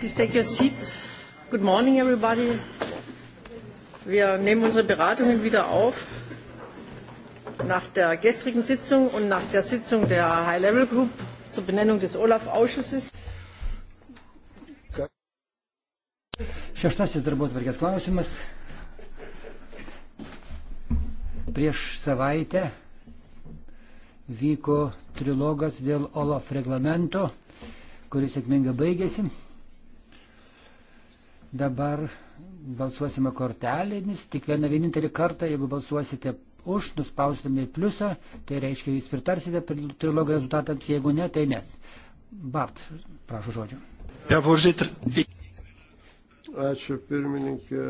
Please take your seats. Good morning, everybody. Wir nehmen unsere Beratungen wieder auf. Nach der gestrigen Sitzung und nach der Sitzung der High-Level Group zur Benennung des Olaf-Ausschusses. Šeštasis darbotvarkės klausimas. Prieš savaitę vyko trilogas dėl Olaf reglamento, kuris sėkmingai baigėsi. Dabar balsuosime kortelėmis, tik vieną vienintelį kartą, jeigu balsuosite už, nuspausdami pliusą, tai reiškia, jūs pritarsite trilogo rezultatams, jeigu ne, tai nes. Bart, prašau žodžio. Ačiū pirmininkė.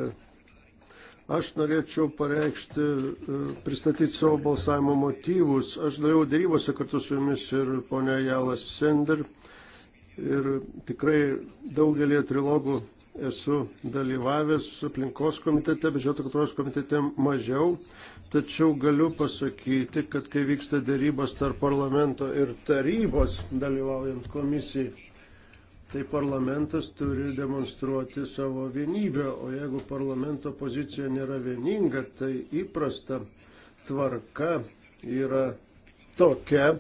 Aš norėčiau pareikšti, e, pristatyti savo balsavimo motyvus. Aš daviau dėrybose kartu su jumis ir ponia Jalas Sender. Ir tikrai daugelį trilogų esu dalyvavęs aplinkos komitete, biudžeto kontrolės komitete mažiau, tačiau galiu pasakyti, kad kai vyksta dėrybos tarp parlamento ir tarybos dalyvaujant komisijai, tai parlamentas turi demonstruoti savo vienybę, o jeigu parlamento pozicija nėra vieninga, tai įprasta tvarka yra tokia,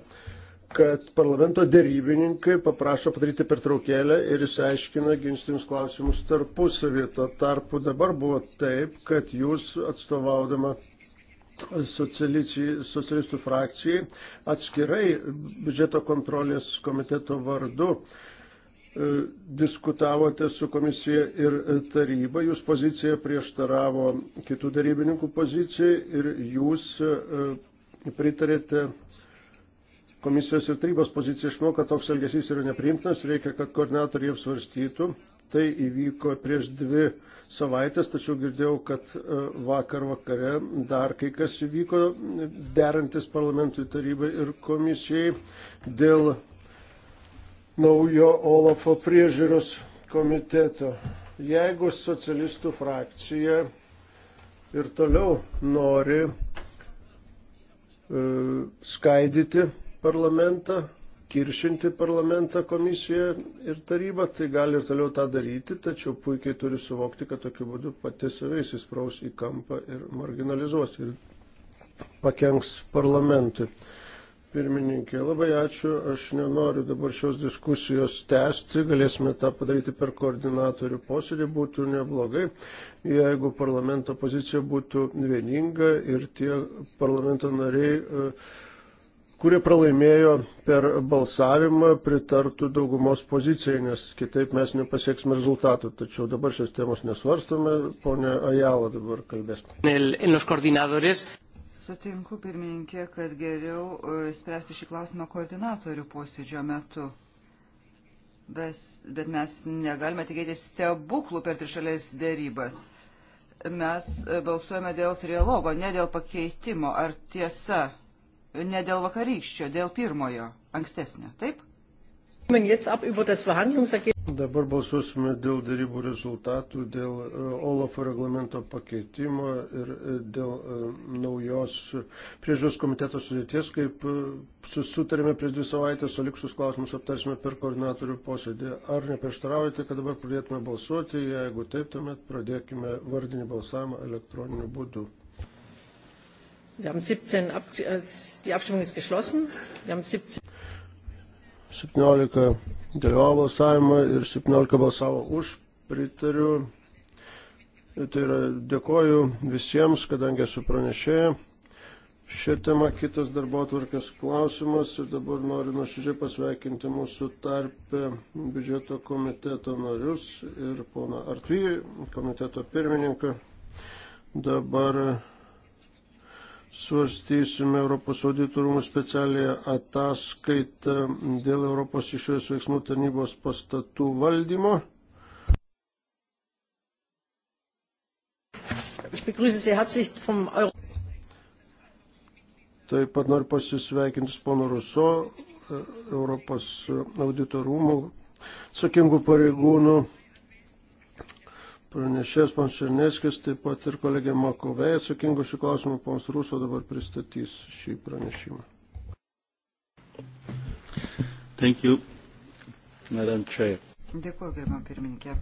kad parlamento dėrybininkai paprašo padaryti pertraukėlę ir išsiaiškina ginčytinius klausimus tarpusavį. Tuo tarpu dabar buvo taip, kad jūs atstovaudama socialistų frakcijai atskirai biudžeto kontrolės komiteto vardu e, diskutavote su komisija ir taryba, jūs pozicija prieštaravo kitų darybininkų pozicijai ir jūs e, pritarėte uh, komisijos ir tarybos poziciją, aš manau, kad toks elgesys yra nepriimtinas, reikia, kad koordinatoriai apsvarstytų. Tai įvyko prieš dvi savaitės, tačiau girdėjau, kad e, vakar vakare dar kai kas įvyko derantis parlamentui tarybai ir komisijai dėl naujo Olafo priežiūros komiteto. Jeigu socialistų frakcija ir toliau nori e, skaidyti parlamentą, kiršinti parlamentą, komisiją ir tarybą, tai gali ir toliau tą daryti, tačiau puikiai turi suvokti, kad tokiu būdu pati save įsispraus į kampą ir marginalizuos ir pakenks parlamentui. Pirmininkė, labai ačiū, aš nenoriu dabar šios diskusijos tęsti, galėsime tą padaryti per koordinatorių posėdį, būtų neblogai, jeigu parlamento pozicija būtų vieninga ir tie parlamento nariai uh, kurie pralaimėjo per balsavimą, pritartų daugumos pozicijai, nes kitaip mes nepasieksime rezultatų. Tačiau dabar šios temos nesvarstome, ponė Ajala dabar kalbės. Sutinku, pirmininkė, kad geriau e, spręsti šį klausimą koordinatorių posėdžio metu. Bet, bet mes negalime tikėtis stebuklų per trišalės dėrybas mes e, balsuojame dėl trialogo, ne dėl pakeitimo. Ar tiesa ne dėl vakarykščio, dėl pirmojo, ankstesnio, taip? Dabar balsuosime dėl darybų rezultatų, dėl e, OLAFO reglamento pakeitimo ir e, dėl e, naujos priežiūros komiteto sudėties, kaip susitarėme prieš dvi savaitės, o likusius klausimus aptarsime per koordinatorių posėdį. Ar neprieštaraujate, kad dabar pradėtume balsuoti? Jeigu taip, tuomet pradėkime vardinį balsavimą elektroniniu būdu. Wir haben 17, Ab äh, die Abstimmung ist geschlossen. Wir haben 17. 17 dalyvavo balsavimą ir 17 balsavo už, pritariu. Tai yra dėkoju visiems, kadangi esu pranešėję. Šią temą kitas darbo atvarkės klausimas ir dabar noriu nuoširdžiai pasveikinti mūsų tarpę biudžeto komiteto narius ir poną Artvijį, komiteto pirmininką. Dabar svarstysime Europos auditų rūmų specialią ataskaitą dėl Europos išorės veiksmų tarnybos pastatų valdymo. Taip pat noriu pasisveikinti su ponu Ruso, Europos auditorumų, sakingų pareigūnų pranešės pan Šerneskis, taip pat ir kolegė Makovė, atsakingo šį klausimą pons Ruso dabar pristatys šį pranešimą. Thank you, Madam Chair. Dėkuoju, gerbam pirmininkė.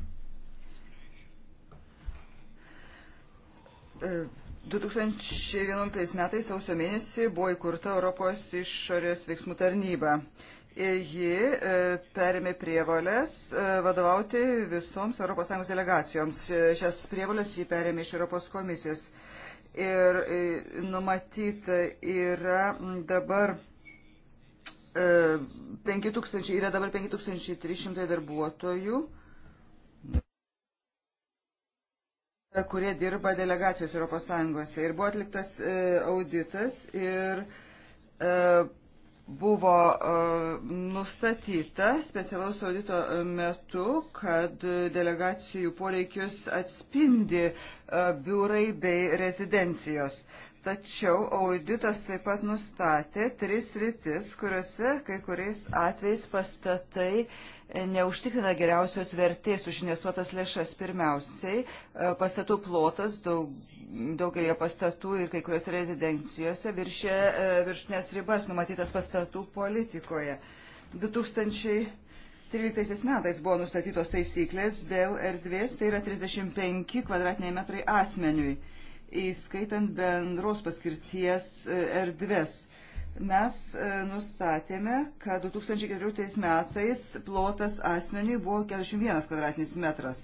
2011 metais sausio mėnesį buvo įkurta Europos išorės veiksmų tarnyba ji e, perėmė prievalės e, vadovauti visoms ES delegacijoms. E, šias prievalės ji perėmė iš Europos komisijos. Ir numatyta yra dabar 5000, yra dabar 5300 darbuotojų kurie dirba delegacijos ES. Ir buvo atliktas auditas ir buvo e, nustatyta specialaus audito metu, kad delegacijų poreikius atspindi e, biurai bei rezidencijos. Tačiau auditas taip pat nustatė tris rytis, kuriuose kai kuriais atvejais pastatai e, neužtikrina geriausios vertės už investuotas lėšas. Pirmiausiai, pastatų plotas daug daugelį pastatų ir kai kuriuose rezidencijose viršė e, viršutinės ribas numatytas pastatų politikoje. 2013 metais buvo nustatytos taisyklės dėl erdvės, tai yra 35 kvadratiniai metrai asmeniui, įskaitant bendros paskirties e, erdvės mes e, nustatėme, kad 2014 metais plotas asmeniui buvo 41 kvadratinis metras.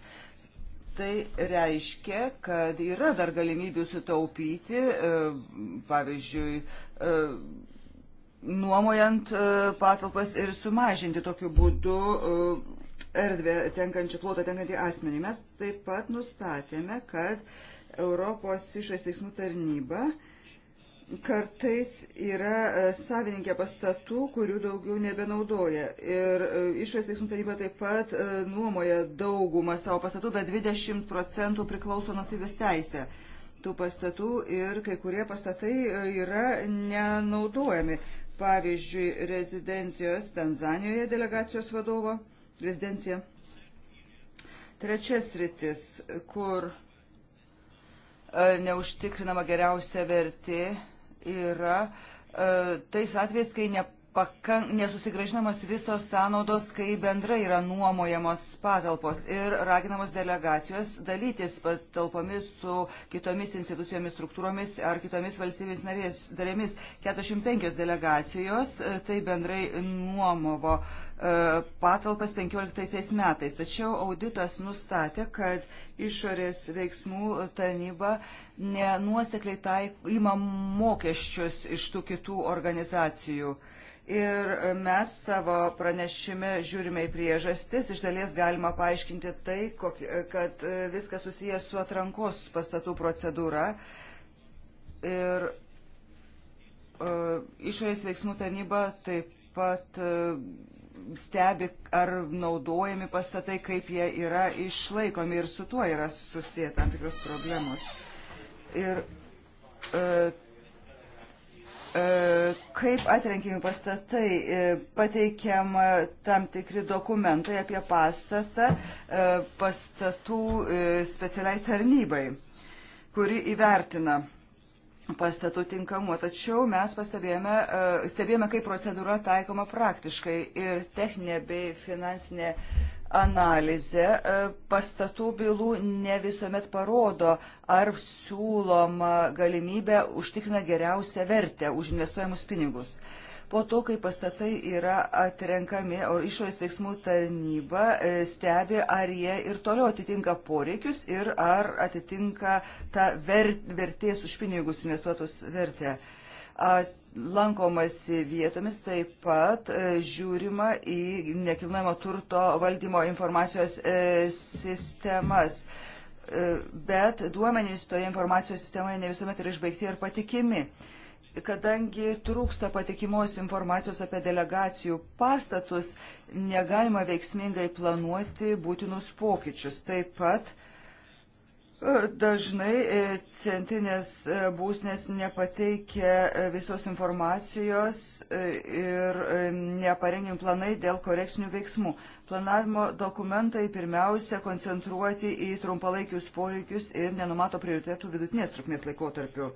Tai reiškia, kad yra dar galimybių sutaupyti, e, pavyzdžiui, e, nuomojant e, patalpas ir sumažinti tokiu būdu erdvę tenkančią plotą tenkantį asmenį. Mes taip pat nustatėme, kad Europos išorės veiksmų tarnyba uh, kartais yra e, savininkė pastatų, kurių daugiau nebenaudoja. Ir e, išorės veiksmų taryba taip pat e, nuomoja daugumą savo pastatų, bet 20 procentų priklauso nusivės teisė tų pastatų ir kai kurie pastatai yra nenaudojami. Pavyzdžiui, rezidencijos Tanzanijoje delegacijos vadovo rezidencija. Trečias rytis, kur neužtikrinama geriausia vertė yra e, tais atvejais, kai ne, pakank, nesusigražinamos visos sąnaudos, kai bendrai yra nuomojamos patalpos ir raginamos delegacijos dalytis patalpomis su kitomis institucijomis, struktūromis ar kitomis valstybės narės darėmis. 45 delegacijos e, tai bendrai nuomovo e, patalpas 15 metais. Tačiau auditas nustatė, kad išorės veiksmų tarnyba nenuosekliai tai ima mokesčius iš tų kitų organizacijų. Ir mes savo pranešime žiūrime į priežastis. Iš dalies galima paaiškinti tai, kad viskas susijęs su atrankos pastatų procedūra. Ir e, išorės veiksmų tarnyba taip pat e, stebi, ar naudojami pastatai, kaip jie yra išlaikomi ir su tuo yra susiję tam tikros problemos. Ir e, E, kaip atrenkimi pastatai, e, pateikiama tam tikri dokumentai apie pastatą e, pastatų specialiai tarnybai, kuri įvertina pastatų tinkamumą. Tačiau mes pastebėjome, stebėjome, kaip procedūra taikoma praktiškai ir techninė bei finansinė analizė e, pastatų bylų ne visuomet parodo, ar siūloma galimybė užtikrina geriausią vertę už investuojamus pinigus. Po to, kai pastatai yra atrenkami, o išorės veiksmų tarnyba e, stebi, ar jie ir toliau atitinka poreikius ir ar atitinka tą vertės už pinigus investuotos vertę. At lankomasi vietomis, taip pat e, žiūrima į nekilnojamo turto valdymo informacijos e, sistemas. E, bet duomenys toje informacijos sistemoje ne visuomet yra išbaigti ir patikimi. Kadangi trūksta patikimos informacijos apie delegacijų pastatus, negalima veiksmingai planuoti būtinus pokyčius. Taip pat Dažnai e, centrinės e, būsnės nepateikia e, visos informacijos ir neparengim planai dėl korekcinių veiksmų. Planavimo dokumentai pirmiausia koncentruoti į trumpalaikius poreikius ir nenumato prioritėtų vidutinės trukmės laikotarpių.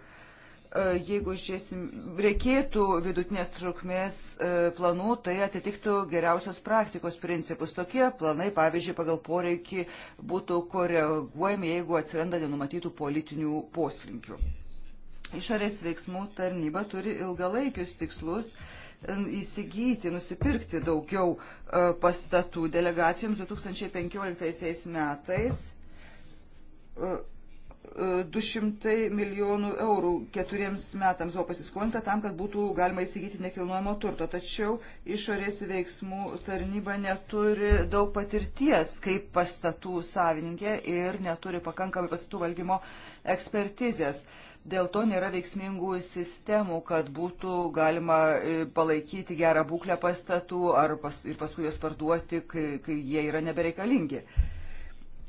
E, jeigu žiūrėsim, reikėtų vidutinės trukmės e, planų, tai atitiktų geriausios praktikos principus. Tokie planai, pavyzdžiui, pagal poreikį būtų koreguojami, jeigu atsiranda nenumatytų politinių poslinkių. Išorės veiksmų tarnyba turi ilgalaikius tikslus e, įsigyti, nusipirkti daugiau pastatų delegacijoms 2015 metais 200 milijonų eurų keturiems metams buvo pasiskolinta tam, kad būtų galima įsigyti nekilnojamo turto. Tačiau išorės veiksmų tarnyba neturi daug patirties kaip pastatų savininkė ir neturi pakankamai pastatų valdymo ekspertizės. Dėl to nėra veiksmingų sistemų, kad būtų galima e, palaikyti gerą būklę pastatų ar pas, ir paskui juos parduoti, kai, kai jie yra nebereikalingi.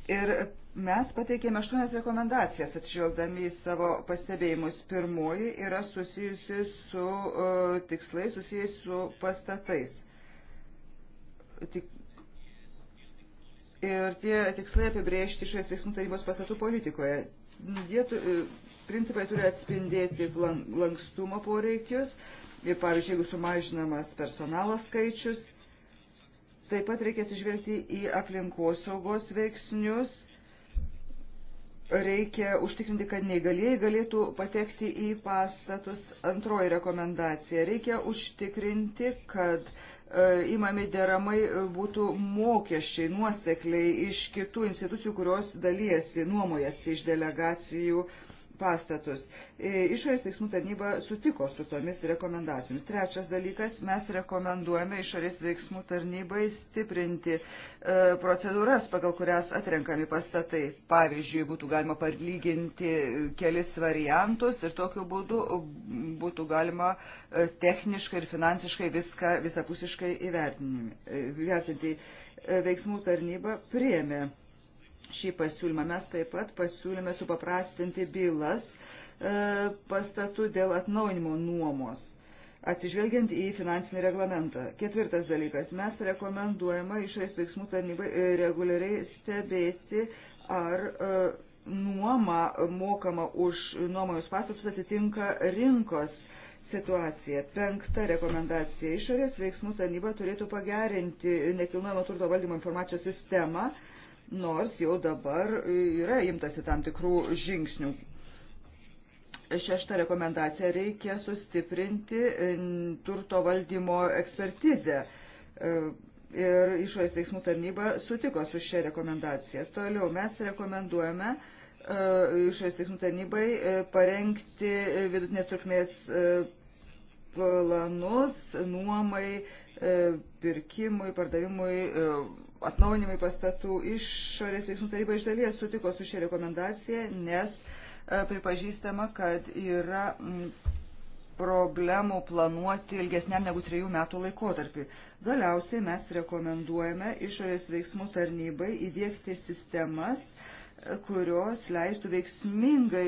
Ir Mes pateikėme aštuonias rekomendacijas atšildami į savo pastebėjimus. Pirmoji yra susijusi su uh, tikslai, susijusi su pastatais. Tik, ir tie tikslai apibriežti išorės veiksmų tarybos pastatų politikoje. Jie tu, e, principai turi atspindėti lankstumo poreikius ir, pavyzdžiui, jeigu sumažinamas personalo skaičius, taip pat reikia atsižvelgti į aplinkosaugos veiksnius reikia užtikrinti, kad neįgalieji galėtų patekti į pastatus. Antroji rekomendacija. Reikia užtikrinti, kad e, įmami deramai būtų mokesčiai nuosekliai iš kitų institucijų, kurios dalyjasi, nuomojasi iš delegacijų uh, pastatus. E, išorės veiksmų tarnyba sutiko su tomis rekomendacijomis. Trečias dalykas, mes rekomenduojame išorės veiksmų tarnybai stiprinti e, procedūras, pagal kurias atrenkami pastatai. Pavyzdžiui, būtų galima parlyginti kelis variantus ir tokiu būdu būtų galima e, techniškai ir finansiškai viską visapusiškai e, įvertinti. Veiksmų tarnyba priemė šį pasiūlymą. Mes taip pat pasiūlėme supaprastinti bylas e, pastatų dėl atnaujinimo nuomos atsižvelgiant į finansinį reglamentą. Ketvirtas dalykas. Mes rekomenduojama išorės veiksmų tarnybai e, reguliariai stebėti, ar e, nuoma mokama už nuomojus pastatus atitinka rinkos situacija. Penkta rekomendacija. Išorės veiksmų tarnyba turėtų pagerinti nekilnojamo turto valdymo informacijos sistemą nors jau dabar e, yra imtasi tam tikrų žingsnių. Šešta rekomendacija reikia sustiprinti e, turto valdymo ekspertizę. E, ir išorės veiksmų tarnyba sutiko su šia rekomendacija. Toliau mes rekomenduojame išorės veiksmų tarnybai parengti vidutinės trukmės planus nuomai, pirkimui, pardavimui atnaujinimai pastatų išorės veiksmų taryba iš dalies sutiko su šia rekomendacija, nes e, pripažįstama, kad yra problemų planuoti ilgesniam negu trijų metų laikotarpį. Galiausiai mes rekomenduojame išorės veiksmų tarnybai įdėkti sistemas, e, kurios leistų veiksmingai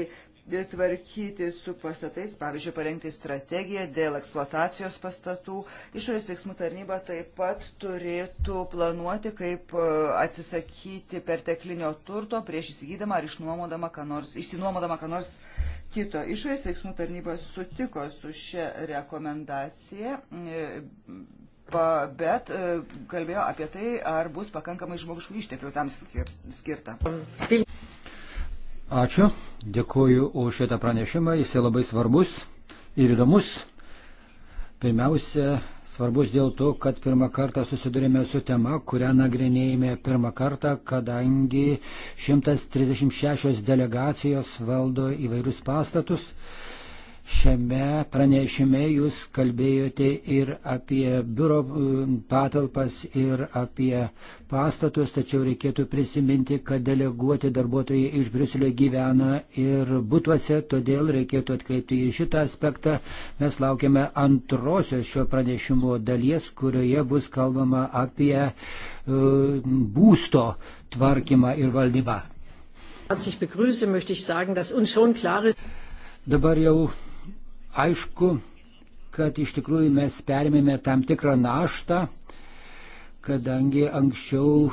tvarkyti su pastatais, pavyzdžiui, parengti strategiją dėl eksploatacijos pastatų. Išorės veiksmų tarnyba taip pat turėtų planuoti, kaip e, atsisakyti perteklinio turto prieš įsigydama ar išnuomodama ką nors, išsinuomodama ką nors kito. Išorės veiksmų tarnyba sutiko su šia rekomendacija. E, bet e, kalbėjo apie tai, ar bus pakankamai žmogiškų išteklių tam skirta. Ačiū. Dėkuoju už šitą pranešimą. Jis labai svarbus ir įdomus. Pirmiausia, svarbus dėl to, kad pirmą kartą susidurėme su tema, kurią nagrinėjame pirmą kartą, kadangi 136 delegacijos valdo įvairius pastatus Šiame pranešime jūs kalbėjote ir apie biuro e, patalpas, ir apie pastatus, tačiau reikėtų prisiminti, kad deleguoti darbuotojai iš Briuselio gyvena ir būtuose, todėl reikėtų atkreipti į šitą aspektą. Mes laukiame antrosios šio pranešimo dalies, kurioje bus kalbama apie e, būsto tvarkymą ir valdybą. Dabar jau Aišku, kad iš tikrųjų mes perėmėme tam tikrą naštą, kadangi anksčiau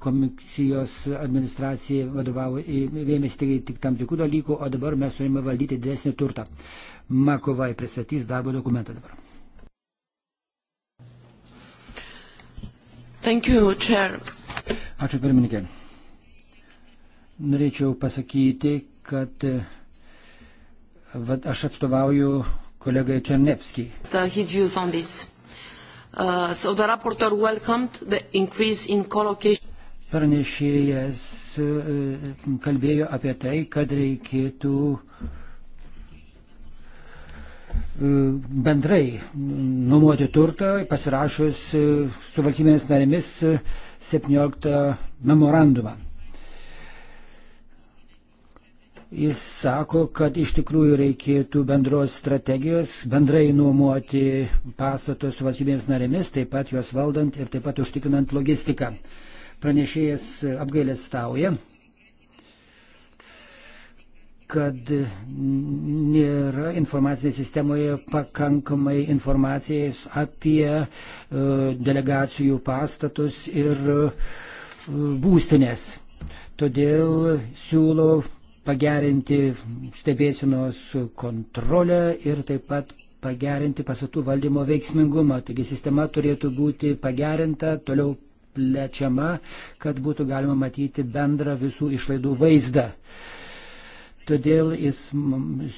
komisijos administracija vadovavo, vėmėsi tik, tik tam tikrų dalykų, o dabar mes turime valdyti didesnį turtą. Makovai pristatys darbo dokumentą dabar. Thank you, chair. Ačiū pirmininkė. Norėčiau pasakyti, kad Vat aš atstovauju kolegai Černevskijai. Uh, so the rapporteur welcomed the increase in collocation. Pranešėjas e, kalbėjo apie tai, kad reikėtų e, bendrai nuomoti turtą, pasirašus e, su valstybėmis narėmis 17 memorandumą. Jis sako, kad iš tikrųjų reikėtų bendros strategijos, bendrai nuomoti pastatus valstybėms narėmis, taip pat juos valdant ir taip pat užtikrinant logistiką. Pranešėjas apgailės stauja, kad nėra informacinėje sistemoje pakankamai informacijais apie e, delegacijų pastatus ir e, būstinės. Todėl siūlau pagerinti stebėsinos kontrolę ir taip pat pagerinti pasatų valdymo veiksmingumą. Taigi sistema turėtų būti pagerinta, toliau plečiama, kad būtų galima matyti bendrą visų išlaidų vaizdą. Todėl jis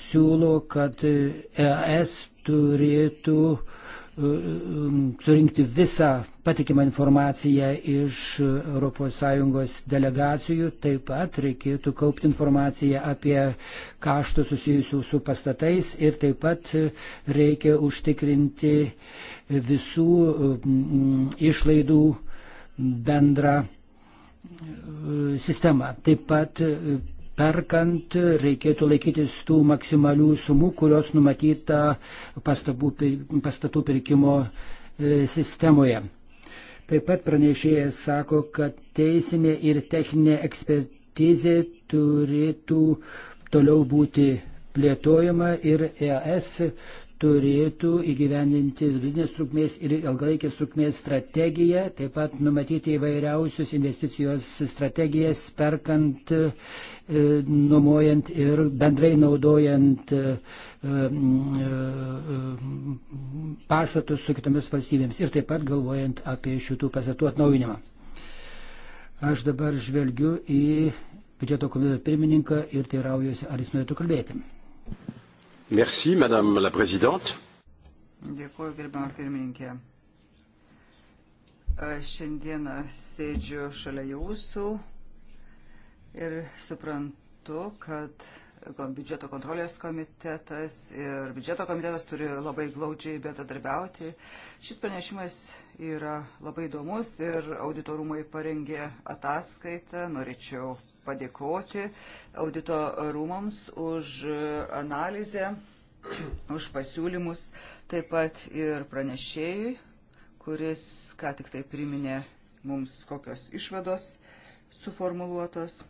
siūlo, kad ES turėtų E, surinkti visą patikimą informaciją iš ES delegacijų, taip pat reikėtų kaupti informaciją apie kaštus susijusių su pastatais ir taip pat reikia užtikrinti visų išlaidų bendrą e, sistemą. Taip pat e, perkant reikėtų laikytis tų maksimalių sumų, kurios numatyta pastabų, pastatų pirkimo e, sistemoje. Taip pat pranešėjas sako, kad teisinė ir techninė ekspertizė turėtų toliau būti plėtojama ir ES turėtų įgyvendinti vidutinės trukmės ir ilgalaikės trukmės strategiją, taip pat numatyti įvairiausius investicijos strategijas, perkant E, nuomojant ir bendrai naudojant e, e, pastatus su kitomis valstybėmis ir taip pat galvojant apie šitų pastatų atnaujinimą. Aš dabar žvelgiu į biudžeto komiteto pirmininką ir teiraujuosi, ar jis norėtų kalbėti. Merci, Madame la Présidente. Dėkuoju, gerbiamą pirmininkę. Šiandieną sėdžiu šalia jūsų, Ir suprantu, kad biudžeto kontrolės komitetas ir biudžeto komitetas turi labai glaudžiai bendradarbiauti. Šis pranešimas yra labai įdomus ir auditorumai parengė ataskaitą. Norėčiau padėkoti audito rūmams už analizę, už pasiūlymus, taip pat ir pranešėjui, kuris ką tik tai priminė mums kokios išvados suformuluotos.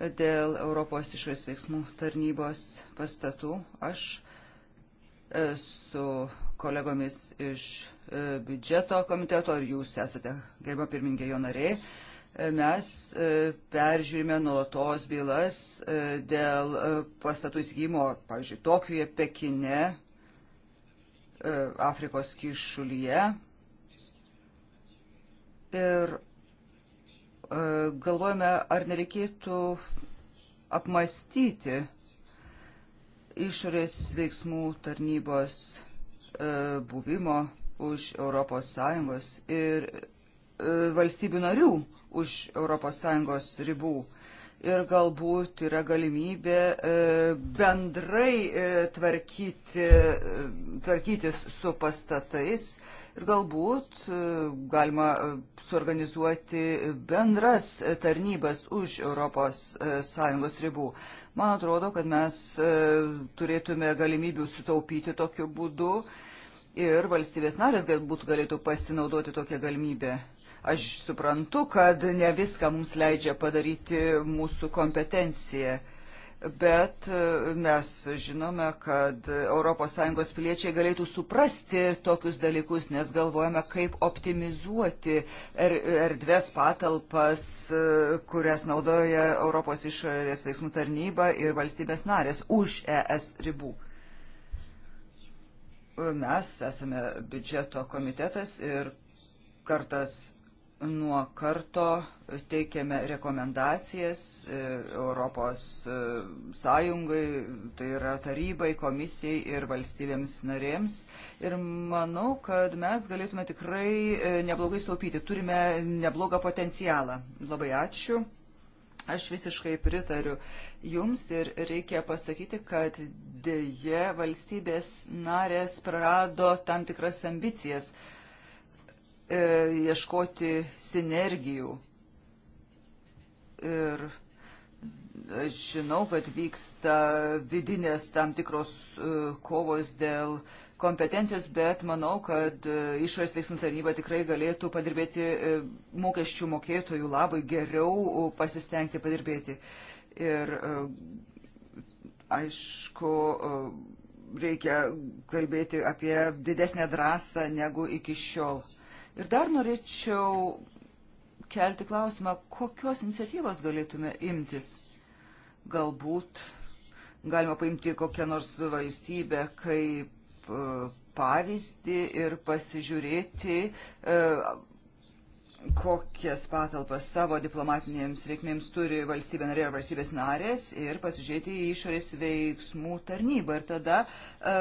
Dėl Europos išorės veiksmų tarnybos pastatų aš su kolegomis iš e, biudžeto komiteto, ar jūs esate, gerbama pirmininkė, jo nariai, e, mes e, peržiūrime nuolatos bylas dėl pastatų įsigymo, pavyzdžiui, Tokijoje, Pekine, Afrikos kišulyje. Ir E, galvojame, ar nereikėtų apmastyti išorės veiksmų tarnybos e, buvimo už ES ir e, valstybių narių už ES ribų ir galbūt yra galimybė e, bendrai e, tvarkyti, e, tvarkytis su pastatais ir galbūt galima suorganizuoti bendras tarnybas už ES ribų. Man atrodo, kad mes turėtume galimybių sutaupyti tokiu būdu ir valstybės narės galbūt galėtų pasinaudoti tokią galimybę. Aš suprantu, kad ne viską mums leidžia padaryti mūsų kompetencija, bet e, mes žinome, kad ES piliečiai galėtų suprasti tokius dalykus, nes galvojame, kaip optimizuoti er, erdvės patalpas, e, kurias naudoja Europos išorės veiksmų tarnyba ir valstybės narės už ES ribų mes esame biudžeto komitetas ir kartas nuo karto teikiame rekomendacijas e, Europos e, Sąjungai, tai yra tarybai, komisijai ir valstybėms narėms. Ir manau, kad mes galėtume tikrai e, neblogai staupyti. Turime neblogą potencialą. Labai ačiū. Aš visiškai pritariu jums ir reikia pasakyti, kad dėje valstybės narės prarado tam tikras ambicijas E, ieškoti sinergijų. Ir žinau, kad vyksta vidinės tam tikros e, kovos dėl kompetencijos, bet manau, kad e, išorės veiksmų tarnyba tikrai galėtų padirbėti mokesčių mokėtojų labai geriau pasistengti padirbėti. Ir aišku, reikia kalbėti apie didesnę drąsą negu iki šiol. Ir dar norėčiau kelti klausimą, kokios iniciatyvos galėtume imtis. Galbūt galima paimti kokią nors valstybę kaip e, pavyzdį ir pasižiūrėti, e, kokias patalpas savo diplomatinėms reikmėms turi valstybė narė ar valstybės narės ir pasižiūrėti į išorės veiksmų tarnybą. Ir tada e,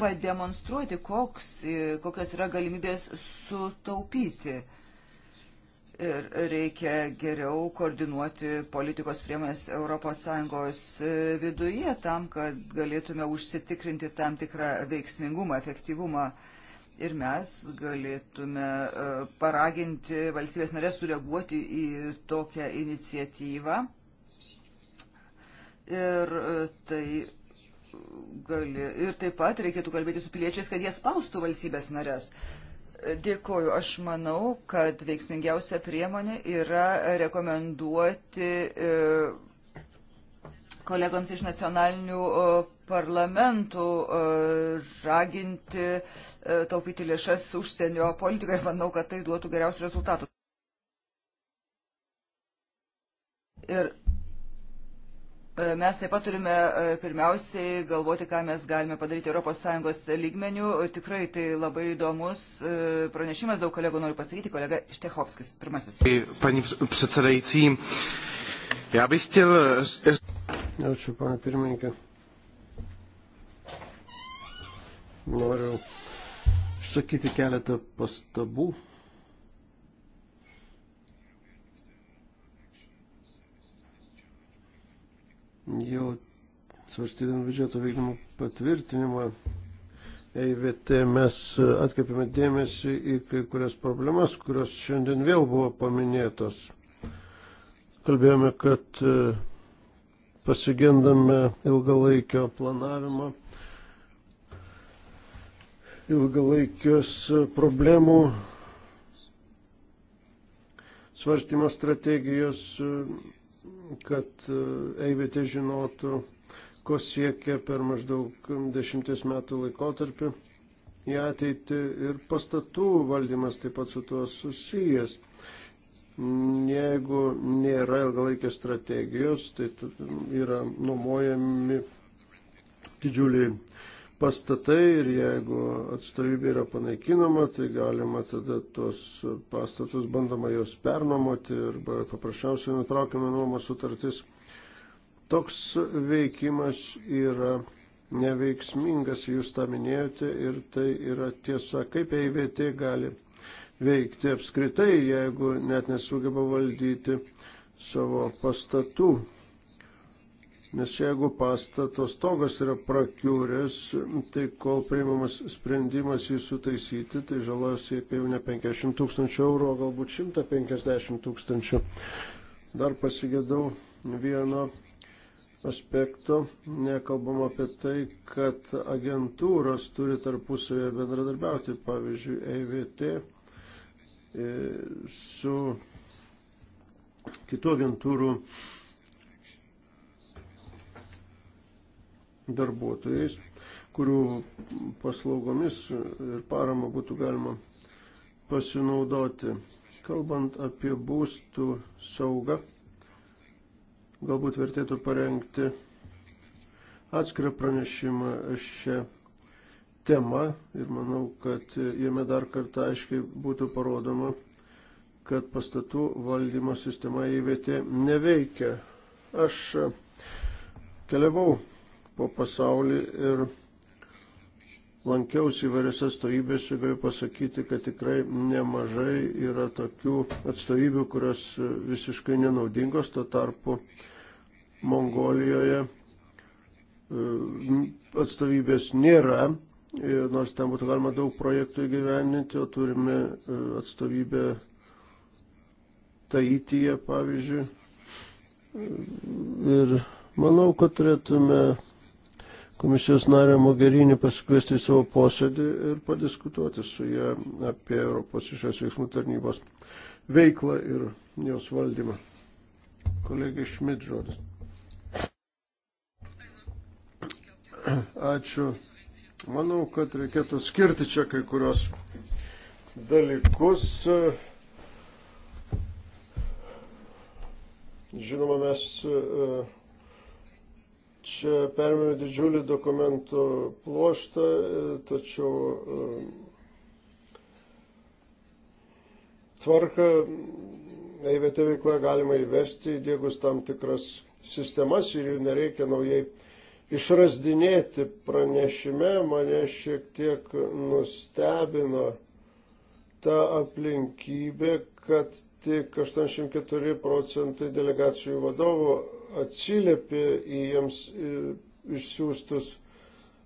pademonstruoti, koks, e, kokios yra galimybės sutaupyti. Ir reikia geriau koordinuoti politikos priemonės ES e, viduje tam, kad galėtume užsitikrinti tam tikrą veiksmingumą, efektyvumą. Ir mes galėtume e, paraginti valstybės narės sureaguoti į tokią iniciatyvą. Ir tai gali. Ir taip pat reikėtų kalbėti su piliečiais, kad jie spaustų valstybės narės. Dėkoju. Aš manau, kad veiksmingiausia priemonė yra rekomenduoti e, kolegoms iš nacionalinių e, parlamentų e, raginti taupyti lėšas užsienio politikai ir manau, kad tai duotų geriausių rezultatų. Ir E, mes taip pat turime e, pirmiausiai galvoti, ką mes galime padaryti ES lygmenių. E, tikrai tai labai įdomus pranešimas, daug kolegų noriu pasakyti. Kolega Štechovskis, pirmasis. Pani predsedající, já bych chtěl... Ačiū, pana pirmininkė. Noriu išsakyti keletą pastabų jau svarstydami biudžeto vykdymo patvirtinimą EIVT mes atkreipėme dėmesį į kai kurias problemas, kurios šiandien vėl buvo paminėtos. Kalbėjome, kad e, pasigendame ilgalaikio planavimo, ilgalaikios e, problemų svarstymo strategijos e, kad e, EIVT žinotų, ko siekia per maždaug dešimties metų laikotarpį į ateitį ir pastatų valdymas taip pat su tuo susijęs. Jeigu nėra ilgalaikės strategijos, tai yra nuomojami didžiuliai pastatai ir jeigu atstovybė yra panaikinama, tai galima tada tuos pastatus bandoma juos pernuomoti arba paprasčiausiai nutraukiama nuomos sutartis. Toks veikimas yra neveiksmingas, jūs tą minėjote ir tai yra tiesa, kaip EIVT gali veikti apskritai, jeigu net nesugeba valdyti savo pastatų. Nes jeigu pastato stogas yra prakiūręs, tai kol priimamas sprendimas jį sutaisyti, tai žala siekia jau ne 50 tūkstančių eurų, o galbūt 150 tūkstančių. Dar pasigėdau vieno aspekto, nekalbam apie tai, kad agentūros turi tarpusavėje bendradarbiauti, pavyzdžiui, EVT e, su kitų agentūrų darbuotojais, kurių paslaugomis ir parama būtų galima pasinaudoti. Kalbant apie būstų saugą, galbūt vertėtų parengti atskirą pranešimą šią temą ir manau, kad jame dar kartą aiškiai būtų parodoma, kad pastatų valdymo sistema įvietė neveikia. Aš keliavau po pasaulį ir lankiausi įvairiose atstovybėse, galiu pasakyti, kad tikrai nemažai yra tokių atstovybių, kurios visiškai nenaudingos, tuo tarpu Mongolijoje e, atstovybės nėra, e, nors ten būtų galima daug projektų įgyveninti, o turime e, atstovybę Taityje, pavyzdžiui. Ir manau, kad turėtume komisijos narę Mogerinį pasikviesti į savo posėdį ir padiskutuoti su ją apie Europos išės veiksmų tarnybos veiklą ir jos valdymą. Kolegė Šmit žodis. Ačiū. Manau, kad reikėtų skirti čia kai kurios dalykus. Žinoma, mes uh, Čia permėme didžiulį dokumentų pluoštą, e, tačiau e, tvarką e, EIVT veikloje galima įvesti, įdėgus tam tikras sistemas ir jų nereikia naujai išrasdinėti. Pranešime mane šiek tiek nustebino ta aplinkybė, kad tik 84 procentai delegacijų vadovų atsiliepė į jiems išsiųstus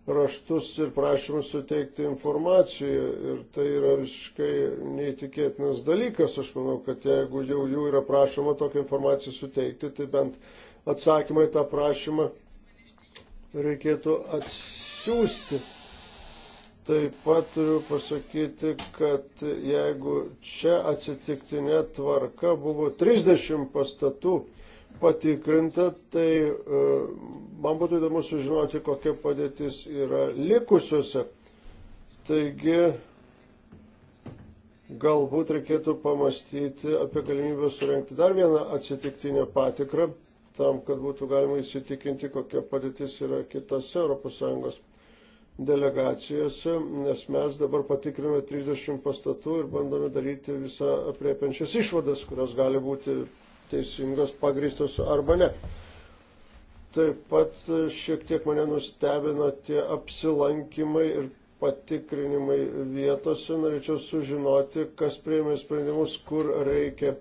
raštus ir prašymus suteikti informaciją. Ir tai yra visiškai neįtikėtinas dalykas. Aš manau, kad jeigu jau jų yra prašoma tokią informaciją suteikti, tai bent atsakymą į tą prašymą reikėtų atsiųsti. Taip pat turiu pasakyti, kad jeigu čia atsitiktinė tvarka buvo 30 pastatų, patikrinta, tai e, man būtų įdomu sužinoti, kokia padėtis yra likusiuose. Taigi, galbūt reikėtų pamastyti apie galimybę surenkti dar vieną atsitiktinę patikrą, tam, kad būtų galima įsitikinti, kokia padėtis yra kitose ES delegacijose, nes mes dabar patikriname 30 pastatų ir bandome daryti visą apriepiančias išvadas, kurios gali būti teisingos, pagristos arba ne. Taip pat e, šiek tiek mane nustebino tie apsilankimai ir patikrinimai vietose. Norėčiau sužinoti, kas prieimė sprendimus, kur reikia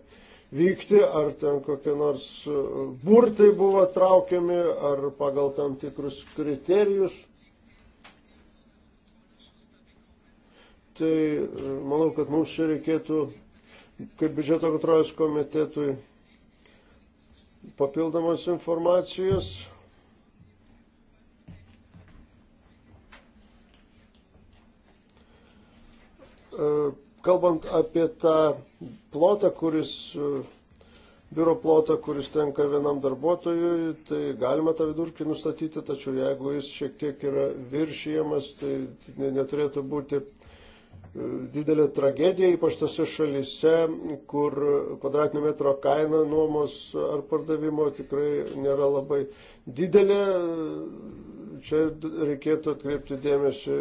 vykti, ar ten kokie nors e, burtai buvo traukiami, ar pagal tam tikrus kriterijus. Tai e, manau, kad mums čia reikėtų, kaip biudžeto kontrolės komitetui, papildomos informacijos. E, kalbant apie tą plotą, kuris, e, biuro plotą, kuris tenka vienam darbuotojui, tai galima tą vidurkį nustatyti, tačiau jeigu jis šiek tiek yra viršijamas, tai neturėtų būti uh, didelė tragedija, ypač tose šalise, kur kvadratinio metro kaina nuomos ar pardavimo tikrai nėra labai didelė. Čia reikėtų atkreipti dėmesį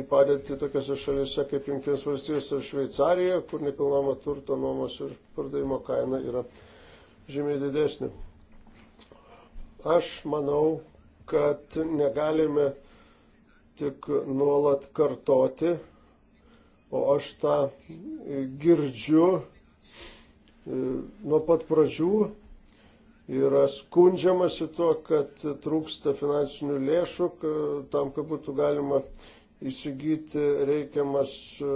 į padėtį tokiose šalise kaip Junktinės valstijos ar Šveicarija, kur nekilnojamo turto nuomos ir pardavimo kaina yra žymiai didesnė. Aš manau, kad negalime tik nuolat kartoti O aš tą e, girdžiu e, nuo pat pradžių. Yra skundžiamasi tuo, kad trūksta finansinių lėšų tam, kad būtų galima įsigyti reikiamas e,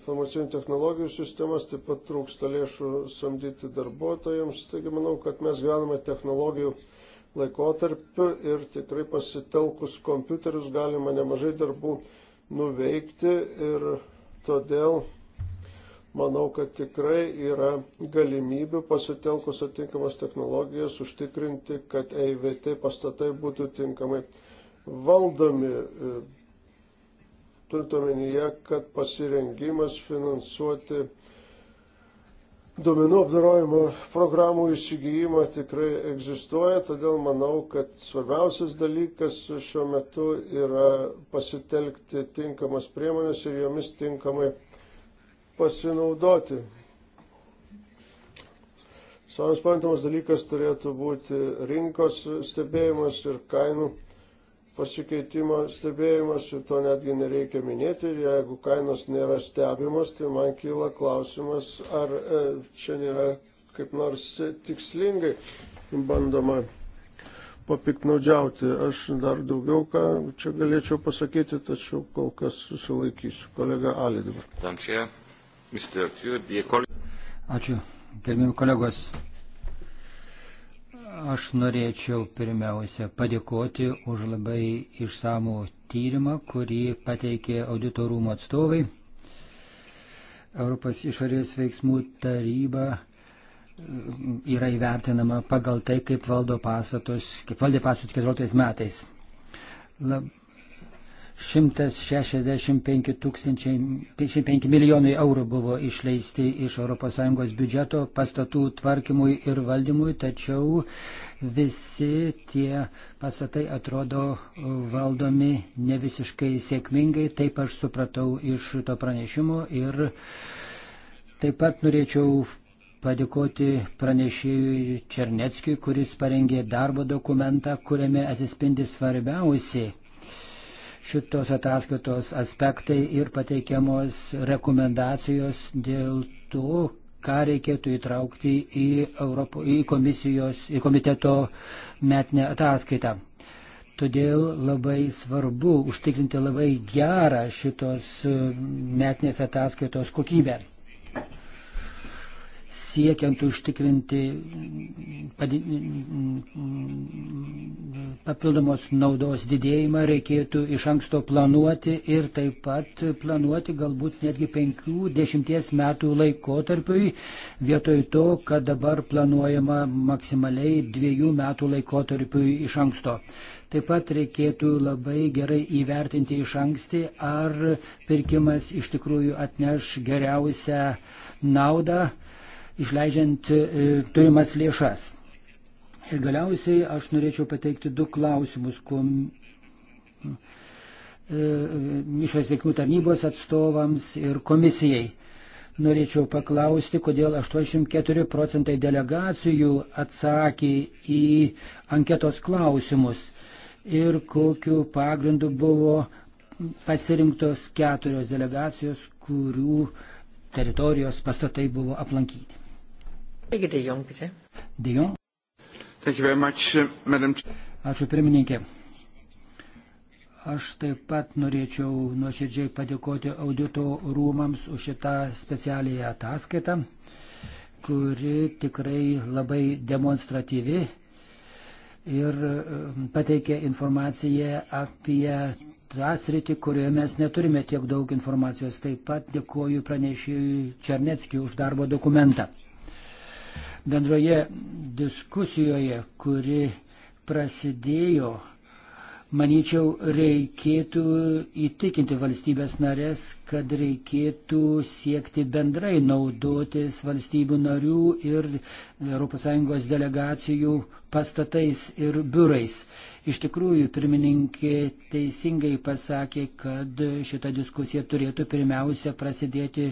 informacinių technologijų sistemas, taip pat trūksta lėšų samdyti darbuotojams. Taigi manau, kad mes gyvename technologijų laikotarpiu ir tikrai pasitelkus kompiuterius galima nemažai darbų nuveikti ir Todėl manau, kad tikrai yra galimybių pasitelkus atitinkamas technologijas užtikrinti, kad EIVT pastatai būtų tinkamai valdomi. E, turint omenyje, kad pasirengimas finansuoti duomenų apdarojimo programų įsigijimą tikrai egzistuoja, todėl manau, kad svarbiausias dalykas šiuo metu yra pasitelkti tinkamas priemonės ir jomis tinkamai pasinaudoti. Savas suprantamas dalykas turėtų būti rinkos stebėjimas ir kainų pasikeitimo stebėjimas ir to netgi nereikia minėti. Ir jeigu kainos nėra stebimos, tai man kyla klausimas, ar e, čia nėra kaip nors tikslingai bandoma papiknaudžiauti. Aš dar daugiau ką čia galėčiau pasakyti, tačiau kol kas susilaikysiu. Kolega Ali dabar. Ačiū. Gerbėjim kolegos, Aš norėčiau pirmiausia padėkoti už labai išsamų tyrimą, kurį pateikė auditorumo atstovai. Europos išorės veiksmų taryba e, yra įvertinama pagal tai, kaip valdo pastatus, kaip valdė pastatus 14 metais. Lab, 165 tūkstančiai milijonai eurų buvo išleisti iš ES biudžeto pastatų tvarkymui ir valdymui, tačiau visi tie pastatai atrodo valdomi ne visiškai sėkmingai, taip aš supratau iš šito pranešimo ir taip pat norėčiau padėkoti pranešėjui Černeckiui, kuris parengė darbo dokumentą, kuriame atsispindi svarbiausi šitos ataskaitos aspektai ir pateikiamos rekomendacijos dėl to, ką reikėtų įtraukti į, Europo, į komisijos, į komiteto metinę ataskaitą. Todėl labai svarbu užtikrinti labai gerą šitos metinės ataskaitos kokybę siekiant užtikrinti papildomos naudos didėjimą, reikėtų iš anksto planuoti ir taip pat planuoti galbūt netgi 5-10 metų laikotarpiui, vietoj to, kad dabar planuojama maksimaliai 2 metų laikotarpiui iš anksto. Taip pat reikėtų labai gerai įvertinti iš anksti, ar pirkimas iš tikrųjų atneš geriausią naudą išleidžiant e, turimas lėšas. Ir galiausiai aš norėčiau pateikti du klausimus kom... E, išorės veikimų tarnybos atstovams ir komisijai. Norėčiau paklausti, kodėl 84 procentai delegacijų atsakė į anketos klausimus ir kokiu pagrindu buvo pasirinktos keturios delegacijos, kurių teritorijos pastatai buvo aplankyti. De Jong, bitte. De Jong. Thank you very much, uh, madam. Ačiū pirmininkė. Aš taip pat norėčiau nuoširdžiai padėkoti audito rūmams už šitą specialiąją ataskaitą, kuri tikrai labai demonstratyvi ir um, pateikė informaciją apie tą sritį, kurioje mes neturime tiek daug informacijos. Taip pat dėkoju pranešėjui Černeckiui už darbo dokumentą. Bendroje diskusijoje, kuri prasidėjo, manyčiau, reikėtų įtikinti valstybės narės, kad reikėtų siekti bendrai naudotis valstybių narių ir ES delegacijų pastatais ir biurais. Iš tikrųjų, pirmininkė teisingai pasakė, kad šita diskusija turėtų pirmiausia prasidėti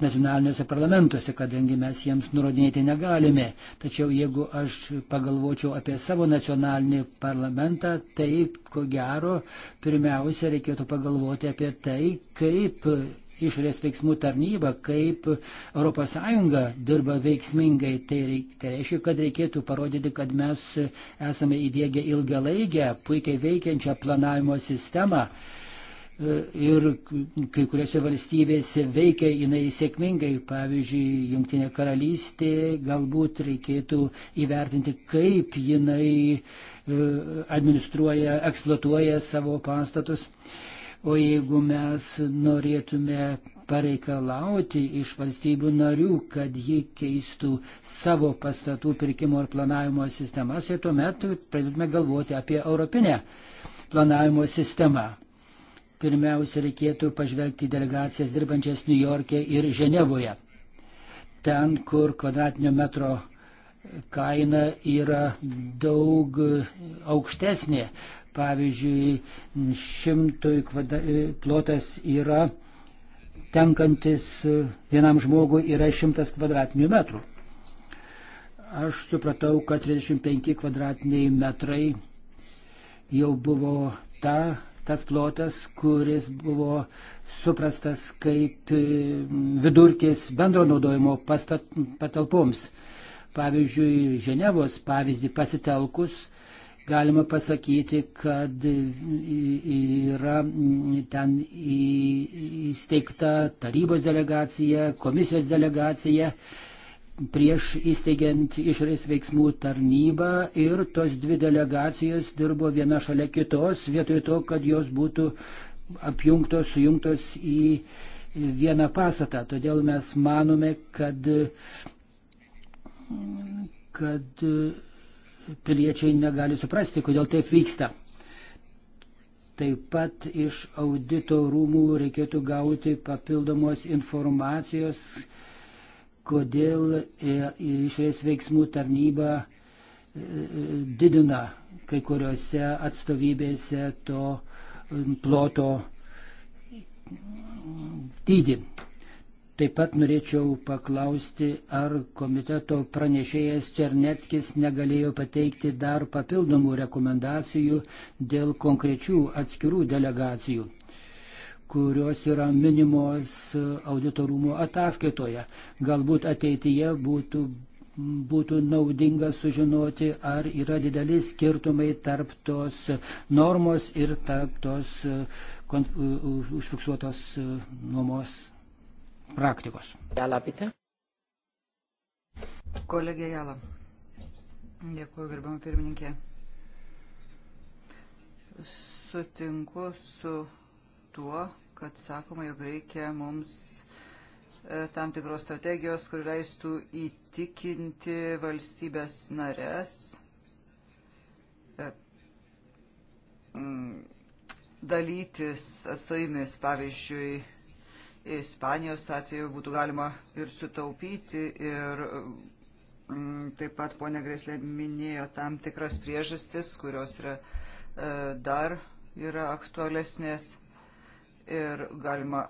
nacionaliniuose parlamentuose, kadangi mes jiems nurodinėti negalime. Tačiau jeigu aš pagalvočiau apie savo nacionalinį parlamentą, tai ko gero pirmiausia reikėtų pagalvoti apie tai, kaip išorės veiksmų tarnyba, kaip ES dirba veiksmingai. Tai, reik, tai reiškia, kad reikėtų parodyti, kad mes esame įdėgę ilgalaikę, puikiai veikiančią planavimo sistemą ir kai kuriuose valstybėse veikia jinai sėkmingai. Pavyzdžiui, Junktinė karalystė galbūt reikėtų įvertinti, kaip jinai e, administruoja, eksploatuoja savo pastatus. O jeigu mes norėtume pareikalauti iš valstybių narių, kad ji keistų savo pastatų pirkimo ir planavimo sistemas, tai tuomet pradėtume galvoti apie europinę planavimo sistemą pirmiausia reikėtų pažvelgti delegacijas dirbančias New York'e ir Ženevoje. Ten, kur kvadratinio metro kaina yra daug aukštesnė. Pavyzdžiui, šimtui kvadra... plotas yra tenkantis vienam žmogui yra šimtas kvadratinių metrų. Aš supratau, kad 35 kvadratiniai metrai jau buvo ta tas plotas, kuris buvo suprastas kaip e, vidurkis bendro naudojimo pastat, patalpoms. Pavyzdžiui, Ženevos pavyzdį pasitelkus galima pasakyti, kad yra ten įsteigta tarybos delegacija, komisijos delegacija prieš įsteigiant išorės veiksmų tarnybą ir tos dvi delegacijos dirbo viena šalia kitos, vietoj to, kad jos būtų apjungtos, sujungtos į vieną pastatą. Todėl mes manome, kad, kad piliečiai negali suprasti, kodėl taip vyksta. Taip pat iš audito rūmų reikėtų gauti papildomos informacijos, kodėl e, išorės veiksmų tarnyba e, didina kai kuriuose atstovybėse to e, ploto dydį. Taip pat norėčiau paklausti, ar komiteto pranešėjas Černetskis negalėjo pateikti dar papildomų rekomendacijų dėl konkrečių atskirų delegacijų kurios yra minimos auditorumo ataskaitoje. Galbūt ateityje būtų, būtų naudinga sužinoti, ar yra dideli skirtumai tarp tos normos ir tarp tos e, konf, e, užfiksuotos e, nuomos praktikos. Jalapite. Kolegė Jala. Dėkuoju, gerbiamą pirmininkę. Sutinku su tuo, kad sakoma, jog reikia mums e, tam tikros strategijos, kur leistų įtikinti valstybės narės e, mm, dalytis atstojimis, pavyzdžiui, Ispanijos atveju būtų galima ir sutaupyti ir mm, taip pat ponia Greslė minėjo tam tikras priežastis, kurios yra e, dar yra aktualesnės ir galima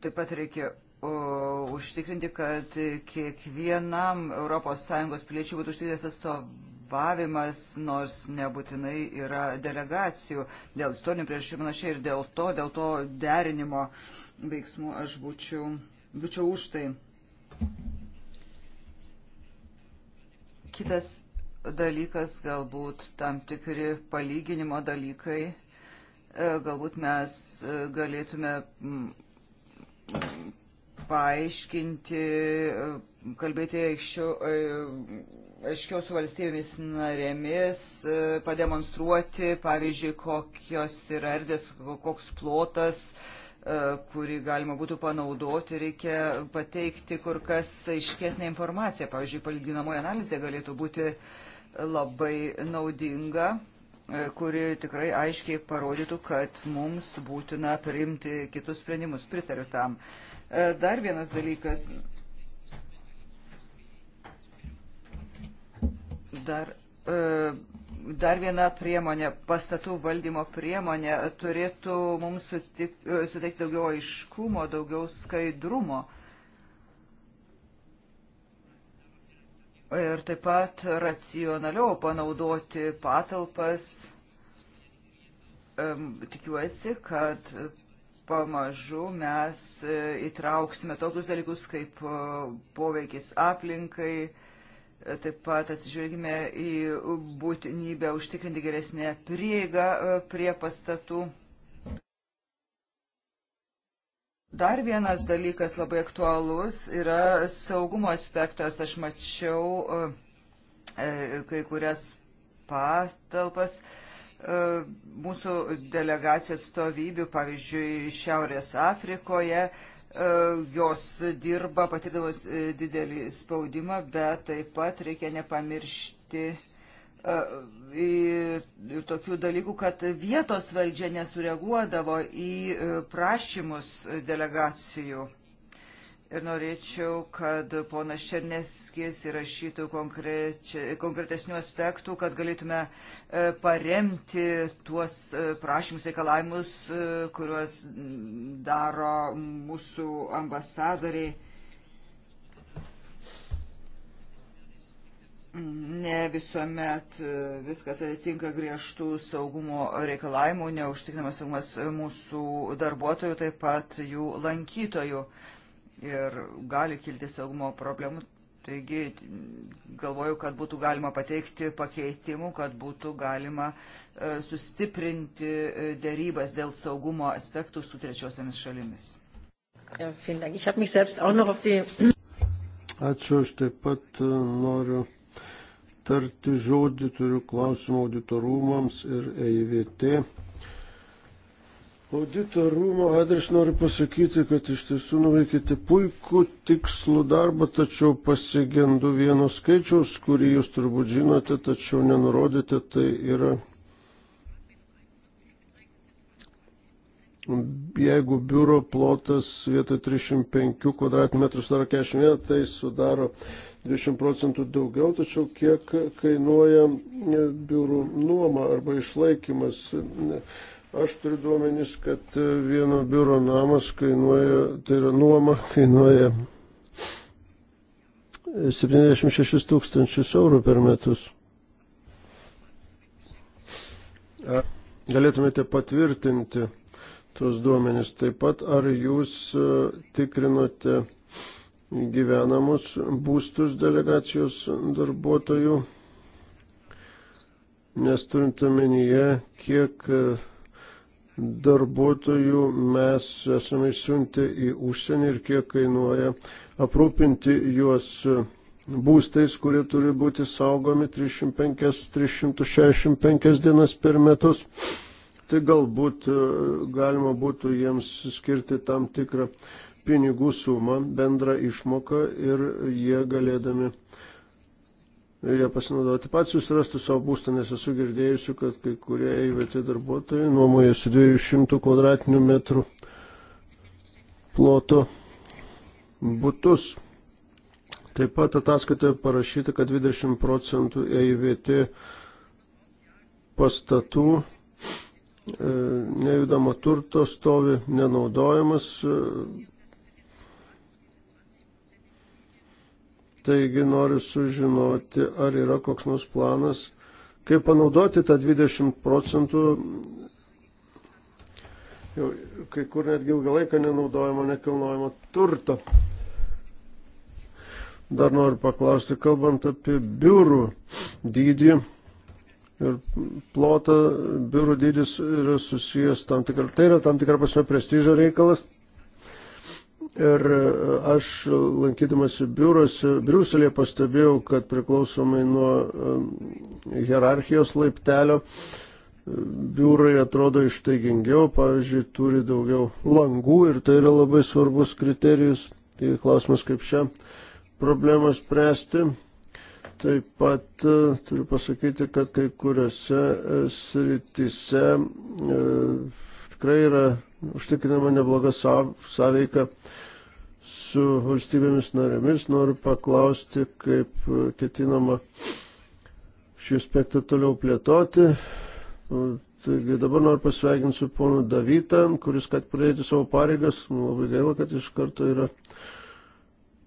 taip pat reikia užtikrinti, kad kiekvienam ES piliečiui būtų užtikrintas atstovavimas, nors nebūtinai yra delegacijų dėl istorinių priežasčių panašiai ir dėl to, dėl to derinimo veiksmų aš būčiau, būčiau už tai. Kitas dalykas galbūt tam tikri palyginimo dalykai E, galbūt mes e, galėtume mm, paaiškinti, e, kalbėti aiškiau su valstybėmis narėmis, pademonstruoti, pavyzdžiui, kokios yra erdės, koks plotas, kurį galima būtų panaudoti, reikia pateikti kur kas aiškesnė informacija. Pavyzdžiui, palyginamoji analizė galėtų būti labai naudinga kuri tikrai aiškiai parodytų, kad mums būtina priimti kitus sprendimus. Pritariu tam. E, dar vienas dalykas. Dar, e, dar viena priemonė, pastatų valdymo priemonė turėtų mums e, suteikti daugiau aiškumo, daugiau skaidrumo. ir taip pat racionaliau panaudoti patalpas. Tikiuosi, kad pamažu mes e, įtrauksime tokius dalykus kaip e, poveikis aplinkai, e, taip pat atsižvelgime į būtinybę užtikrinti geresnę prieigą prie pastatų. Dar vienas dalykas labai aktualus yra saugumo aspektas. Aš mačiau e, e, kai kurias patalpas e, mūsų delegacijos stovybių, pavyzdžiui, Šiaurės Afrikoje. Jos dirba, patirdavos didelį spaudimą, bet taip pat reikia nepamiršti E, ir tokių dalykų, kad vietos valdžia nesureaguodavo į e, prašymus delegacijų. Ir norėčiau, kad ponas Černeskis įrašytų konkretesnių aspektų, kad galėtume e, paremti tuos prašymus reikalavimus, kuriuos daro mūsų ambasadoriai ne visuomet e, viskas atitinka griežtų saugumo reikalavimų, neužtikrinamas saugumas mūsų darbuotojų, taip pat jų lankytojų ir gali kilti saugumo problemų. Taigi galvoju, kad būtų galima pateikti pakeitimų, kad būtų galima e, sustiprinti e, dėrybas dėl saugumo aspektų su trečiosiamis šalimis. Ačiū, aš taip pat noriu tarti žodį, turiu klausimą auditorumams ir EIVT. Auditorumo adres noriu pasakyti, kad iš tiesų nuveikite puikų tikslų darbą, tačiau pasigendu vieno skaičiaus, kurį jūs turbūt žinote, tačiau nenurodėte, tai yra jeigu biuro plotas vietoj 305 kvadratmetrų sudaro 41, tai sudaro 20 procentų daugiau, tačiau kiek kainuoja e, biurų nuoma arba išlaikymas. Aš turiu duomenys, kad e, vieno biuro namas kainuoja, tai yra nuoma kainuoja 76 tūkstančius eurų per metus. Galėtumėte patvirtinti tuos duomenys taip pat, ar jūs e, tikrinote gyvenamus būstus delegacijos darbuotojų, nes turint omenyje, kiek e, darbuotojų mes esame išsiuntę į užsienį ir kiek kainuoja aprūpinti juos e, būstais, kurie turi būti saugomi 305-365 dienas per metus. Tai galbūt e, galima būtų jiems skirti tam tikrą pinigų sumą, bendrą išmoką ir jie galėdami ją pasinaudoti. Pats susirastų savo būstą, nes esu girdėjusi, kad kai kurie EIVT darbuotojai nuomojasi 200 kvadratinių metrų ploto būtus. Taip pat ataskaitoje parašyta, kad 20 procentų EIVT pastatų e, nejudamo turto stovi nenaudojamas Taigi noriu sužinoti, ar yra koks nors planas, kaip panaudoti tą 20 procentų, jau kai kur netgi ilgą laiką nenaudojamo nekilnojamo turto. Dar noriu paklausti, kalbant apie biurų dydį ir plotą, biurų dydis yra susijęs tam tikrą, tai yra tam tikrą prasme prestižo reikalas. Ir e, aš lankydamasi biurose, Briuselėje pastebėjau, kad priklausomai nuo e, hierarchijos laiptelio e, biurai atrodo ištaigingiau, pavyzdžiui, turi daugiau langų ir tai yra labai svarbus kriterijus. Tai klausimas, kaip šią problemą spręsti. Taip pat turiu pasakyti, kad kai kuriuose sritise e, tikrai yra užtikrinama nebloga sąveika su valstybėmis narėmis. Noriu paklausti, kaip ketinama šį aspektą toliau plėtoti. Nu, taigi dabar noriu pasveikinti su ponu Davytą, kuris, kad pradėti savo pareigas, nu, labai gaila, kad iš karto yra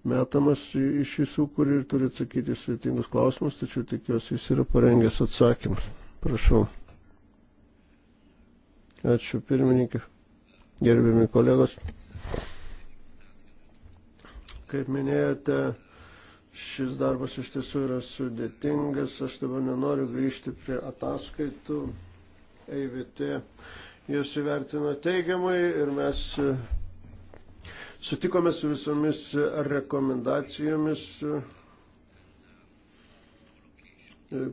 metamas iš šį sukūrį ir turi atsakyti sveitingus klausimus, tačiau tikiuosi, jis yra parengęs atsakymus. Prašau. Ačiū pirmininkė gerbimi kolegos. Kaip minėjote, šis darbas iš tiesų yra sudėtingas. Aš dabar nenoriu grįžti prie ataskaitų. EIVT jūs įvertino teigiamai ir mes sutikome su visomis rekomendacijomis.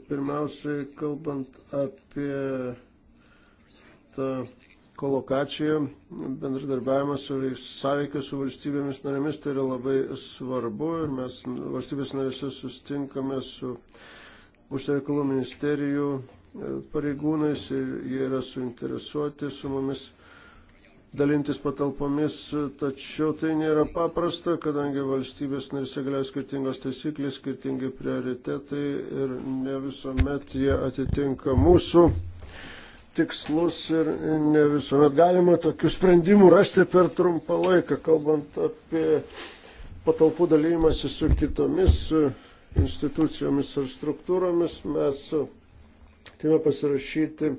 Pirmiausiai, kalbant apie tą kolokacija, bendradarbiavimas su sąveikia su valstybėmis narėmis, tai yra labai svarbu ir mes valstybės narėse sustinkame su užsienio reikalų ministerijų e, pareigūnais ir jie yra suinteresuoti su mumis dalintis patalpomis, tačiau tai nėra paprasta, kadangi valstybės narėse galioja skirtingos taisyklės, skirtingi prioritetai ir ne visuomet jie atitinka mūsų tikslus ir ne visuomet galima tokių sprendimų rasti per trumpą laiką, kalbant apie patalpų dalymasi su kitomis institucijomis ar struktūromis. Mes atėjome pasirašyti e,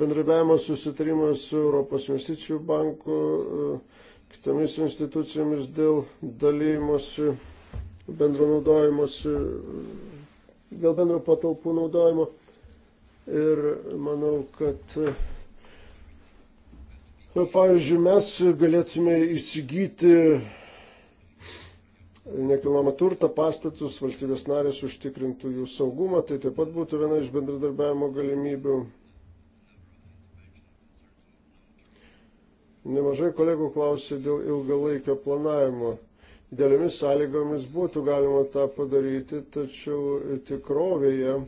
bendrabiavimo susitarimą su Europos investicijų banku, e, kitomis institucijomis dėl dalymosi, bendro naudojimuose, dėl bendro patalpų naudojimo. Ir manau, kad pavyzdžiui, mes galėtume įsigyti nekilnojamą turtą, pastatus, valstybės narės užtikrintų jų saugumą, tai taip pat būtų viena iš bendradarbiavimo galimybių. Nemažai kolegų klausė dėl ilgalaikio planavimo. Dėliomis sąlygomis būtų galima tą padaryti, tačiau tikrovėje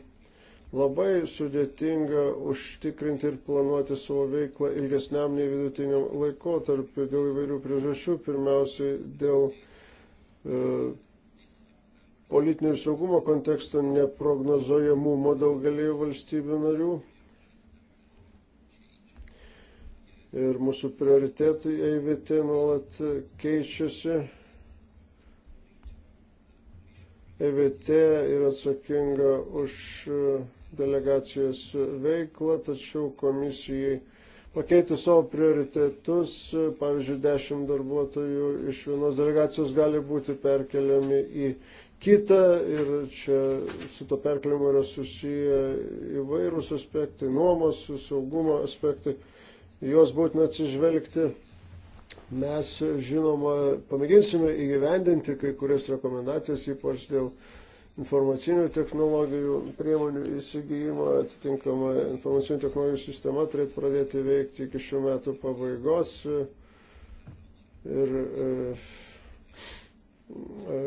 Labai sudėtinga užtikrinti ir planuoti savo veiklą ilgesniam nei vidutiniam laikotarpiu dėl įvairių priežasčių. Pirmiausiai dėl e, politinio ir saugumo konteksto neprognozojamumo daugelį valstybių narių. ir mūsų prioritetai EIVT nuolat keičiasi. EIVT yra atsakinga už delegacijos veiklą, tačiau komisijai pakeitų savo prioritetus, pavyzdžiui, 10 darbuotojų iš vienos delegacijos gali būti perkeliami į kitą ir čia su to perkeliamu yra susiję įvairūs aspektai, nuomos, saugumo aspektai, juos būtina atsižvelgti. Mes, žinoma, pamėginsime įgyvendinti kai kurias rekomendacijas, ypač dėl informacinių technologijų priemonių įsigijimą, atitinkama informacinių technologijų sistema turėtų pradėti veikti iki šių metų pabaigos. Ir, e, e,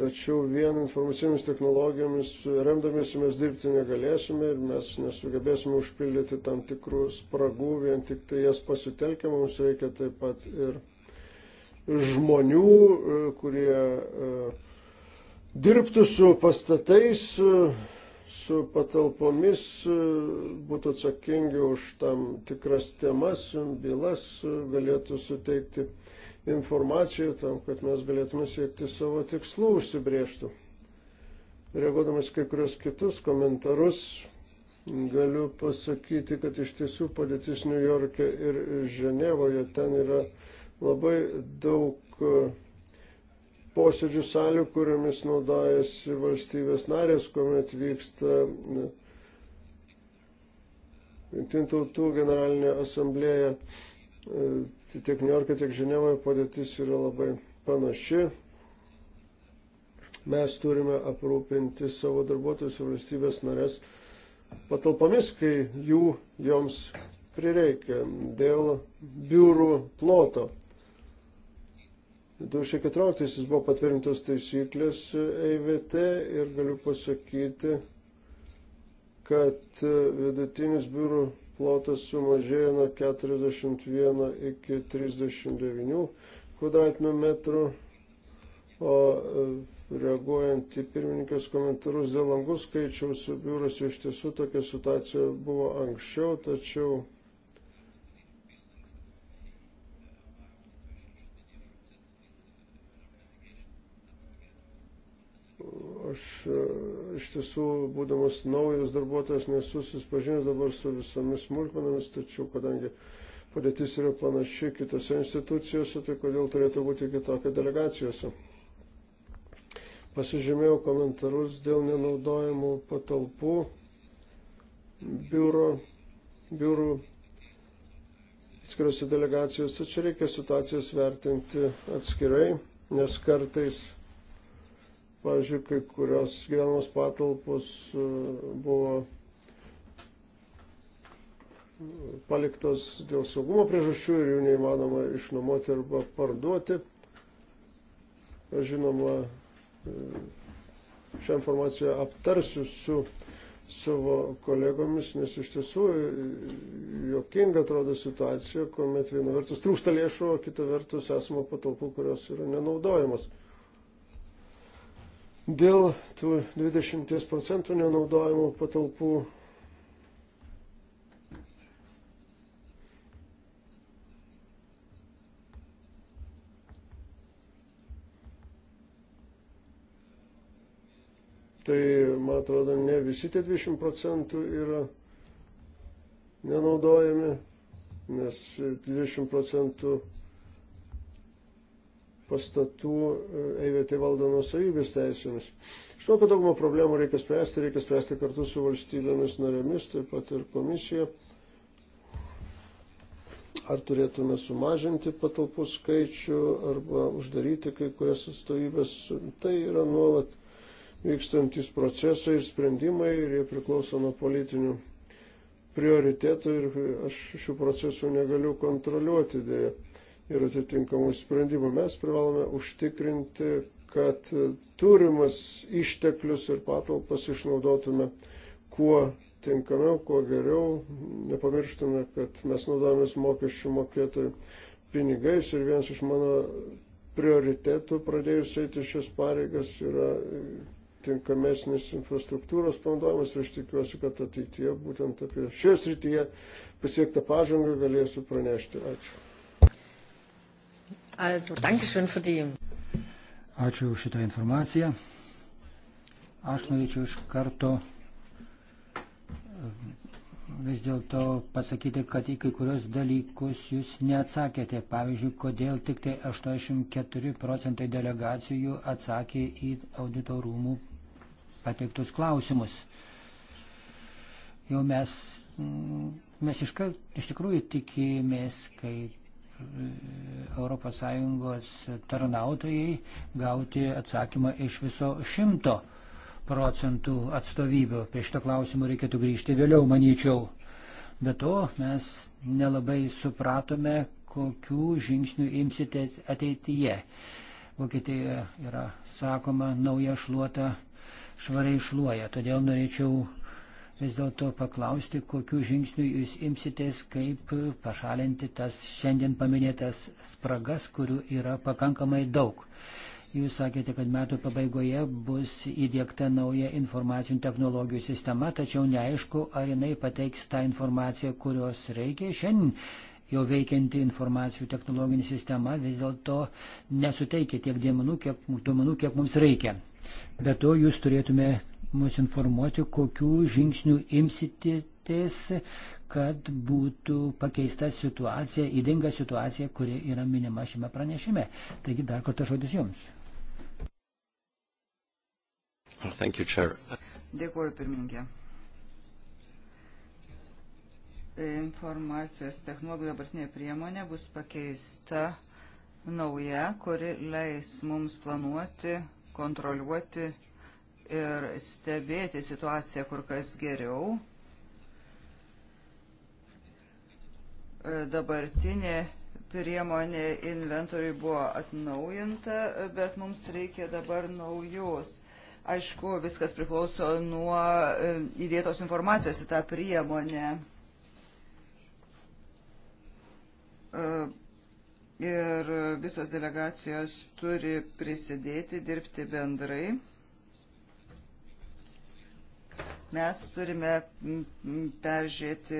tačiau vien informacinėmis technologijomis remdamėsi mes dirbti negalėsime ir mes nesugebėsime užpildyti tam tikrų spragų, vien tik tai jas pasitelkia, mums reikia taip pat ir žmonių, e, kurie uh, dirbtų su pastatais, su patalpomis, būtų atsakingi už tam tikras temas, bylas, galėtų suteikti informaciją tam, kad mes galėtume siekti savo tikslų užsibriežtų. Reaguodamas kai kurios kitus komentarus, galiu pasakyti, kad iš tiesų padėtis New York'e ir Ženevoje ten yra labai daug posėdžių salių, kuriomis naudojasi valstybės narės, kuomet vyksta e, Junktinių tautų generalinė asamblėja. E, tiek New York'e, tiek Ženevoje padėtis yra labai panaši. Mes turime aprūpinti savo darbuotojus ir valstybės narės patalpomis, kai jų joms prireikia dėl biurų ploto 2014 buvo patvirtintos taisyklės EIVT ir galiu pasakyti, kad vidutinis biurų plotas sumažėjo nuo 41 iki 39 kvadratinių metrų, o e, reaguojant į pirmininkės komentarus dėl langų skaičiaus biuras iš tiesų tokia situacija buvo anksčiau, tačiau Aš e, iš tiesų, būdamas naujas darbuotojas, nesu susipažinęs dabar su visomis smulkmenomis, tačiau kadangi padėtis yra panaši kitose institucijose, tai kodėl turėtų būti kitokia delegacijose. Pasižymėjau komentarus dėl nenaudojimų patalpų biuro, biurų atskirose delegacijose. Čia reikia situacijas vertinti atskirai, nes kartais Pavyzdžiui, kai kurios gyvenamos patalpos e, buvo paliktos dėl saugumo priežasčių ir jų neįmanoma išnuomoti arba parduoti. Žinoma, e, šią informaciją aptarsiu su savo kolegomis, nes iš tiesų jokinga atrodo situacija, kuomet viena vertus trūksta lėšų, o kita vertus esama patalpų, kurios yra nenaudojamos. Dėl tų 20 procentų nenaudojimų patalpų tai, man atrodo, ne visi tie 20 procentų yra nenaudojami, nes 20 procentų pastatų e, EIVT tai valdomos savybės teisėmis. Aš manau, kad daugumą problemų reikia spręsti, reikia spręsti kartu su valstybėmis narėmis, taip pat ir komisija. Ar turėtume sumažinti patalpų skaičių arba uždaryti kai kurias atstovybės, tai yra nuolat vykstantis procesai ir sprendimai ir jie priklauso nuo politinių prioritėtų ir aš šių procesų negaliu kontroliuoti dėja ir atitinkamų sprendimų. Mes privalome užtikrinti, kad turimas išteklius ir patalpas išnaudotume kuo tinkamiau, kuo geriau. Nepamirštume, kad mes naudojamės mokesčių mokėtojų pinigais ir vienas iš mano prioritetų pradėjus eiti šias pareigas yra tinkamesnis infrastruktūros panaudojimas ir aš tikiuosi, kad ateityje būtent apie šioje srityje pasiektą pažangą galėsiu pranešti. Ačiū. Also, Ačiū už šitą informaciją. Aš norėčiau iš karto ehm, vis dėlto pasakyti, kad į kai kurios dalykus jūs neatsakėte. Pavyzdžiui, kodėl tik tai 84 procentai delegacijų atsakė į audito rūmų pateiktus klausimus. Jau mes, mm, mes iš, iš tikrųjų tikėjomės, kai ES tarnautojai gauti atsakymą iš viso šimto procentų atstovybių. Prie šito klausimo reikėtų grįžti vėliau, manyčiau. Be to, mes nelabai supratome, kokių žingsnių imsite ateityje. Vokietijoje yra sakoma, nauja šluota švariai šluoja. Todėl norėčiau vis dėlto paklausti, kokiu žingsniu jūs imsitės, kaip pašalinti tas šiandien paminėtas spragas, kurių yra pakankamai daug. Jūs sakėte, kad metų pabaigoje bus įdėkta nauja informacinių technologijų sistema, tačiau neaišku, ar jinai pateiks tą informaciją, kurios reikia šiandien jau veikianti informacijų technologinė sistema vis dėlto nesuteikia tiek duomenų, kiek, duomenų, kiek mums reikia. Be to, jūs turėtume mus informuoti, kokių žingsnių imsitės, kad būtų pakeista situacija, įdinga situacija, kuri yra minima šiame pranešime. Taigi dar kartą žodis jums. Thank you, Chair. Dėkuoju, pirmininkė. Informacijos technologijų dabartinė priemonė bus pakeista nauja, kuri leis mums planuoti, kontroliuoti ir stebėti situaciją kur kas geriau. E, dabartinė priemonė inventoriui buvo atnaujinta, bet mums reikia dabar naujos. Aišku, viskas priklauso nuo e, įdėtos informacijos į tą priemonę. E, ir visos delegacijos turi prisidėti, dirbti bendrai. Mes turime peržiūrėti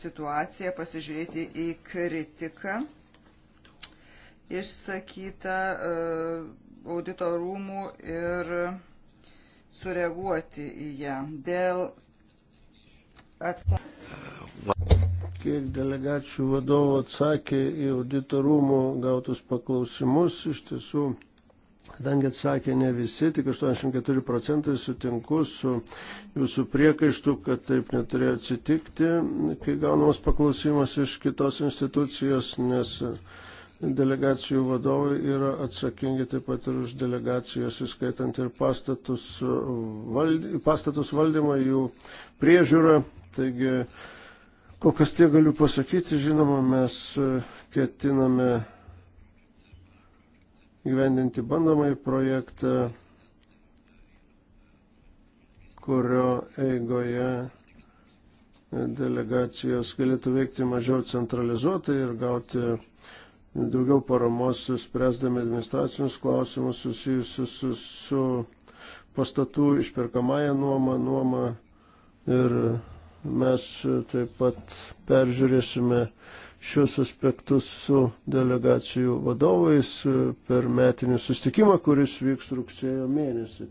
situaciją, pasižiūrėti į kritiką išsakytą e, audito rūmų ir sureaguoti į ją. Dėl atsakymų. Kiek delegacijų vadovų atsakė į audito rūmų gautus paklausimus, iš tiesų Kadangi atsakė ne visi, tik 84 procentai sutinku su jūsų priekaištu, kad taip neturėjo atsitikti, kai gaunamas paklausimas iš kitos institucijos, nes delegacijų vadovai yra atsakingi taip pat ir už delegacijos, įskaitant ir pastatus, valdy, pastatus valdymą, jų priežiūrą. Taigi, kol kas tiek galiu pasakyti, žinoma, mes ketiname gyvendinti bandomąjį projektą, kurio eigoje delegacijos galėtų veikti mažiau centralizuotai ir gauti daugiau paramos, spręsdami administracinius klausimus susijusius su, su pastatų išperkamąją nuomą, nuomą ir mes taip pat peržiūrėsime šios aspektus su delegacijų vadovais e, per metinį sustikimą, kuris vyks rugsėjo mėnesį.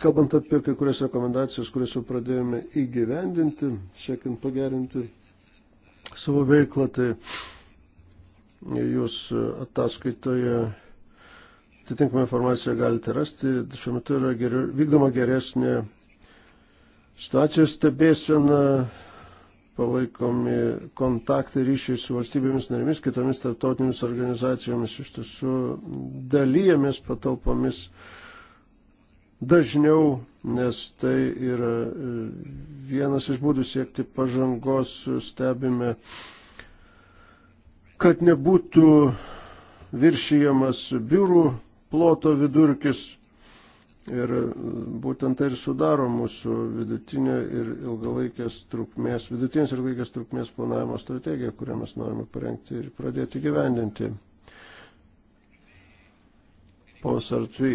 Kalbant apie kai kurias rekomendacijas, kurias jau pradėjome įgyvendinti, siekiant pagerinti savo veiklą, tai jūs e, ataskaitoje atitinkamą informaciją galite rasti. Šiuo metu yra geriau, vykdoma geresnė situacijos stebėsena, palaikomi kontaktai ryšiai su valstybėmis narėmis, kitomis tarptautinėmis organizacijomis. Iš tiesų dalyjamės patalpomis dažniau, nes tai yra e, vienas iš būdų siekti pažangos, stebime, kad nebūtų viršijamas biurų ploto vidurkis. Ir būtent tai ir sudaro mūsų vidutinio ir ilgalaikės trukmės, vidutinės ir ilgalaikės trukmės planavimo strategiją, kurią mes norime parengti ir pradėti gyvendinti. Po Sartvy.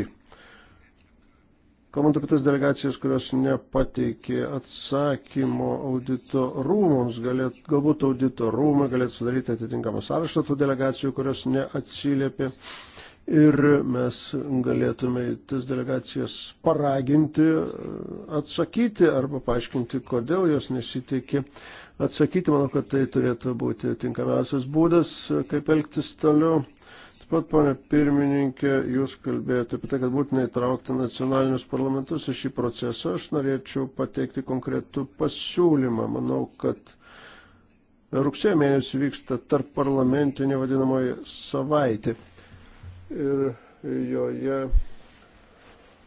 Kalbant apie tas delegacijas, kurios nepateikė atsakymo audito rūmams, galėt, galbūt audito rūmai galėtų sudaryti atitinkamą sąrašą tų delegacijų, kurios neatsiliepė ir mes galėtume tas delegacijas paraginti e, atsakyti arba paaiškinti, kodėl jos nesiteikė atsakyti. Manau, kad tai turėtų būti tinkamiausias būdas, e, kaip elgtis toliau. Taip pat, ponė pirmininkė, jūs kalbėjote apie tai, kad būtinai traukti nacionalinius parlamentus į šį procesą. Aš norėčiau pateikti konkretų pasiūlymą. Manau, kad rugsėjo mėnesį vyksta tarp parlamentinė vadinamoji savaitė ir joje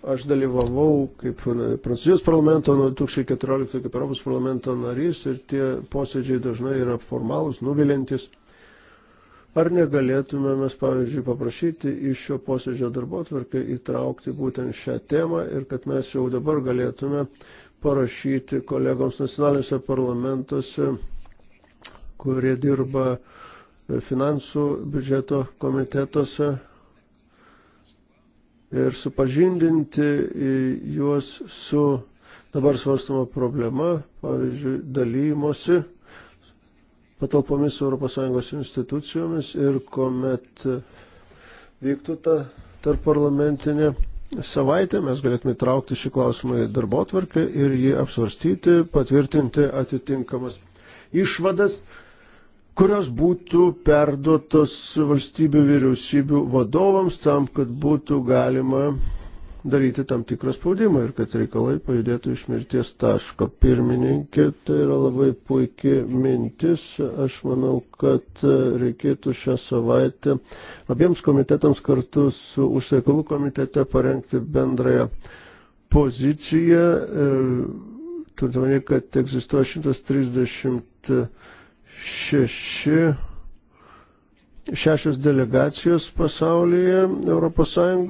aš dalyvavau kaip Prancūzijos parlamento nuo 2014 kaip Europos parlamento narys ir tie posėdžiai dažnai yra formalūs, nuvilintis. Ar negalėtume mes, pavyzdžiui, paprašyti iš šio posėdžio darbo atvarkę įtraukti būtent šią temą ir kad mes jau dabar galėtume parašyti kolegoms nacionaliniuose parlamentuose, kurie dirba finansų biudžeto komitetuose ir supažindinti juos su dabar svarstama problema, pavyzdžiui, dalymosi patalpomis su ES institucijomis ir kuomet vyktų ta tarp parlamentinė savaitė, mes galėtume traukti šį klausimą į darbo tvarkę ir jį apsvarstyti, patvirtinti atitinkamas išvadas kurios būtų perduotos valstybių vyriausybių vadovams tam, kad būtų galima daryti tam tikrą spaudimą ir kad reikalai pajudėtų iš mirties taško. Pirmininkė, tai yra labai puikia mintis. Aš manau, kad reikėtų šią savaitę abiems komitetams kartu su užsiekalų komitete parengti bendrąją poziciją. E, turint omenyje, kad egzistuoja 130 šeši, šešios delegacijos pasaulyje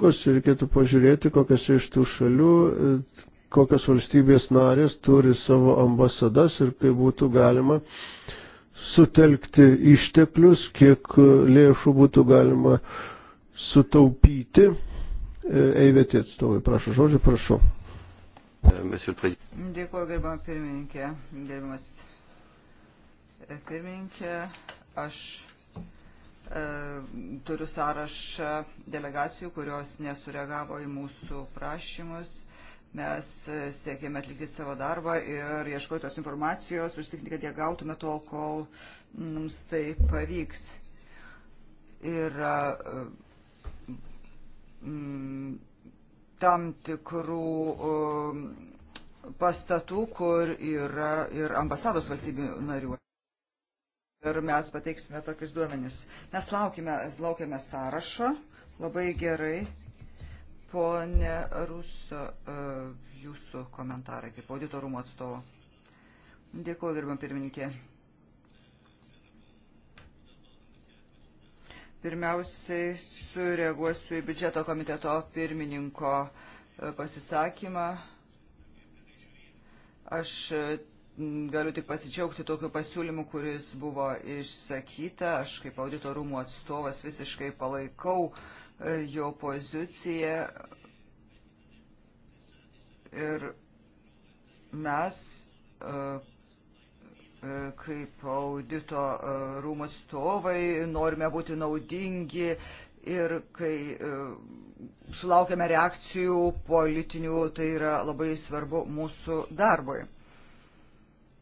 ES ir reikėtų pažiūrėti, kokias iš tų šalių, kokios valstybės narės turi savo ambasadas ir kaip būtų galima sutelkti išteklius, kiek lėšų būtų galima sutaupyti. E, Eivėti atstovai, prašau žodžiu, prašau. Dėkuoju, gerbama pirmininkė, gerbamas pirmininkė. Aš e, turiu sąrašą delegacijų, kurios nesureagavo į mūsų prašymus. Mes e, siekėme atlikti savo darbą ir ieškoti tos informacijos, užtikrinti, kad ją gautume tol, kol mums tai pavyks. Ir mm, tam tikrų mm, pastatų, kur yra ir ambasados valstybių narių ir mes pateiksime tokius duomenis. Mes laukime, laukiame sąrašo, labai gerai. Pone Ruso, e, jūsų komentarai kaip audito rūmų atstovo. Dėkuoju, gerbam pirmininkė. Pirmiausiai sureaguosiu į biudžeto komiteto pirmininko e, pasisakymą. Aš galiu tik pasidžiaugti tokiu pasiūlymu, kuris buvo išsakyta. Aš kaip audito rūmų atstovas visiškai palaikau e, jo poziciją. Ir mes e, e, kaip audito rūmų atstovai norime būti naudingi ir kai sulaukiame reakcijų politinių, tai yra labai svarbu mūsų darbui.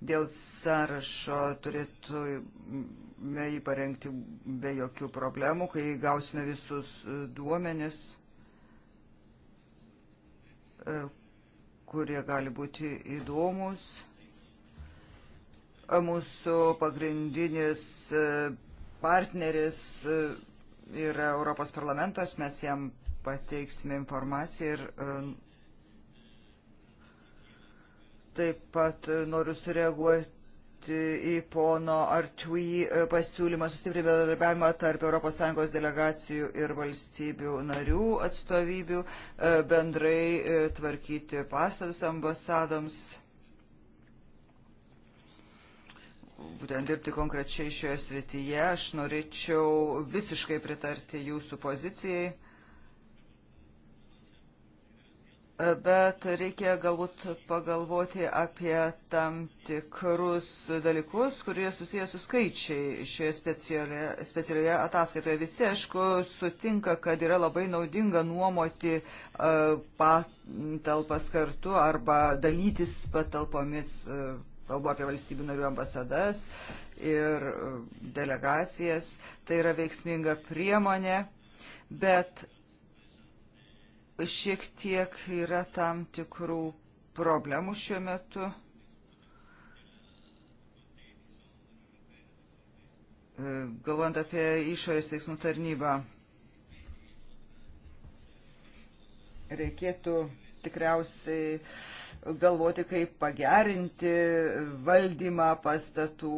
Dėl sąrašo turėtume jį parengti be jokių problemų, kai gausime visus e, duomenis, e, kurie gali būti įdomus. E, mūsų pagrindinis partneris yra Europos parlamentas, mes jam pateiksime informaciją ir Taip pat noriu sureaguoti į pono Artui pasiūlymą sustiprinti bendradarbiavimą tarp ES delegacijų ir valstybių narių atstovybių, e, bendrai e, tvarkyti pastatus ambasadoms, būtent dirbti konkrečiai šioje srityje. Aš norėčiau visiškai pritarti jūsų pozicijai bet reikia galbūt pagalvoti apie tam tikrus dalykus, kurie susijęs su skaičiai šioje specialioje, specialioje ataskaitoje. Visi, aišku, sutinka, kad yra labai naudinga nuomoti e, patalpas kartu arba dalytis patalpomis, e, kalbu apie valstybių narių ambasadas ir e, delegacijas. Tai yra veiksminga priemonė, bet šiek tiek yra tam tikrų problemų šiuo metu. E, Galvant apie išorės veiksmų tarnybą, reikėtų tikriausiai galvoti, kaip pagerinti valdymą pastatų.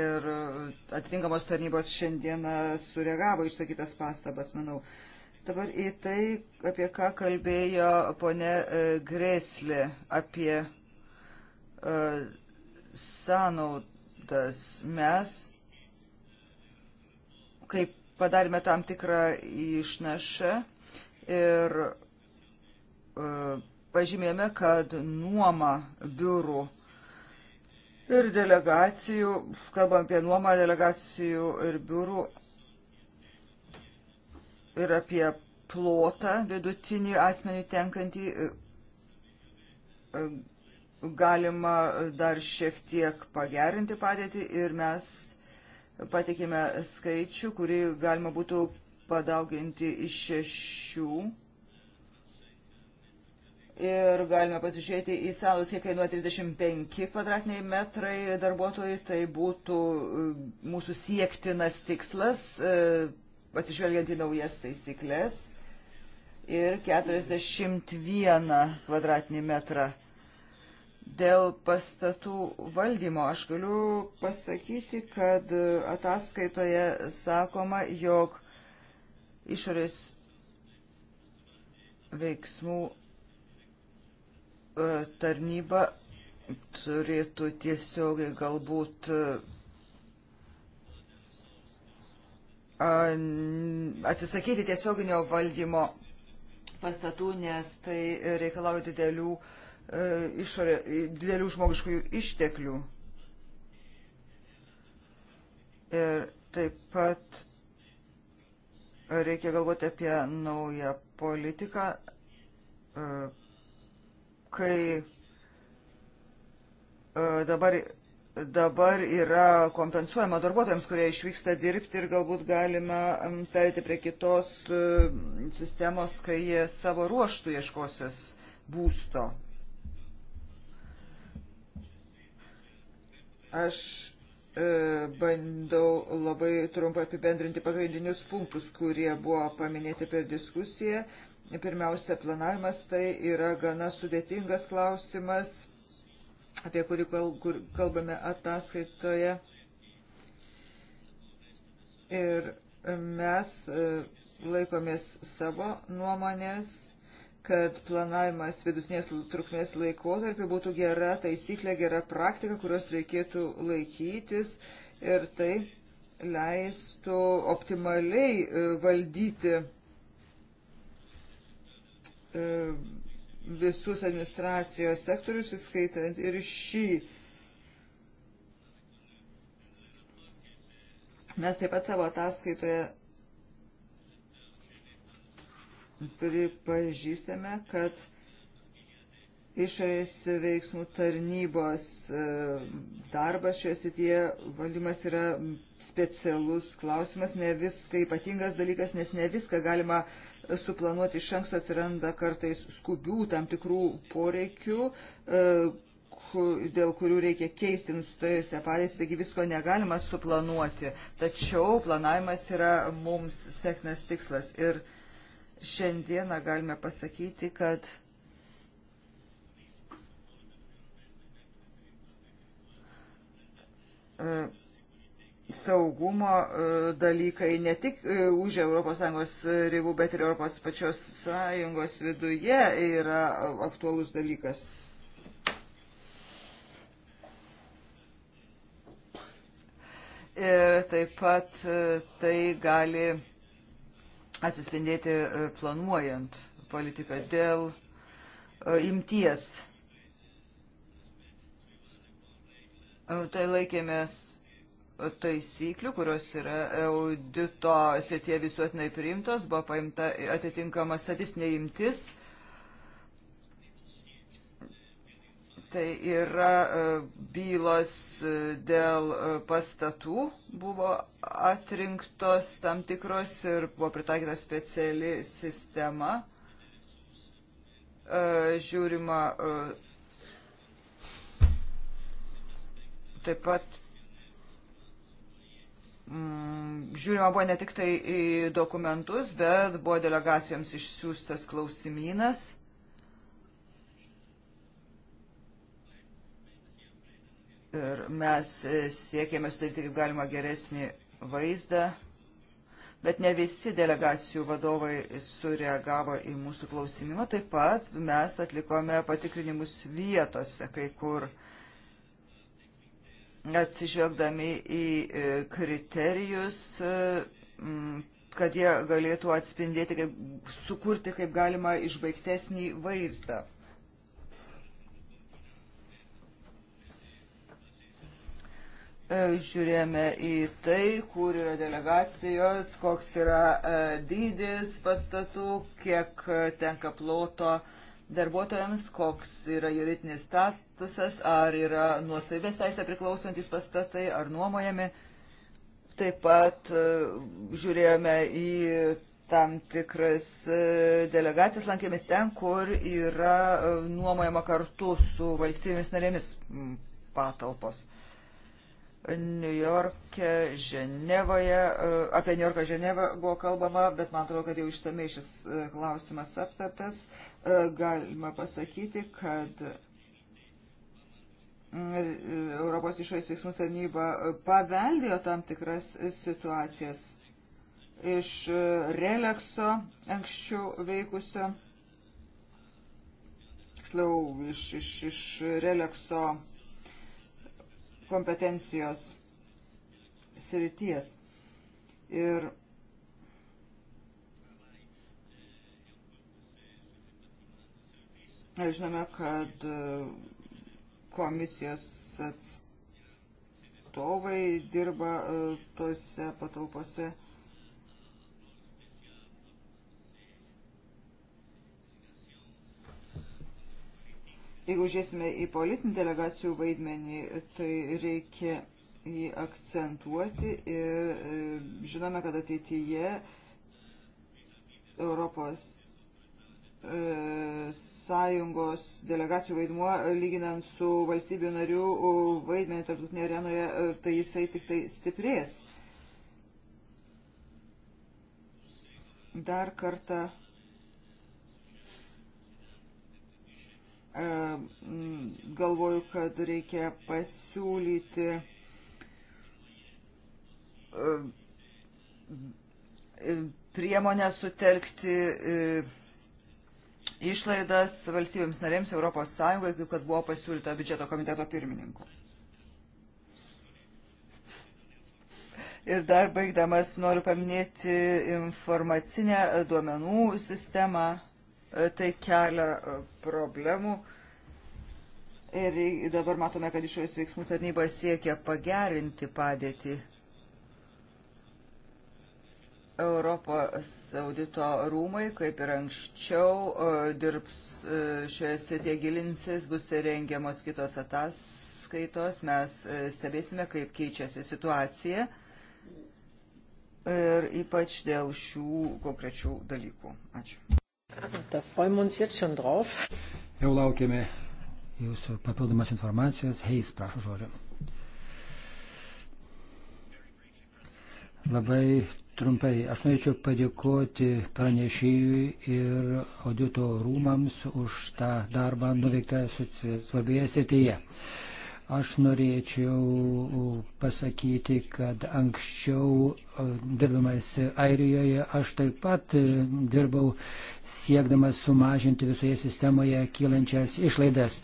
Ir atitinkamos tarnybos šiandieną sureagavo išsakytas pastabas, manau. Dabar į tai, apie ką kalbėjo ponė e, Greslė, apie e, sąnaudas. Mes, kaip padarėme tam tikrą išnašą ir e, pažymėjome, kad nuoma biurų ir delegacijų, kalbam apie nuomą delegacijų ir biurų ir apie plotą vidutinį asmenį tenkantį. E, e, galima dar šiek tiek pagerinti padėtį ir mes pateikėme skaičių, kurį galima būtų padauginti iš šešių. Ir galime pasižiūrėti į salus, kiek kainuoja 35 kvadratiniai metrai darbuotojai, tai būtų e, mūsų siektinas tikslas atsižvelgiant į naujas taisyklės ir 41 kvadratinį metrą. Dėl pastatų valdymo aš galiu pasakyti, kad ataskaitoje sakoma, jog išorės veiksmų e, tarnyba turėtų tiesiogiai galbūt e, atsisakyti tiesioginio valdymo pastatų, nes tai reikalauja didelių, e, išorė, didelių žmogiškųjų išteklių. Ir taip pat reikia galvoti apie naują politiką, e, kai e, dabar dabar yra kompensuojama darbuotojams, kurie išvyksta dirbti ir galbūt galima perėti prie kitos e, sistemos, kai jie savo ruoštų ieškosios būsto. Aš e, bandau labai trumpai apibendrinti pagrindinius punktus, kurie buvo paminėti per diskusiją. Pirmiausia, planavimas tai yra gana sudėtingas klausimas apie kurį kalbame ataskaitoje. Ir mes e, laikomės savo nuomonės, kad planavimas vidutinės trukmės laikotarpį būtų gera taisyklė, gera praktika, kurios reikėtų laikytis ir tai leistų optimaliai e, valdyti e, visus administracijos sektorius, įskaitant ir šį. Mes taip pat savo ataskaitoje pripažįstame, kad išorės veiksmų tarnybos e, darbas šioje srityje valdymas yra specialus klausimas, ne viską ypatingas dalykas, nes ne viską galima suplanuoti iš anksto, atsiranda kartais skubių tam tikrų poreikių, e, dėl kurių reikia keisti nustojusią padėtį, taigi visko negalima suplanuoti. Tačiau planavimas yra mums sėkmės tikslas ir šiandieną galime pasakyti, kad E, saugumo e, dalykai ne tik e, už ES ribų, bet ir ES pačios sąjungos viduje yra aktualus dalykas. Ir taip pat tai gali atsispindėti planuojant politiką dėl imties Tai laikėmės taisyklių, kurios yra audito srityje visuotinai priimtos, buvo paimta atitinkama statistinė imtis. Tai yra e, bylos e, dėl e, pastatų buvo atrinktos tam tikros ir buvo pritaikyta speciali sistema. Žiūrima Taip pat mm, žiūrima buvo ne tik tai į dokumentus, bet buvo delegacijoms išsiųstas klausimynas. Ir mes siekėme sudaryti kaip galima geresnį vaizdą, bet ne visi delegacijų vadovai sureagavo į mūsų klausimimą. Taip pat mes atlikome patikrinimus vietose kai kur. Uh, atsižvelgdami į e, kriterijus, e, kad jie galėtų atspindėti, kaip, sukurti kaip galima išbaigtesnį vaizdą. E, žiūrėjome į tai, kur yra delegacijos, koks yra dydis pastatų, kiek tenka ploto uh, darbuotojams, koks yra juridinis statusas, ar yra nuosavybės teisė priklausantis pastatai, ar nuomojami. Taip pat e, žiūrėjome į tam tikras e, delegacijas, lankėmės ten, kur yra e, nuomojama kartu su valstybėmis narėmis patalpos. New York'e, Ženevoje, e, apie New Yorką Ženevą buvo kalbama, bet man atrodo, kad jau išsamei šis e, klausimas aptartas. E, galima pasakyti, kad mm, Europos išorės veiksmų tarnyba paveldėjo tam tikras situacijas iš Relekso anksčiau veikusio, tiksliau iš, iš, iš Relekso kompetencijos srities. Ir žinome, kad komisijos atstovai dirba e, tose patalpose. Jeigu žiūrėsime į politinį delegacijų vaidmenį, tai reikia jį akcentuoti ir e, žinome, kad ateityje Europos e, sąjungos delegacijų vaidmuo, lyginant su valstybių narių vaidmenį tarptautinėje arenoje, e, tai jisai tik tai stiprės. Dar kartą E, galvoju, kad reikia pasiūlyti e, e, priemonę sutelkti išlaidas valstybėms narėms Europos Sąjungoje, kaip kad buvo pasiūlyta biudžeto komiteto pirmininku. Ir dar baigdamas noriu paminėti informacinę duomenų sistemą E, tai kelia e, problemų. Ir dabar matome, kad išorės veiksmų tarnyba siekia pagerinti padėtį. Europos audito rūmai, kaip ir anksčiau, e, dirbs šioje srityje gilinsis, bus rengiamos kitos ataskaitos, mes stebėsime, kaip keičiasi situacija ir ypač dėl šių konkrečių dalykų. Ačiū. Da freuen wir uns jetzt schon drauf. Jau laukiame jūsų papildomas informacijos. Heis, prašau žodžio. Labai trumpai, aš norėčiau padėkoti pranešėjui ir audito rūmams už tą darbą nuveiktą svarbioje srityje. Aš norėčiau pasakyti, kad anksčiau e, dirbamas Airijoje aš taip pat e, dirbau siekdamas sumažinti visoje sistemoje kylančias išlaidas.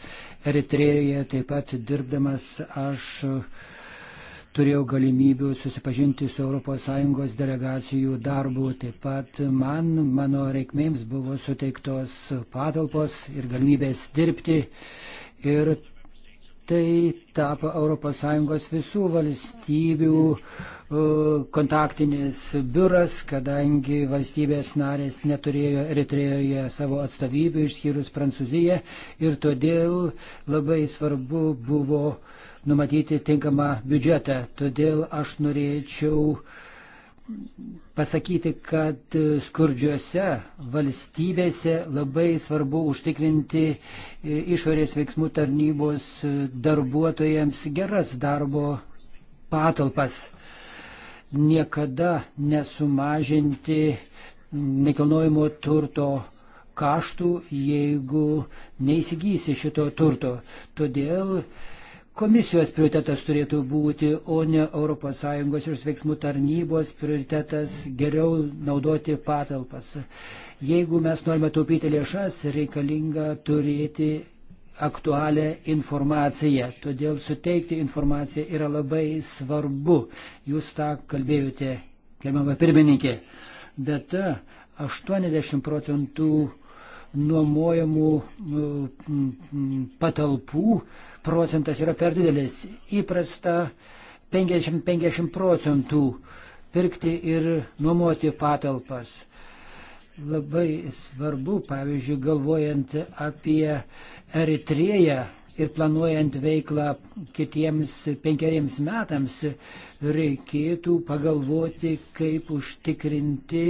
Eritrėjoje taip pat dirbdamas aš e, turėjau galimybių susipažinti su ES delegacijų darbu. Taip pat man, mano reikmėms buvo suteiktos patalpos ir galimybės dirbti. Ir tai tapo ES visų valstybių e, kontaktinis biuras, kadangi valstybės narės neturėjo Eritrėjoje savo atstovybių išskyrus Prancūziją ir todėl labai svarbu buvo numatyti tinkamą biudžetą. Todėl aš norėčiau uh, pasakyti, kad skurdžiose valstybėse labai svarbu užtikrinti e, išorės veiksmų tarnybos e, darbuotojams geras darbo patalpas. Niekada nesumažinti nekilnojimo turto kaštų, jeigu neįsigysi šito turto. Todėl komisijos prioritetas turėtų būti, o ne ES ir veiksmų tarnybos prioritetas geriau naudoti patalpas. Jeigu mes norime taupyti lėšas, reikalinga turėti aktualią informaciją. Todėl suteikti informaciją yra labai svarbu. Jūs tą kalbėjote, gerbiama pirmininkė. Bet 80 e, procentų nuomojamų patalpų uh, procentas yra per didelis. Įprasta 50-50 procentų pirkti ir nuomoti patalpas. Labai svarbu, pavyzdžiui, galvojant apie Eritrėją ir planuojant veiklą kitiems penkeriems metams, reikėtų pagalvoti, kaip užtikrinti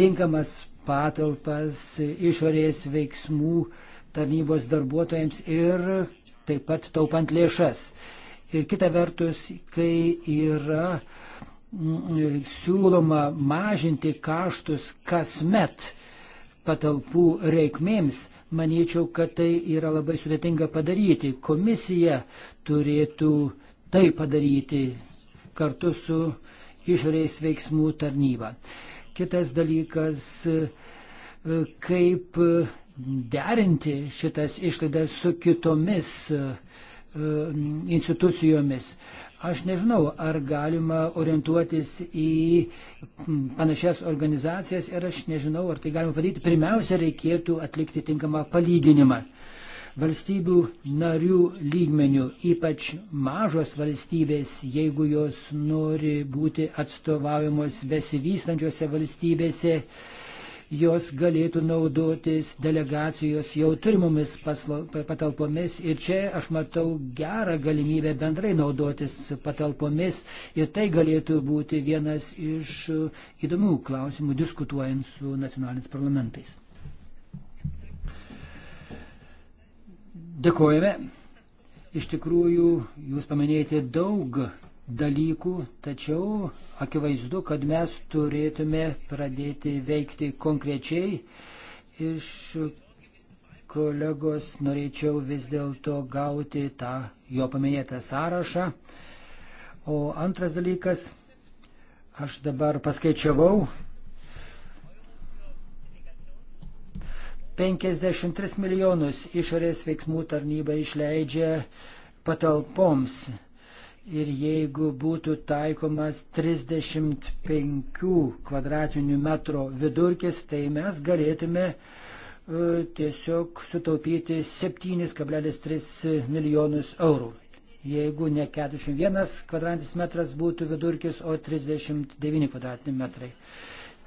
tinkamas patalpas išorės veiksmų tarnybos darbuotojams ir taip pat taupant lėšas. Ir kita vertus, kai yra mm, siūloma mažinti kaštus kasmet patalpų reikmėms, manyčiau, kad tai yra labai sudėtinga padaryti. Komisija turėtų tai padaryti kartu su išorės veiksmų tarnyba. Kitas dalykas, e, kaip derinti šitas išlaidas su kitomis e, e, institucijomis. Aš nežinau, ar galima orientuotis į panašias organizacijas ir aš nežinau, ar tai galima padaryti. Pirmiausia, reikėtų atlikti tinkamą palyginimą. Valstybių narių lygmenių, ypač mažos valstybės, jeigu jos nori būti atstovaujamos besivystančiose valstybėse, uh, jos galėtų naudotis delegacijos jau turimomis patalpomis. Ir čia aš matau gerą galimybę bendrai naudotis patalpomis. Ir tai galėtų būti vienas iš įdomių klausimų diskutuojant su nacionaliniais parlamentais. Dėkojame. Iš tikrųjų, jūs paminėjote daug dalykų, tačiau akivaizdu, kad mes turėtume pradėti veikti konkrečiai. Iš kolegos norėčiau vis dėlto gauti tą jo paminėtą sąrašą. O antras dalykas, aš dabar paskaičiavau, 53 milijonus išorės veiksmų tarnyba išleidžia patalpoms Ir jeigu būtų taikomas 35 kvadratinių metrų vidurkis, tai mes galėtume e, tiesiog sutaupyti 7,3 milijonus eurų. Jeigu ne 41 kvadratinis metras būtų vidurkis, o 39 kvadratiniai metrai.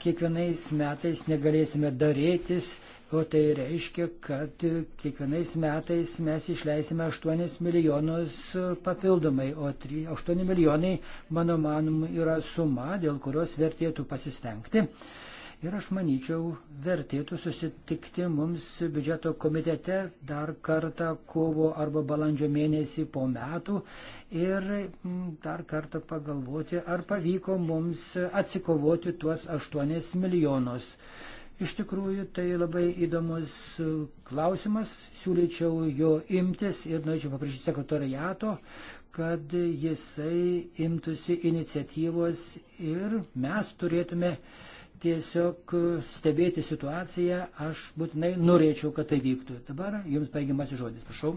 Kiekvienais metais negalėsime darėtis O tai reiškia, kad kiekvienais metais mes išleisime 8 milijonus papildomai, o 8 milijonai, mano manimu, yra suma, dėl kurios vertėtų pasistengti. Ir aš manyčiau, vertėtų susitikti mums biudžeto komitete dar kartą kovo arba balandžio mėnesį po metų ir mm, dar kartą pagalvoti, ar pavyko mums atsikovoti tuos 8 milijonus. Iš tikrųjų, tai labai įdomus e, klausimas, siūlyčiau jo imtis ir norėčiau paprašyti sekretoriato, kad jisai imtųsi iniciatyvos ir mes turėtume tiesiog stebėti situaciją. Aš būtinai norėčiau, kad tai vyktų. Dabar jums baigiamas žodis, prašau.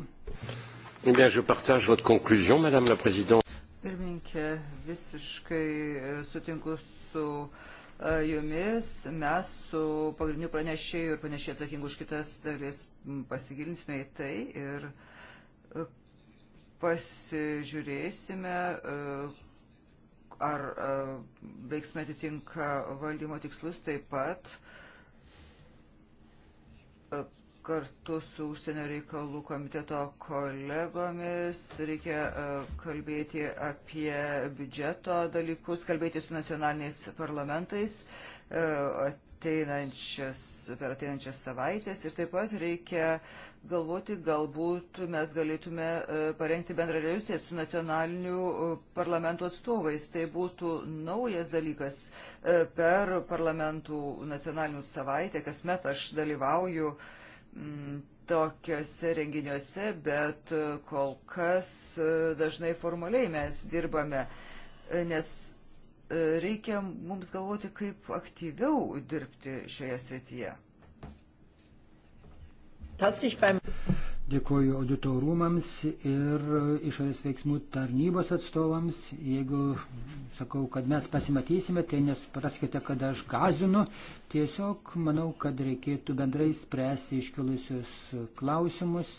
Eh bien, je partage votre conclusion, Madame la Présidente. Pirminkė, visiškai e, sutinku su uh, E, jumis. Mes su pagrindiniu pranešėju ir panašiai atsakingu už kitas dalis pasigilinsime į tai ir e, pasižiūrėsime, e, ar veiksmai atitinka valdymo tikslus taip pat kartu su užsienio reikalų komiteto kolegomis, reikia e, kalbėti apie biudžeto dalykus, kalbėti su nacionaliniais parlamentais e, ateinančias, per ateinančias savaitės ir taip pat reikia galvoti, galbūt mes galėtume e, parengti bendrą rezoliuciją su nacionaliniu parlamento atstovais. Tai būtų naujas dalykas per parlamentų nacionalinių savaitę, kasmet aš dalyvauju uh, Mm, tokiuose renginiuose, bet kol kas e, dažnai formaliai mes dirbame, e, nes e, reikia mums galvoti, kaip aktyviau dirbti šioje srityje. Dėkuoju auditorumams ir išorės veiksmų tarnybos atstovams. Jeigu sakau, kad mes pasimatysime, tai nesupraskite, kad aš gazinu. Tiesiog manau, kad reikėtų bendrai spręsti iškilusius klausimus.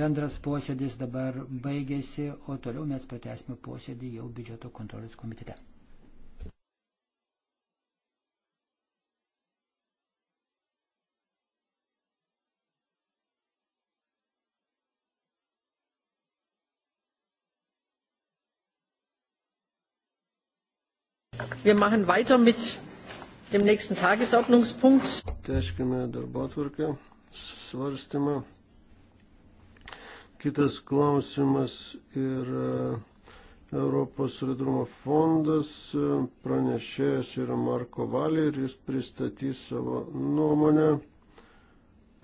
Bendras posėdis dabar baigėsi, o toliau mes pratesime posėdį jau biudžeto kontrolės komitete. Wir machen weiter mit dem nächsten Tagesordnungspunkt. Teškime darbotvarkę svarstymą. Kitas klausimas yra e, Europos solidarumo fondas. E, pranešėjas yra Marko Valė ir jis pristatys savo nuomonę.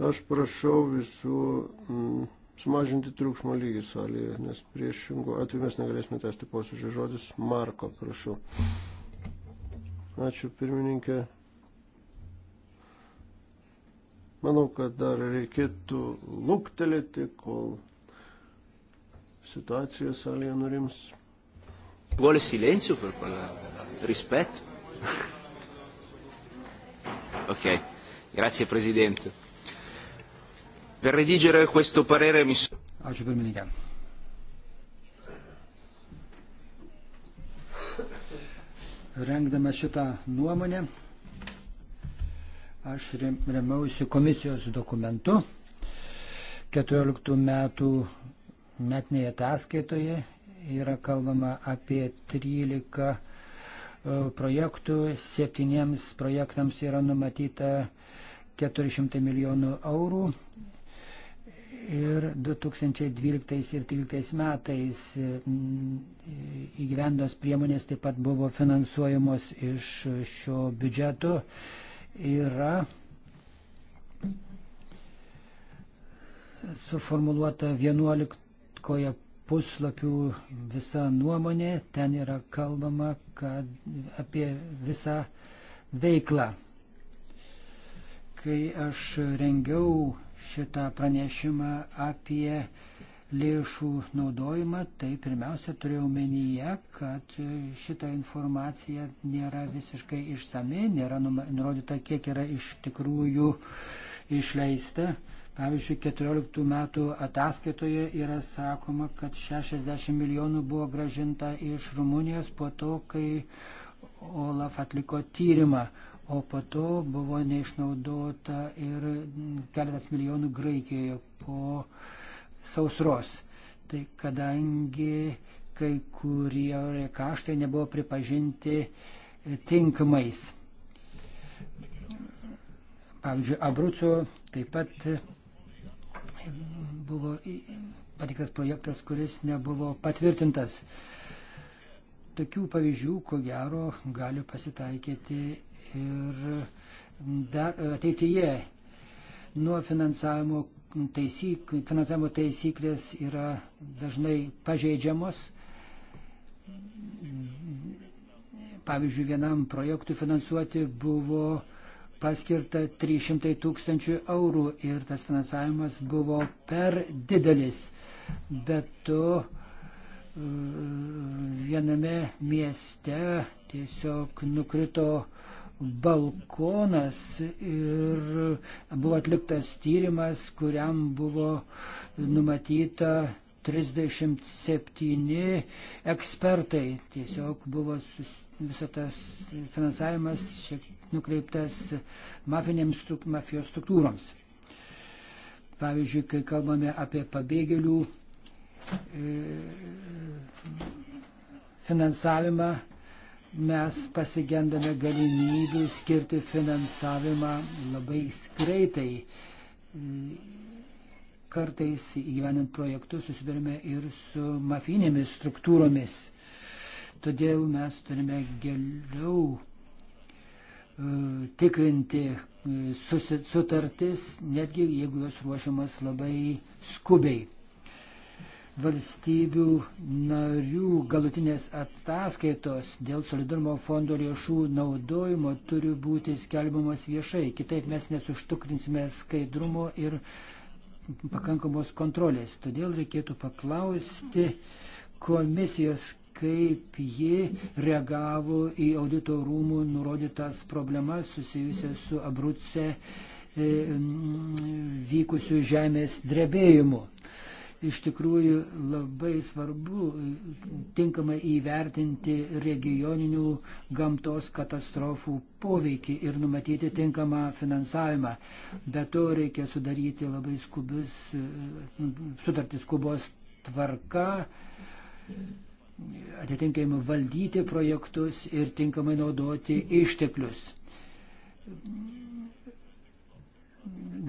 Aš prašau visų m, sumažinti triukšmo lygį salėje, nes priešingų atveju mes negalėsime tęsti posėdžio žodis. Marko, prašau. Ačiū pirmininkė. Manau, kad dar reikėtų lūktelėti, kol situacija salėje nurims. Vuole silenzio per quella... rispetto? ok, grazie Presidente. Per redigere questo parere mi sono... Ačiū pirmininkė. Rengdama šitą nuomonę, aš remiausi komisijos dokumentu 14 metų metinėje ataskaitoje yra kalbama apie 13 e, projektų, septyniems projektams yra numatyta 400 milijonų eurų ir 2012 ir 2013 metais įgyvendos priemonės taip pat buvo finansuojamos iš šio biudžeto. Yra suformuluota 11 puslapių visa nuomonė, ten yra kalbama kad, apie visą veiklą. Kai aš rengiau šitą pranešimą apie lėšų naudojimą, tai pirmiausia turėjau menyje, kad šita informacija nėra visiškai išsami, nėra nurodyta, kiek yra iš tikrųjų išleista. Pavyzdžiui, 14 metų ataskaitoje yra sakoma, kad 60 milijonų buvo gražinta iš Rumunijos po to, kai Olaf atliko tyrimą, o po to buvo neišnaudota ir keletas milijonų Graikijoje po uh, sausros. Tai kadangi kai kurie kaštai nebuvo pripažinti tinkamais. Pavyzdžiui, Abruco taip pat buvo patiktas projektas, kuris nebuvo patvirtintas. Tokių pavyzdžių, ko gero, gali pasitaikyti ir dar ateityje nuo finansavimo taisyk, finansavimo taisyklės yra dažnai pažeidžiamos. Pavyzdžiui, vienam projektui finansuoti buvo paskirta 300 tūkstančių eurų ir tas finansavimas buvo per didelis. Bet to e, viename mieste tiesiog nukrito uh, balkonas ir buvo atliktas tyrimas, kuriam buvo numatyta 37 ekspertai. Tiesiog buvo sus, visą tas finansavimas šiek nukreiptas mafinėms struk, mafijos struktūroms. Pavyzdžiui, kai kalbame apie pabėgėlių e, finansavimą, mes pasigendame galimybių skirti finansavimą labai greitai. Kartais įgyvenant projektus susidurime ir su mafinėmis struktūromis. Todėl mes turime geriau e, tikrinti e, sutartis, netgi jeigu jos ruošiamas labai skubiai valstybių narių galutinės ataskaitos dėl solidarumo fondo lėšų naudojimo turi būti skelbiamas viešai, kitaip mes nesuštukrinsime skaidrumo ir pakankamos kontrolės. Todėl reikėtų paklausti komisijos, kaip ji reagavo į audito rūmų nurodytas problemas susijusias su Abruce e, vykusių žemės drebėjimu Iš tikrųjų labai svarbu tinkamai įvertinti regioninių gamtos katastrofų poveikį ir numatyti tinkamą finansavimą. Be to reikia sudaryti labai skubius, sutartis skubos tvarka atitinkamai valdyti projektus ir tinkamai naudoti išteklius.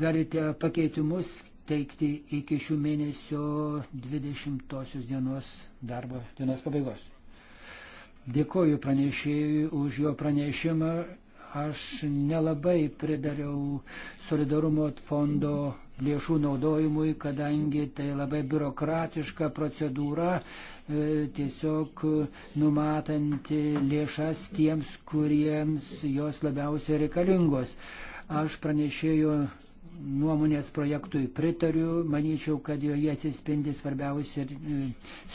Galite pakeitimus teikti iki šių mėnesio 20 dienos darbo dienos pabaigos. Dėkoju pranešėjui už jo pranešimą. Aš nelabai pridariau solidarumo fondo lėšų naudojimui, kadangi tai labai biurokratiška procedūra, e, tiesiog numatanti lėšas tiems, kuriems jos labiausiai reikalingos. Aš pranešėjau nuomonės projektui pritariu, manyčiau, kad joje atsispindi svarbiausi e,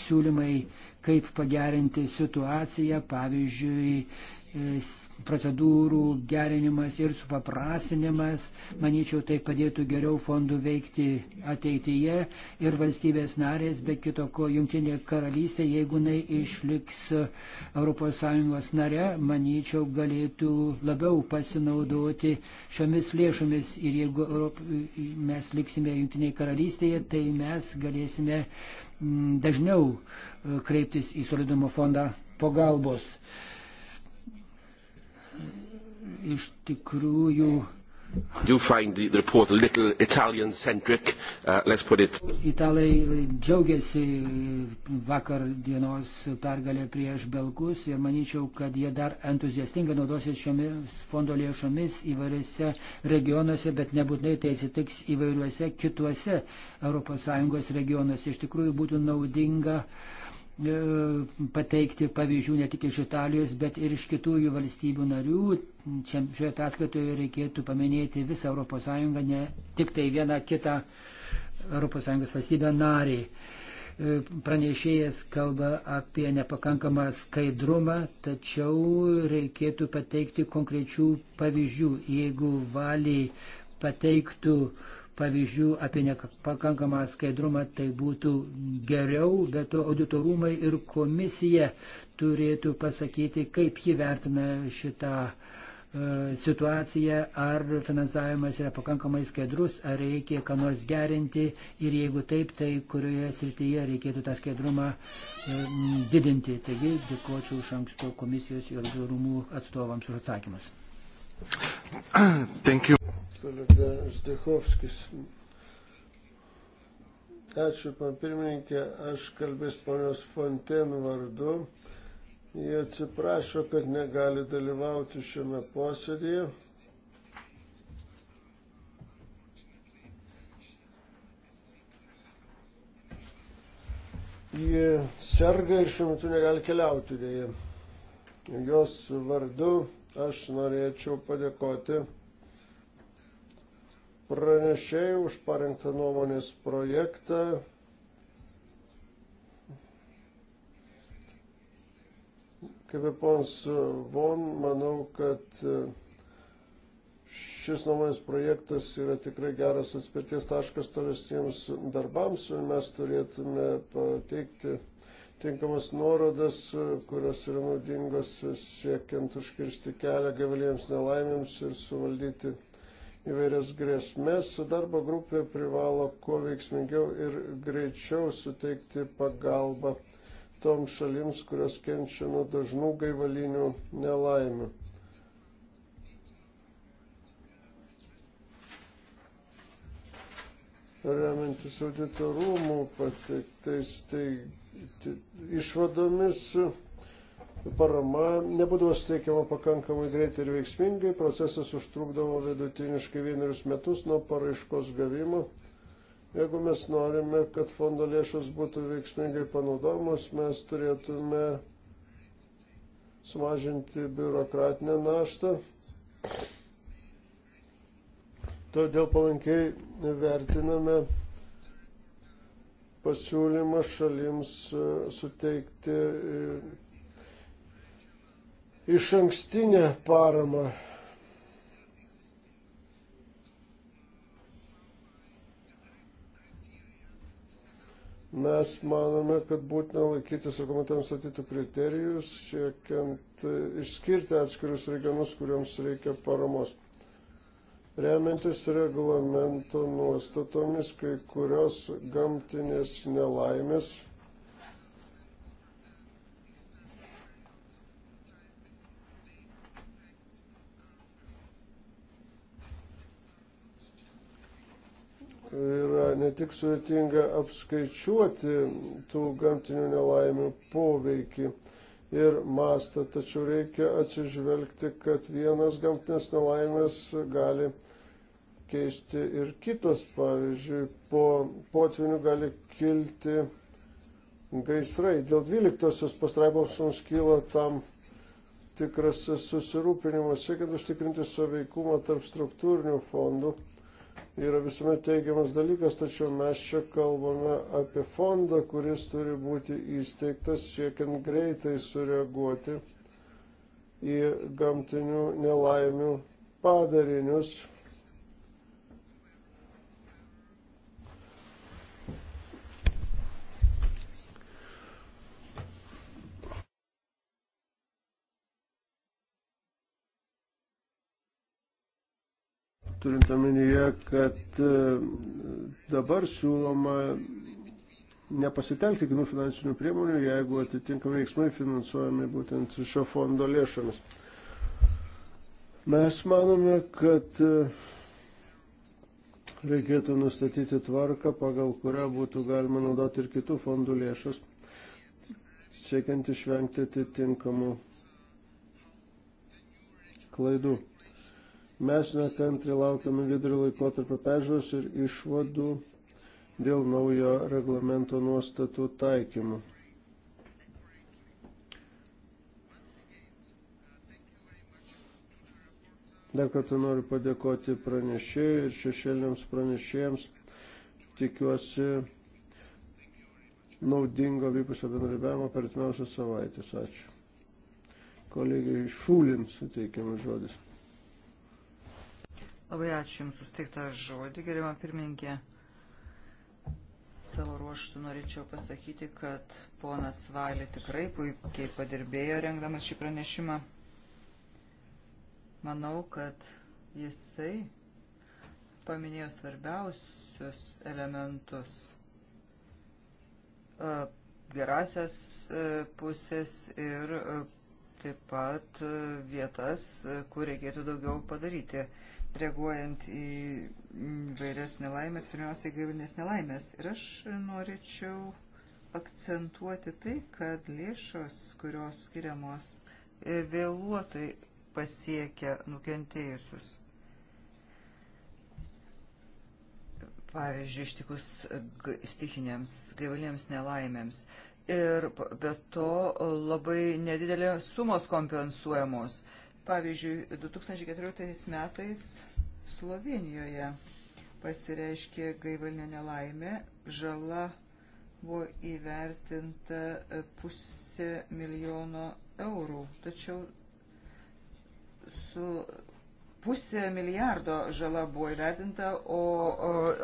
siūlymai, kaip pagerinti situaciją, pavyzdžiui, e, procedūrų gerinimas ir supaprastinimas, manyčiau, tai padėtų geriau fondų veikti ateityje ir valstybės narės, be kito ko, Junktinė karalystė, jeigu jinai išliks ES nare, manyčiau, galėtų labiau pasinaudoti šiomis lėšomis ir jeigu Europ... mes liksime Junktinėje karalystėje, tai mes galėsime mm, dažniau e, kreiptis į solidumo fondą pagalbos. Uh, iš tikrųjų do find the, the report a little Italian centric, uh, let's put it. Italai džiaugiasi vakar dienos pergalė prieš Belgus ir manyčiau, kad jie dar entuziastingai naudosis šiomis fondo lėšomis įvairiose regionuose, bet nebūtinai tai atsitiks įvairiuose kituose ES regionuose. Iš tikrųjų būtų naudinga uh, E, pateikti pavyzdžių ne tik iš Italijos, bet ir iš kitųjų valstybių narių. Čia šioje ataskaitoje reikėtų paminėti visą ES, ne tik tai vieną kitą ES valstybę narį. E, pranešėjas kalba apie nepakankamą skaidrumą, tačiau reikėtų pateikti konkrečių pavyzdžių. Jeigu valiai pateiktų uh, pavyzdžių apie nepakankamą skaidrumą, tai būtų geriau, bet to auditorumai ir komisija turėtų pasakyti, kaip ji vertina šitą e, situacija, ar finansavimas yra pakankamai skaidrus, ar reikia ką nors gerinti ir jeigu taip, tai kurioje srityje reikėtų tą skaidrumą e, didinti. Taigi dėkočiau iš anksto komisijos ir rūmų atstovams už atsakymus. Thank you. Kolega Zdechovskis. Ačiū, pan pirmininkė, aš kalbės ponios Fonten vardu. Jie atsiprašo, kad negali dalyvauti šiame posėdėje. Jie serga ir šiuo metu negali keliauti dėje. Jos vardu Aš norėčiau padėkoti pranešėjai už parengtą nuomonės projektą. Kaip ir pons Von, manau, kad e, šis nuomonės projektas yra tikrai geras atspirties taškas tolesniems darbams ir mes turėtume pateikti tinkamas nuorodas, kurios yra naudingos siekiant užkirsti kelią gavaliems nelaimėms ir suvaldyti įvairias grėsmės. Darbo grupė privalo kuo veiksmingiau ir greičiau suteikti pagalbą toms šalims, kurios kenčia nuo dažnų gaivalinių nelaimių. Remiantis auditorumų pateiktais teigimais išvadomis parama nebūdavo suteikiama pakankamai greitai ir veiksmingai, procesas užtrukdavo vidutiniškai vienerius metus nuo paraiškos gavimo. Jeigu mes norime, kad fondo lėšos būtų veiksmingai panaudojamos, mes turėtume sumažinti biurokratinę naštą. Todėl palankiai vertiname pasiūlymą šalims e, suteikti e, iš ankstinę paramą. Mes manome, kad būtina laikytis argumentams statytų kriterijus, siekiant e, išskirti atskirius regionus, kuriuoms reikia paramos. Remiantis reglamento nuostatomis, kai kurios gamtinės nelaimės yra ne tik sudėtinga apskaičiuoti tų gamtinių nelaimių poveikį, ir mastą, tačiau reikia atsižvelgti, kad vienas gamtinės nelaimės gali keisti ir kitas. Pavyzdžiui, po potvinių gali kilti gaisrai. Dėl 12 pastraipos mums kyla tam tikras susirūpinimas, siekiant užtikrinti saveikumą tarp struktūrinių fondų yra visuomet teigiamas dalykas, tačiau mes čia kalbame apie fondą, kuris turi būti įsteigtas siekiant greitai sureaguoti į gamtinių nelaimių padarinius turint omenyje, kad e, dabar siūloma nepasitelkti kinų finansinių priemonių, jeigu atitinkami veiksmai finansuojami būtent šio fondo lėšomis. Mes manome, kad e, reikėtų nustatyti tvarką, pagal kurią būtų galima naudoti ir kitų fondų lėšas, siekiant išvengti atitinkamų klaidų. Mes nekantri laukiame vidurio laikotarpio peržiūros ir išvadų dėl naujo reglamento nuostatų taikymų. Dar kartą noriu padėkoti pranešėjai ir šešėliams pranešėjams. Tikiuosi naudingo vykusio bendradarbiavimo per atmiausias savaitės. Ačiū. Kolegai Šūlin suteikiamas žodis. Labai ačiū Jums susteiktą žodį, gerima pirmininkė. Savo ruoštų norėčiau pasakyti, kad ponas Valė tikrai puikiai padirbėjo rengdamas šį pranešimą. Manau, kad jisai paminėjo svarbiausius elementus e, gerasias e, pusės ir e, taip pat vietas, kur reikėtų daugiau padaryti reaguojant į vairias nelaimės, pirmiausiai gaivinės nelaimės. Ir aš norėčiau akcentuoti tai, kad lėšos, kurios skiriamos e, vėluotai pasiekia nukentėjusius. Pavyzdžiui, ištikus stikiniams gaivaliems nelaimėms. Ir be to labai nedidelės sumos kompensuojamos. E, Pavyzdžiui, 2014 metais Slovenijoje pasireiškė gaivalinė nelaimė, žala buvo įvertinta pusė milijono eurų, tačiau su pusė milijardo žala buvo įvertinta, o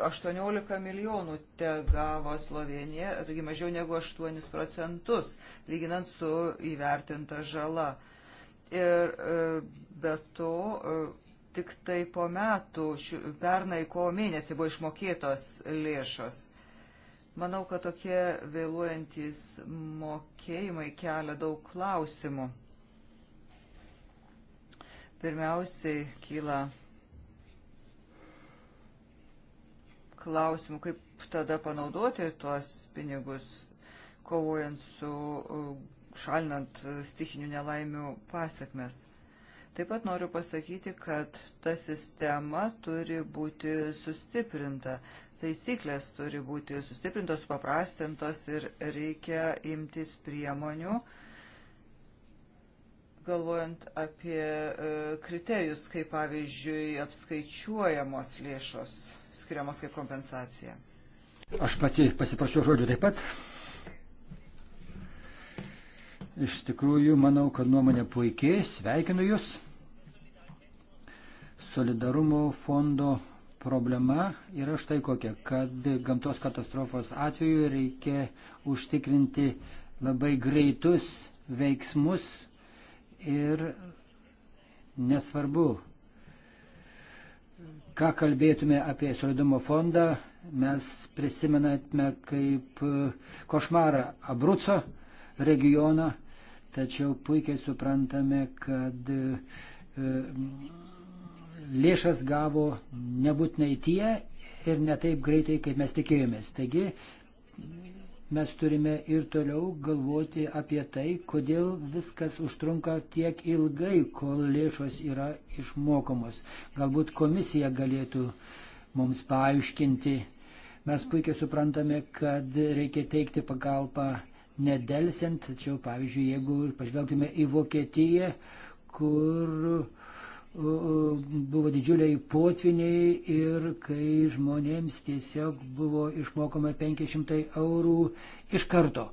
18 milijonų te gavo Slovenija, taigi mažiau negu 8 procentus, lyginant su įvertinta žala. Ir e, be to, e, tik tai po metų, pernai kovo mėnesį buvo išmokėtos lėšos. Manau, kad tokie vėluojantis mokėjimai kelia daug klausimų. Pirmiausiai kyla klausimų, kaip tada panaudoti tuos pinigus, kovojant su e, šalinant e, stichinių nelaimių pasiekmes. Taip pat noriu pasakyti, kad ta sistema turi būti sustiprinta, taisyklės turi būti sustiprintos, paprastintos ir reikia imtis priemonių, galvojant apie e, kriterijus, kaip pavyzdžiui apskaičiuojamos lėšos skiriamos kaip kompensacija. Aš pati pasiprašiau žodžių taip pat. Iš tikrųjų, manau, kad nuomonė puikiai, sveikinu Jūs. Solidarumo fondo problema yra štai kokia, kad gamtos katastrofos atveju reikia užtikrinti labai greitus veiksmus ir nesvarbu, ką kalbėtume apie solidarumo fondą, mes prisimenatme kaip košmarą Abruco regioną tačiau puikiai suprantame, kad e, lėšas gavo nebūtinai tie ir ne taip greitai, kaip mes tikėjomės. Taigi mes turime ir toliau galvoti apie tai, kodėl viskas užtrunka tiek ilgai, kol lėšos yra išmokomos. Galbūt komisija galėtų mums paaiškinti. Mes puikiai suprantame, kad reikia teikti pagalbą nedelsiant, tačiau pavyzdžiui, jeigu pažvelgtume į Vokietiją, kur buvo didžiuliai potviniai ir kai žmonėms tiesiog buvo išmokama 500 eurų iš karto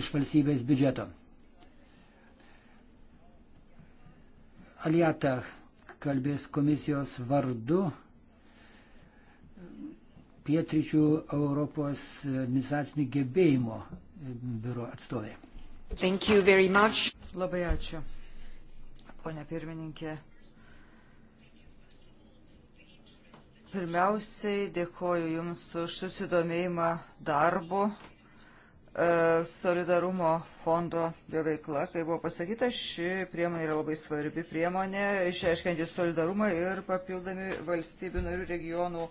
iš valstybės biudžeto. Aliata kalbės komisijos vardu pietryčių Europos administracinių gebėjimo biuro atstovė. Labai ačiū, ponė pirmininkė. Pirmiausiai dėkoju Jums už susidomėjimą darbu e, solidarumo fondo jo veikla. Kai buvo pasakyta, ši priemonė yra labai svarbi priemonė, išreiškianti solidarumą ir papildami valstybių narių regionų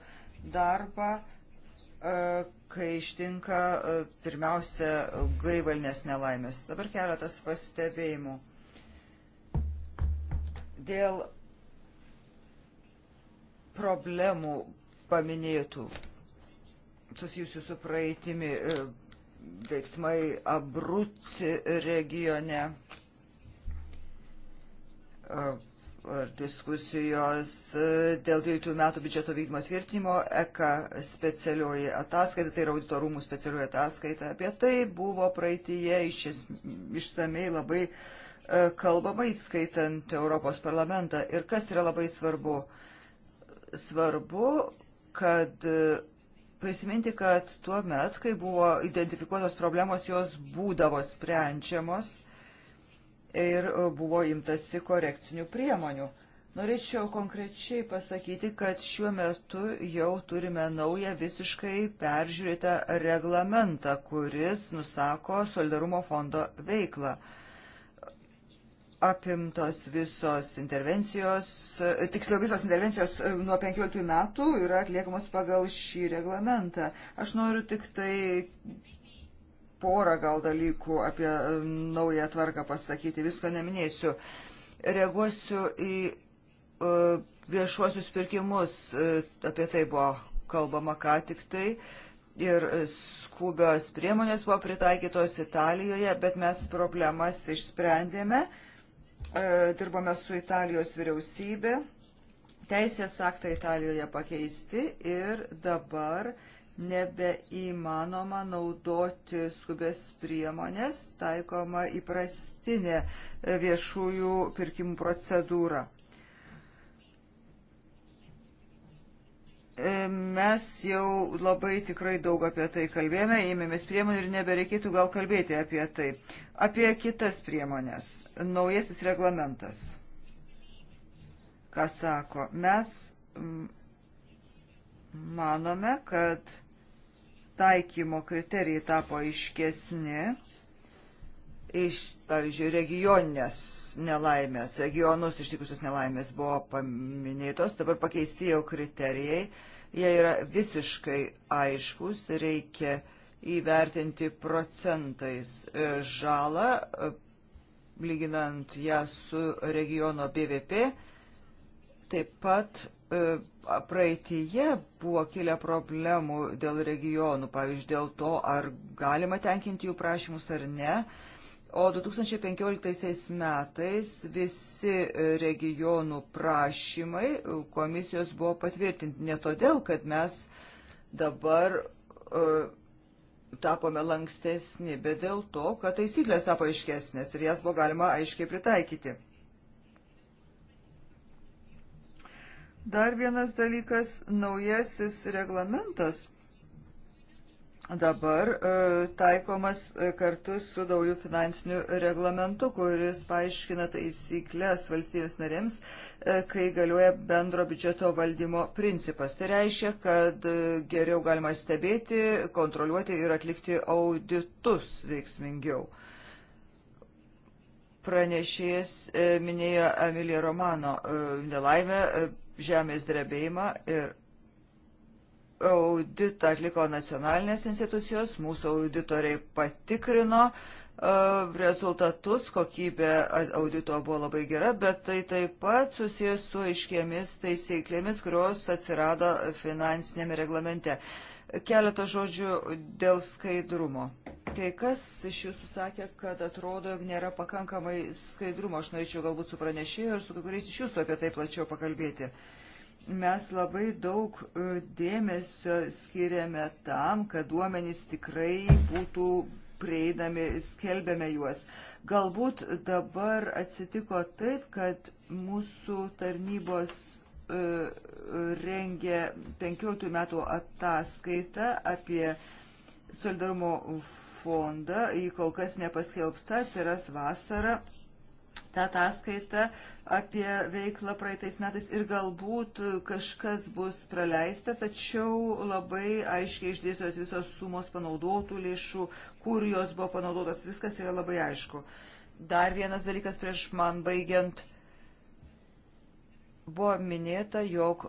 darbą kai ištinka pirmiausia gaivalnės nelaimės. Dabar keletas pastebėjimų. Dėl problemų paminėtų susijusių su praeitimi veiksmai Abruci regione kur diskusijos e, dėl 12 metų biudžeto vykdymo tvirtinimo, ECA specialioji ataskaita, tai yra audito rūmų specialioji ataskaita, apie tai buvo praeitie iš, išsamei labai e, kalbama įskaitant Europos parlamentą. Ir kas yra labai svarbu? Svarbu, kad e, prisiminti, kad tuo met, kai buvo identifikuotos problemos, jos būdavo sprendžiamos ir e, buvo imtasi korekcinių priemonių. Norėčiau konkrečiai pasakyti, kad šiuo metu jau turime naują visiškai peržiūrėtą reglamentą, kuris nusako solidarumo fondo veiklą. Apimtos visos intervencijos, e, tiksliau visos intervencijos e, nuo 15 metų yra atliekamos pagal šį reglamentą. Aš noriu tik tai porą gal dalykų apie naują tvarką pasakyti, visko neminėsiu. Reaguosiu į e, viešuosius pirkimus, e, apie tai buvo kalbama ką tik tai. Ir skubios priemonės buvo pritaikytos Italijoje, bet mes problemas išsprendėme, e, dirbome su Italijos vyriausybė, teisės aktai Italijoje pakeisti ir dabar uh, nebeįmanoma naudoti skubės priemonės, taikoma įprastinė viešųjų pirkimų procedūra. Mes jau labai tikrai daug apie tai kalbėjome, ėmėmės priemonių ir nebereikėtų gal kalbėti apie tai. Apie kitas priemonės. Naujasis reglamentas. Ką sako? Mes manome, kad taikymo kriterijai tapo iškesni iš, pavyzdžiui, regioninės nelaimės, regionus ištikusios nelaimės buvo paminėtos, dabar pakeisti jau kriterijai, jie yra visiškai aiškus, reikia įvertinti procentais e, žalą, e, lyginant ją su regiono BVP, taip pat e, praeitįje buvo kilę problemų dėl regionų, pavyzdžiui, dėl to, ar galima tenkinti jų prašymus ar ne. O 2015 metais visi regionų prašymai komisijos buvo patvirtinti ne todėl, kad mes dabar uh, tapome lankstesni, bet dėl to, kad taisyklės tapo aiškesnės ir jas buvo galima aiškiai pritaikyti. Dar vienas dalykas - naujasis reglamentas dabar e, taikomas e, kartu su naujų finansiniu reglamentu, kuris paaiškina taisyklės valstybės narėms, e, kai galioja bendro biudžeto valdymo principas. Tai reiškia, kad geriau galima stebėti, kontroliuoti ir atlikti auditus veiksmingiau. Pranešėjas minėjo Emilija Romano nelaimę žemės drebėjimą ir auditą atliko nacionalinės institucijos, mūsų auditoriai patikrino e, rezultatus, kokybė audito buvo labai gera, bet tai taip pat susijęs su aiškėmis taisyklėmis, kurios atsirado finansinėme reglamente. Keletą žodžių dėl skaidrumo. Kai kas iš jūsų sakė, kad atrodo, jog nėra pakankamai skaidrumo. Aš norėčiau galbūt su pranešėju ir su kai kuriais iš jūsų apie tai plačiau pakalbėti. Mes labai daug e, dėmesio skiriame tam, kad duomenys tikrai būtų prieinami, skelbėme juos. Galbūt dabar atsitiko taip, kad mūsų tarnybos E, rengė 15 metų ataskaitą apie solidarumo fondą, jį kol kas nepaskelbta, atsiras vasara ta ataskaita apie veiklą praeitais metais ir galbūt kažkas bus praleista, tačiau labai aiškiai išdėsios visos sumos panaudotų lėšų, kur jos buvo panaudotos, viskas yra labai aišku. Dar vienas dalykas prieš man baigiant. Uh, Buvo minėta, jog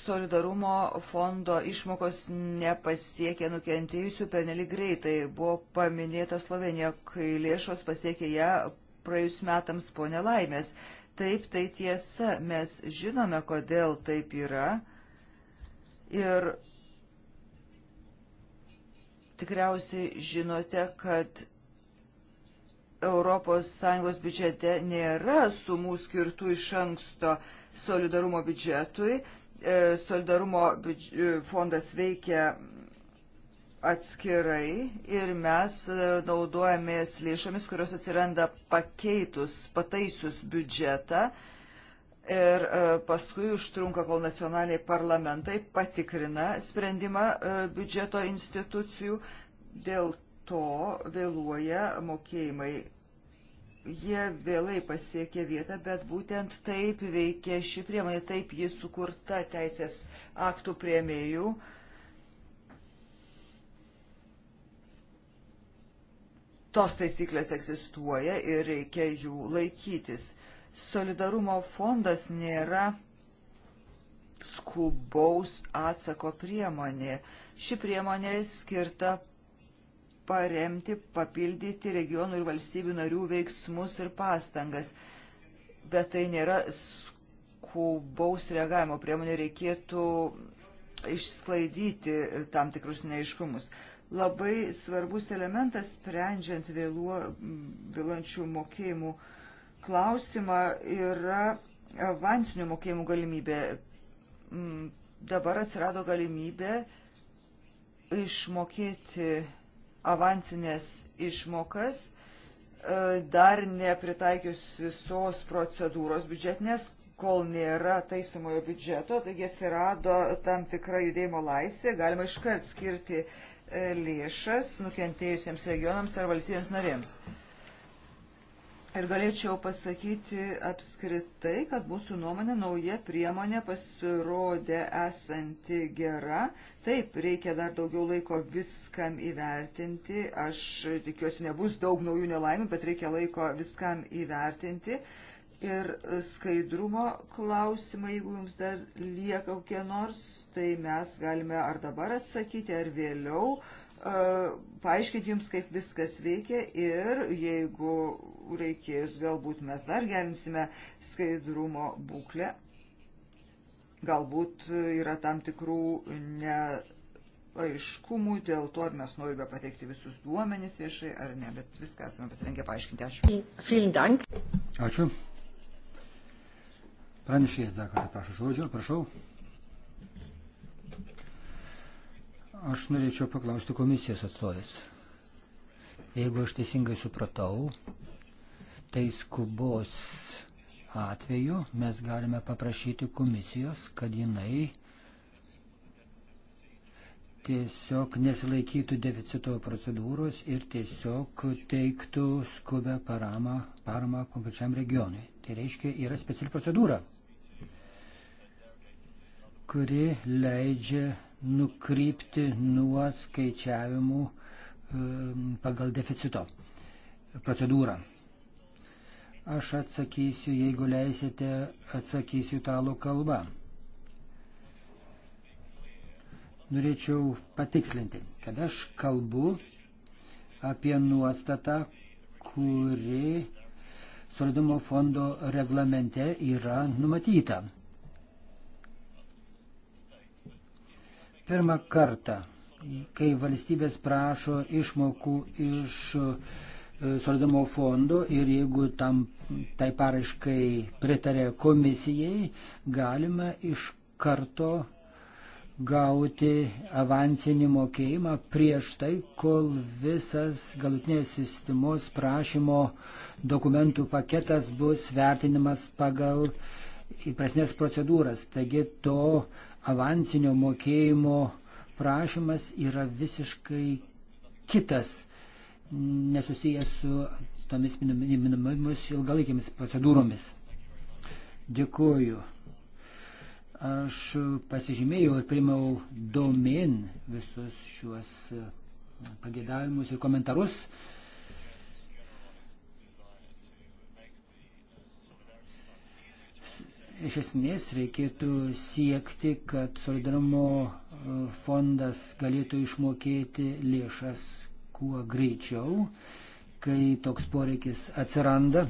solidarumo fondo išmokos nepasiekė nukentėjusių pernelyg greitai. Buvo paminėta Slovenija, kai lėšos pasiekė ją praėjus metams po nelaimės. Taip, tai tiesa, mes žinome, kodėl taip yra. Ir tikriausiai žinote, kad ES biudžete nėra sumų skirtų iš anksto uh, solidarumo biudžetui. E, solidarumo e, fondas veikia atskirai ir mes e, naudojamės lėšomis, kurios atsiranda pakeitus, pataisius biudžetą. Ir paskui užtrunka, kol nacionaliniai parlamentai patikrina sprendimą biudžeto institucijų. Dėl to vėluoja mokėjimai jie vėlai pasiekė vietą, bet būtent taip veikia ši priemonė, taip ji sukurta teisės aktų prieimėjų. Tos taisyklės egzistuoja ir reikia jų laikytis. Solidarumo fondas nėra skubaus atsako priemonė. Ši priemonė skirta paremti, papildyti regionų ir valstybių narių veiksmus ir pastangas. Bet tai nėra skubaus reagavimo priemonė, reikėtų išsklaidyti tam tikrus neiškumus. Labai svarbus elementas, sprendžiant vėluo, vėlančių mokėjimų klausimą, yra avansinių mokėjimų galimybė. Mm, dabar atsirado galimybė išmokėti avansinės išmokas, e, dar nepritaikius visos procedūros biudžetinės, kol nėra taisomojo biudžeto, taigi atsirado tam tikra judėjimo laisvė, galima iškart skirti e, lėšas nukentėjusiems regionams ar valstybėms narėms. Ir galėčiau pasakyti apskritai, kad mūsų nuomonė nauja priemonė pasirodė esanti gera. Taip, reikia dar daugiau laiko viskam įvertinti. Aš tikiuosi, nebus daug naujų nelaimių, bet reikia laiko viskam įvertinti. Ir skaidrumo klausimą, jeigu jums dar lieka kokie nors, tai mes galime ar dabar atsakyti, ar vėliau. Uh, paaiškinti jums, kaip viskas veikia ir jeigu reikės, galbūt mes dar gerinsime skaidrumo būklę. Galbūt yra tam tikrų neaiškumų dėl to, ar mes norime pateikti visus duomenys viešai ar ne, bet viską esame pasirengę paaiškinti. Ačiū. Ačiū. Pranešėjas dar kartą prašo žodžio, prašau. Aš norėčiau paklausti komisijos atstovės. Jeigu aš teisingai supratau, tai skubos atveju mes galime paprašyti komisijos, kad jinai tiesiog nesilaikytų deficito procedūros ir tiesiog teiktų skubę paramą, paramą konkrečiam regionui. Tai reiškia, yra speciali procedūra, kuri leidžia nukrypti nuo skaičiavimų pagal deficito procedūrą. Aš atsakysiu, jeigu leisite, atsakysiu italų kalbą. Norėčiau patikslinti, kad aš kalbu apie nuostatą, kuri solidumo fondo reglamente yra numatyta. Pirmą kartą, kai valstybės prašo išmokų iš e, solidarumo fondo ir jeigu tam tai paraiškai pritarė komisijai, galima iš karto gauti avansinį mokėjimą prieš tai, kol visas galutinės sistemos prašymo dokumentų paketas bus vertinimas pagal įprasnės procedūras. Taigi to avansinio mokėjimo prašymas yra visiškai kitas, nesusijęs su tomis minamomis ilgalaikėmis procedūromis. Dėkuoju. Aš pasižymėjau ir primau domin visus šiuos pagėdavimus ir komentarus. iš esmės reikėtų siekti, kad solidarumo e, fondas galėtų išmokėti lėšas kuo greičiau, kai toks poreikis atsiranda.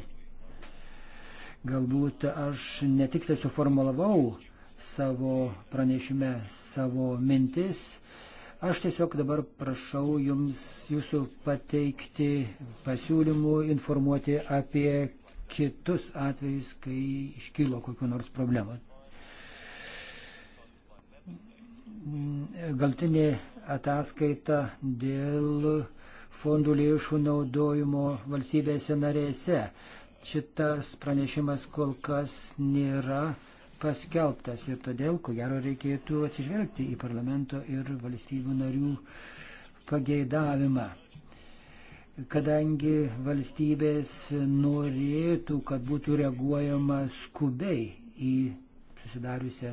Galbūt aš netiksliai suformulavau savo pranešime savo mintis. Aš tiesiog dabar prašau jums jūsų pateikti pasiūlymų, informuoti apie kitus atvejus, kai iškilo kokiu nors problemu. Galtinė ataskaita dėl fondų lėšų naudojimo valstybėse narėse. Šitas pranešimas kol kas nėra paskelbtas ir todėl, ko gero, reikėtų atsižvelgti į parlamento ir valstybių narių pageidavimą kadangi valstybės norėtų, kad būtų reaguojama skubiai į susidariusią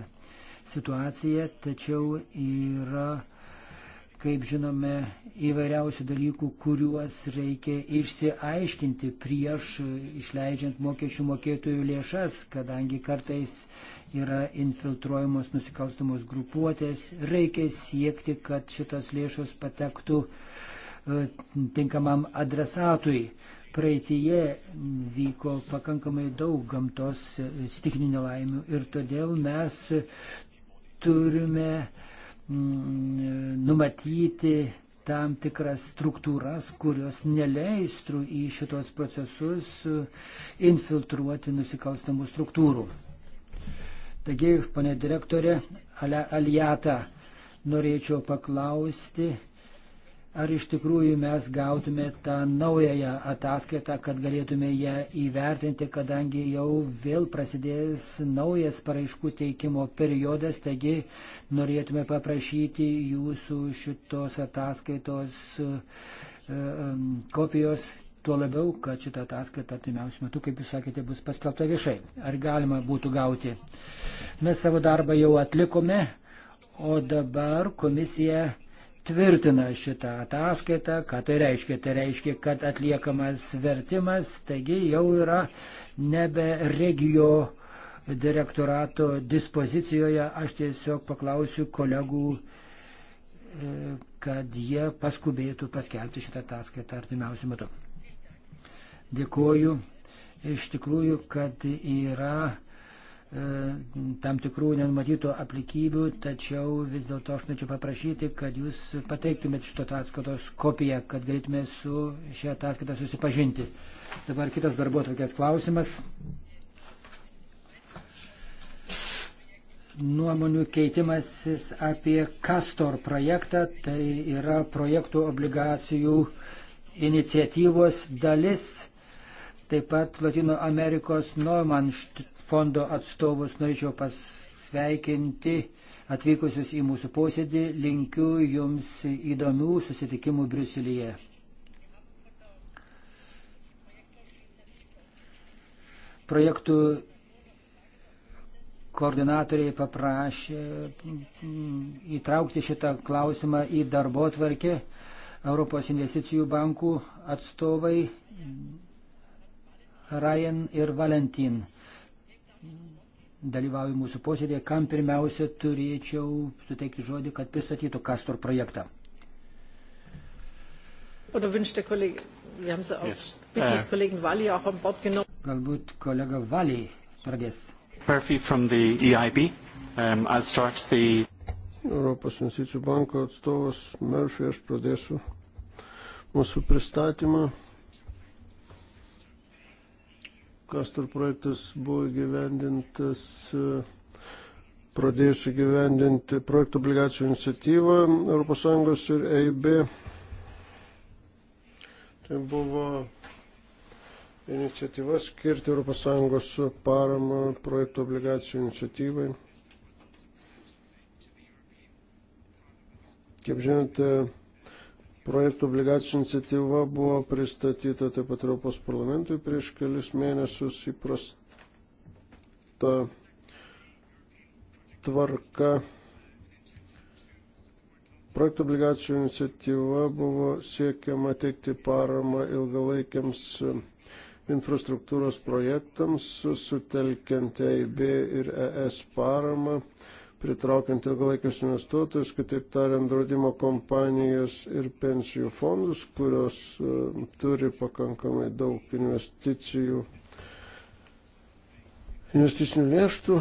situaciją, tačiau yra, kaip žinome, įvairiausių dalykų, kuriuos reikia išsiaiškinti prieš išleidžiant mokesčių mokėtojų lėšas, kadangi kartais yra infiltruojamos nusikalstamos grupuotės, reikia siekti, kad šitas lėšos patektų uh, E, tinkamam adresatui. Praeitie vyko pakankamai daug gamtos e, stikinių nelaimių ir todėl mes turime mm, numatyti tam tikras struktūras, kurios neleistų į šitos procesus infiltruoti nusikalstamų struktūrų. Taigi, pane direktorė, Alijata, norėčiau paklausti, ar iš tikrųjų mes gautume tą naująją ataskaitą, kad galėtume ją įvertinti, kadangi jau vėl prasidės naujas paraiškų teikimo periodas, taigi norėtume paprašyti jūsų šitos ataskaitos e, e, kopijos. Tuo labiau, kad šitą ataskaitą artimiausiu metu, kaip jūs sakėte, bus paskelbta viešai. Ar galima būtų gauti? Mes savo darbą jau atlikome, o dabar komisija tvirtina šitą ataskaitą. Ką tai reiškia? Tai reiškia, kad atliekamas vertimas, taigi jau yra nebe regio direktorato dispozicijoje. Aš tiesiog paklausiu kolegų, e, kad jie paskubėtų paskelbti šitą ataskaitą artimiausiu metu. Dėkuoju. Iš tikrųjų, kad yra E, tam tikrų nenumatytų aplikybių, tačiau vis dėlto aš norėčiau paprašyti, kad jūs pateiktumėt šito ataskaitos kopiją, kad galėtume su šią ataskaitą susipažinti. Dabar kitas darbuotojas klausimas. Nuomonių keitimasis apie Castor projektą, tai yra projektų obligacijų iniciatyvos dalis Taip pat Latino Amerikos Neumann fondo atstovus norėčiau pasveikinti atvykusius į mūsų posėdį. Linkiu jums įdomių susitikimų Briuselyje. Projektų koordinatoriai paprašė įtraukti šitą klausimą į darbo tvarkę. Europos investicijų bankų atstovai Ryan ir Valentin dalyvauja mūsų posėdėje, kam pirmiausia turėčiau suteikti žodį, kad pristatytų Kastor projektą. Äh. Galbūt kolega Valiai pradės. Murphy from the EIB. Um, I'll start the... Europos investicijų banko atstovas Murphy, aš pradėsiu mūsų pristatymą. Kastor projektas buvo gyvendintas, pradėjus gyvendinti projektų obligacijų iniciatyvą ES ir EIB. Tai buvo iniciatyva skirti ES paramą projektų obligacijų iniciatyvai. Kaip žinote, projektų obligacijų iniciatyva buvo pristatyta taip pat Europos parlamentui prieš kelius mėnesius įprasta tvarka. Projektų obligacijų iniciatyva buvo siekiama teikti paramą ilgalaikiams infrastruktūros projektams, sutelkiant EIB ir ES paramą pritraukiant ilgalaikius investuotojus, kitaip tariant, draudimo kompanijas ir pensijų fondus, kurios e, turi pakankamai daug investicijų, investicinių lėštų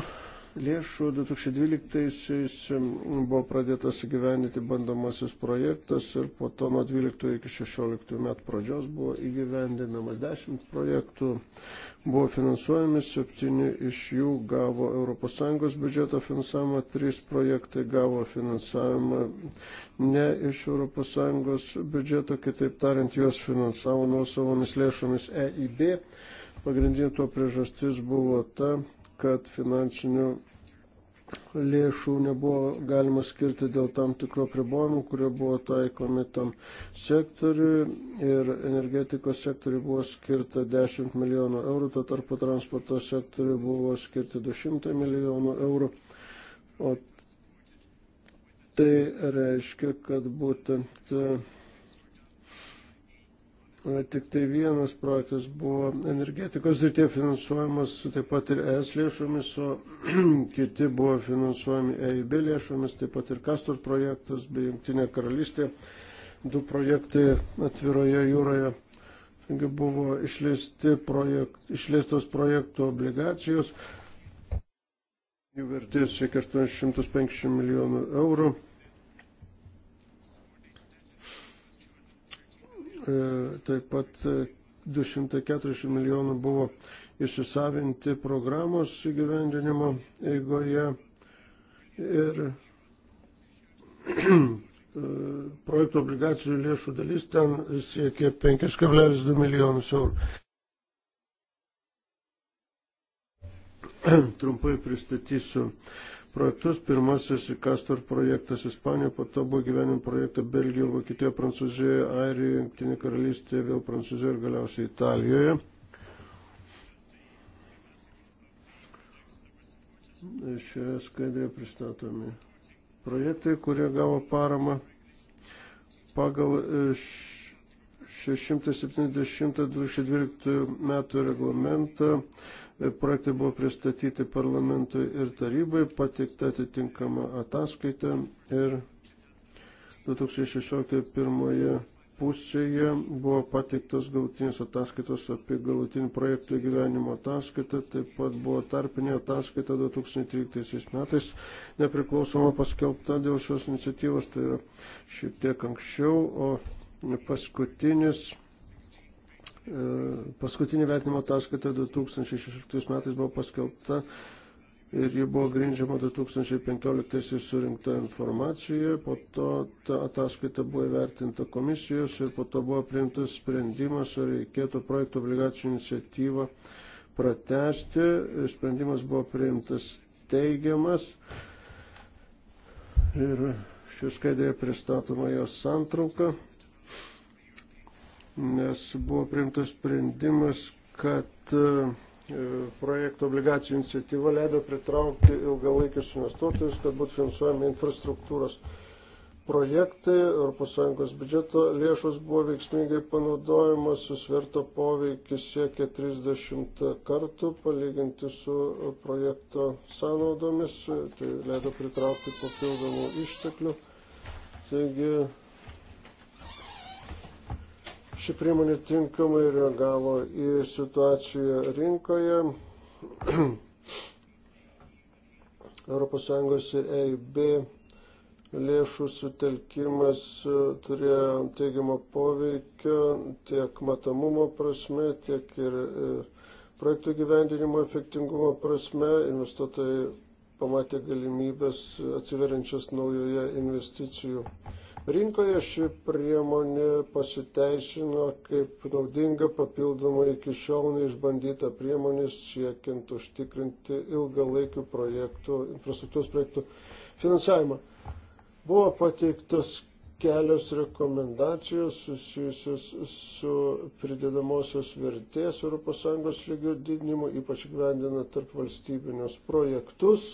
lėšų 2012-aisiais buvo pradėtas įgyveninti bandomasis projektas ir po to nuo 12 iki 16 metų pradžios buvo įgyvendinamas 10 projektų, buvo finansuojami, 7 iš jų gavo ES biudžeto finansavimą, 3 projektai gavo finansavimą ne iš ES biudžeto, kitaip tariant, juos finansavo nuosavomis lėšomis EIB. Pagrindinė to priežastis buvo ta, kad finansinių lėšų nebuvo galima skirti dėl tam tikro pribojimų, kurie buvo taikomi tam sektoriui ir energetikos sektoriui buvo skirta 10 milijonų eurų, to tarpu transporto sektoriui buvo skirti 200 milijonų eurų. O tai reiškia, kad būtent E, tik tai vienas projektas buvo energetikos ir tie finansuojamas taip pat ir ES lėšomis, o kiti buvo finansuojami EIB lėšomis, taip pat ir Kastor projektas bei Junktinė karalystė, du projektai atviroje jūroje. Taigi buvo projekt, išleistos projektų obligacijos, jų vertės siekia 850 milijonų eurų. E, taip pat 240 e, milijonų buvo įsisavinti programos įgyvendinimo eigoje ir e, projektų obligacijų lėšų dalis ten siekia 5,2 milijonus eurų. Trumpai pristatysiu projektus. Pirmasis Ikastor projektas Ispanijoje, po to buvo gyvenim projektą Belgijoje, Vokietijoje, Prancūzijoje, Airijoje, Junktinė karalystė, vėl Prancūzijoje ir galiausiai Italijoje. Šioje skaidrėje pristatomi projektai, kurie gavo paramą pagal 670-2012 e, metų reglamentą Projektai buvo pristatyti parlamentui ir tarybai, pateikta atitinkama ataskaita ir 2016 pirmoje pusėje buvo pateiktas galutinis ataskaitos apie galutinį projektų gyvenimo ataskaitą, taip pat buvo tarpinė ataskaita 2013 metais nepriklausoma paskelbta dėl šios iniciatyvos, tai yra šiek tiek anksčiau, o paskutinis E, paskutinė vertinimo ataskaita 2016 metais buvo paskelbta ir ji buvo grindžiama 2015 surinkta informacija, po to ta ataskaita buvo įvertinta komisijos ir po to buvo priimtas sprendimas, ar reikėtų projektų obligacijų iniciatyvą pratesti. Sprendimas buvo priimtas teigiamas ir šis skaidrė pristatoma jos santrauka nes buvo priimtas sprendimas, kad e, e, projekto obligacijų iniciatyva leido pritraukti ilgalaikius investuotojus, kad būtų finansuojami infrastruktūros projektai, ES biudžeto lėšos buvo veiksmingai panaudojamos, susverto poveikis siekia 30 kartų palyginti su projekto sąnaudomis, tai leido pritraukti papildomų išteklių. Taigi Ši priemonė tinkamai reagavo į situaciją rinkoje. ES ir EIB lėšų sutelkimas e, turėjo teigiamą poveikio tiek matomumo prasme, tiek ir e, projektų gyvendinimo efektingumo prasme. Investuotojai pamatė galimybės atsiveriančias naujoje investicijų Rinkoje ši priemonė pasiteisino kaip naudinga papildoma iki šiol neišbandyta priemonė siekiant užtikrinti ilgalaikių projektų, infrastruktūros projektų finansavimą. Buvo pateiktas kelios rekomendacijos susijusios su pridedamosios vertės ES lygių didinimu, ypač gyvendina tarp valstybinius projektus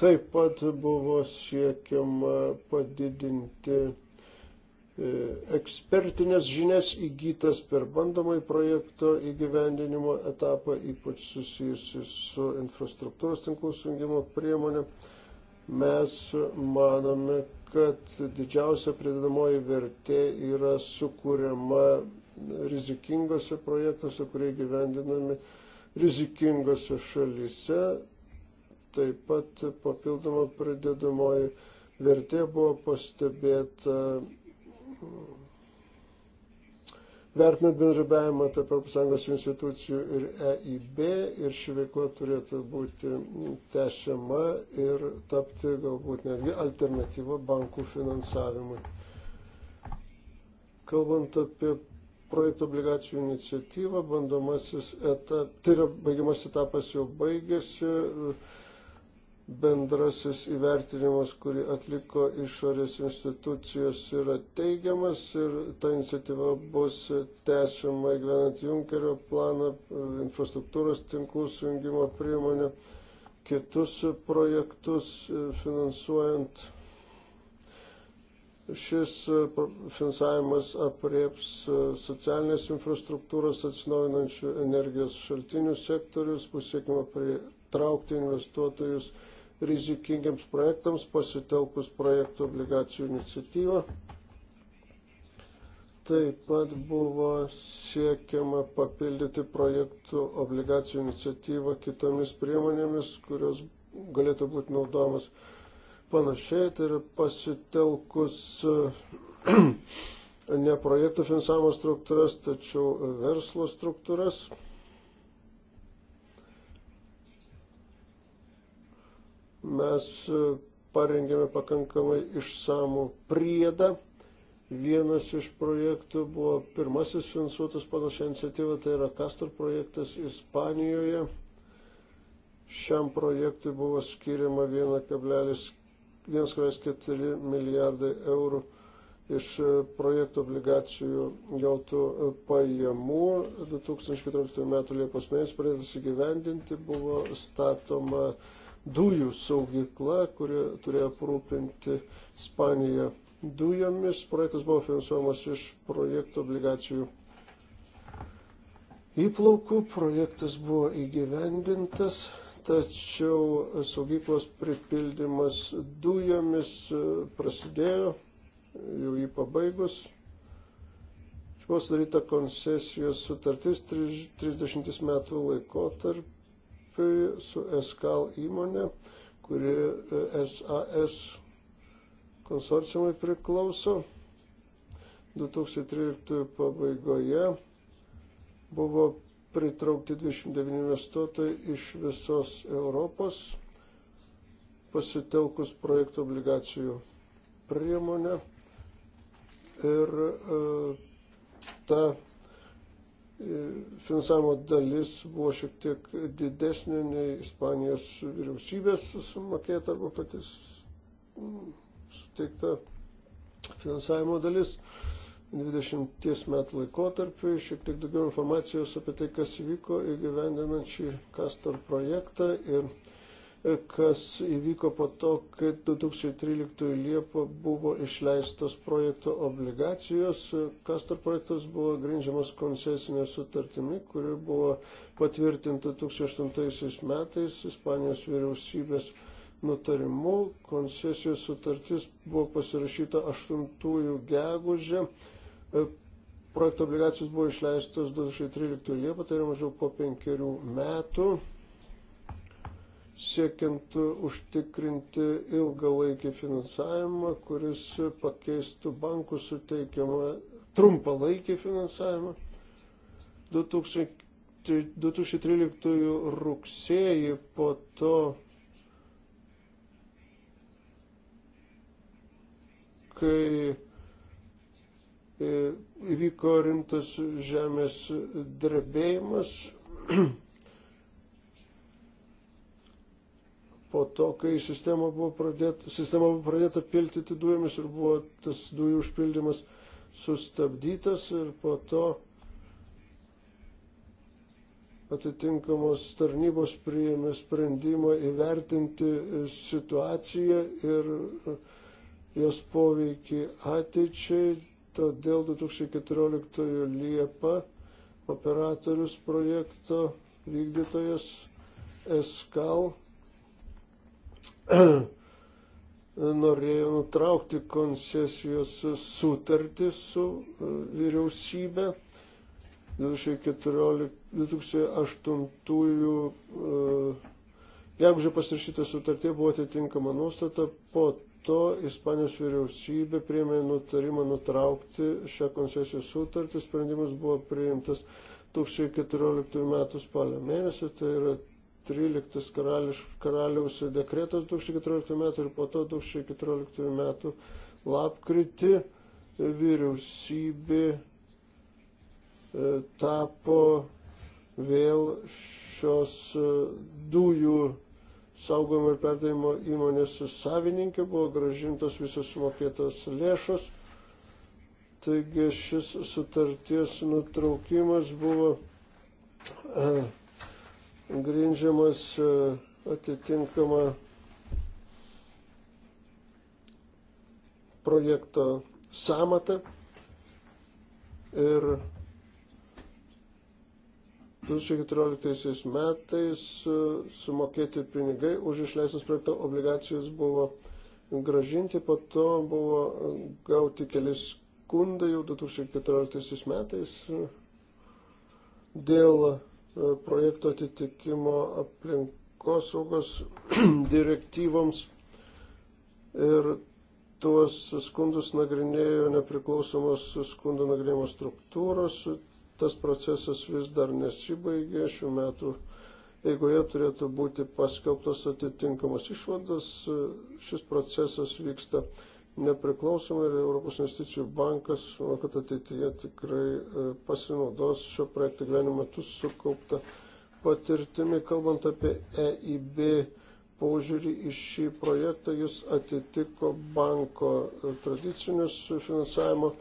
Taip pat buvo siekiama padidinti e, ekspertinės žinias įgytas per bandomai projekto įgyvendinimo etapą, ypač susijusi su infrastruktūros tinklų sujungimo priemonė. Mes manome, kad didžiausia pridedamoji vertė yra sukūriama rizikingose projektuose, kurie gyvendinami rizikingose šalyse Taip pat papildoma pridedamoji vertė buvo pastebėta vertinant bendrabiavimą tarp ES institucijų ir EIB ir ši veikla turėtų būti tęsiama ir tapti galbūt netgi alternatyva bankų finansavimui. Kalbant apie projektų obligacijų iniciatyvą, bandomasis etapas, tai yra baigiamas etapas jau baigėsi bendrasis įvertinimas, kurį atliko išorės institucijos, yra teigiamas ir ta iniciatyva bus tęsiama įgyvenant Junkerio planą, infrastruktūros tinklų sujungimo priemonę, kitus projektus finansuojant. Šis finansavimas aprieps socialinės infrastruktūros atsinaujinančių energijos šaltinių sektorius, bus siekima pritraukti investuotojus rizikingiams projektams pasitelkus projektų obligacijų iniciatyvą. Taip pat buvo siekiama papildyti projektų obligacijų iniciatyvą kitomis priemonėmis, kurios galėtų būti naudojamas panašiai, tai yra pasitelkus ne projektų finansavimo struktūras, tačiau verslo struktūras. mes e, parengėme pakankamai išsamų priedą. Vienas iš projektų buvo pirmasis finansuotas panašią iniciatyvą, tai yra Kastor projektas Ispanijoje. Šiam projektui buvo skiriama 1,4 milijardai eurų iš e, projektų obligacijų gautų e, pajamų. 2014 m. Liepos mėnesį pradėtas įgyvendinti buvo statoma dujų saugykla, kuri turėjo aprūpinti Spaniją dujomis. Projektas buvo finansuojamas iš projektų obligacijų įplaukų. Projektas buvo įgyvendintas, tačiau saugyklos pripildymas dujomis e, prasidėjo jau jį pabaigus. Buvo sudaryta koncesijos sutartis 30 metų laikotarp Lenkijoje su SKL įmonė, kuri e, SAS konsorciumai priklauso. 2013 pabaigoje buvo pritraukti 29 investuotojai iš visos Europos, pasitelkus projektų obligacijų priemonę ir e, ta finansavimo dalis buvo šiek tiek didesnė nei Ispanijos vyriausybės sumokėta arba patys suteikta finansavimo dalis. 20 metų laikotarpiu šiek tiek daugiau informacijos apie tai, kas įvyko įgyvendinant šį Kastor projektą ir kas įvyko po to, kai 2013 Liepa buvo išleistos projekto obligacijos. Kastar projektas buvo grindžiamas koncesinė sutartimi, kuri buvo patvirtinta 2008 metais Ispanijos vyriausybės nutarimu. Koncesijos sutartis buvo pasirašyta 8 gegužė. Projekto obligacijos buvo išleistos 2013 Liepa, tai yra mažiau po penkerių metų siekiant užtikrinti ilgalaikį finansavimą, kuris pakeistų bankų suteikiamą trumpalaikį finansavimą. 2013 rugsėjį po to, kai e, įvyko rimtas žemės drebėjimas, po to, kai sistema buvo pradėta, sistema buvo pradėta piltyti dujomis ir buvo tas dujų užpildymas sustabdytas ir po to atitinkamos tarnybos priėmė sprendimą įvertinti situaciją ir jos poveikį ateičiai. Todėl 2014 Liepa operatorius projekto vykdytojas ESCAL norėjo nutraukti koncesijos sutartį su e, vyriausybė 2008 e, Gegužė pasirašyta sutartė buvo atitinkama nuostata, po to Ispanijos vyriausybė priėmė nutarimą nutraukti šią koncesijų sutartį, sprendimas buvo priimtas 2014 m. spalio mėnesį, tai yra 13 karališ, karaliaus dekretas 2014 metų ir po to 2014 metų lapkritį vyriausybė e, tapo vėl šios e, dujų saugojimo ir perdavimo įmonės savininkė, buvo gražintos visos sumokėtos lėšos. Taigi šis sutarties nutraukimas buvo e, grindžiamas e, atitinkama projekto samata ir 2014 metais e, sumokėti pinigai už išleistas projekto obligacijas buvo gražinti, po to buvo gauti kelis skundai jau 2014 metais e, dėl E, projekto atitikimo aplinkosaugos direktyvoms ir tuos skundus nagrinėjo nepriklausomos skundų nagrinėjimo struktūros. Tas procesas vis dar nesibaigė šių metų. Eigoje turėtų būti paskelbtos atitinkamos išvados. Šis procesas vyksta nepriklausomai ir Europos investicijų bankas, manau, kad ateityje tikrai e, pasinaudos šio projekto gyvenimo metu sukaupta patirtimi, kalbant apie EIB požiūrį į šį projektą, jis atitiko banko tradicinius finansavimo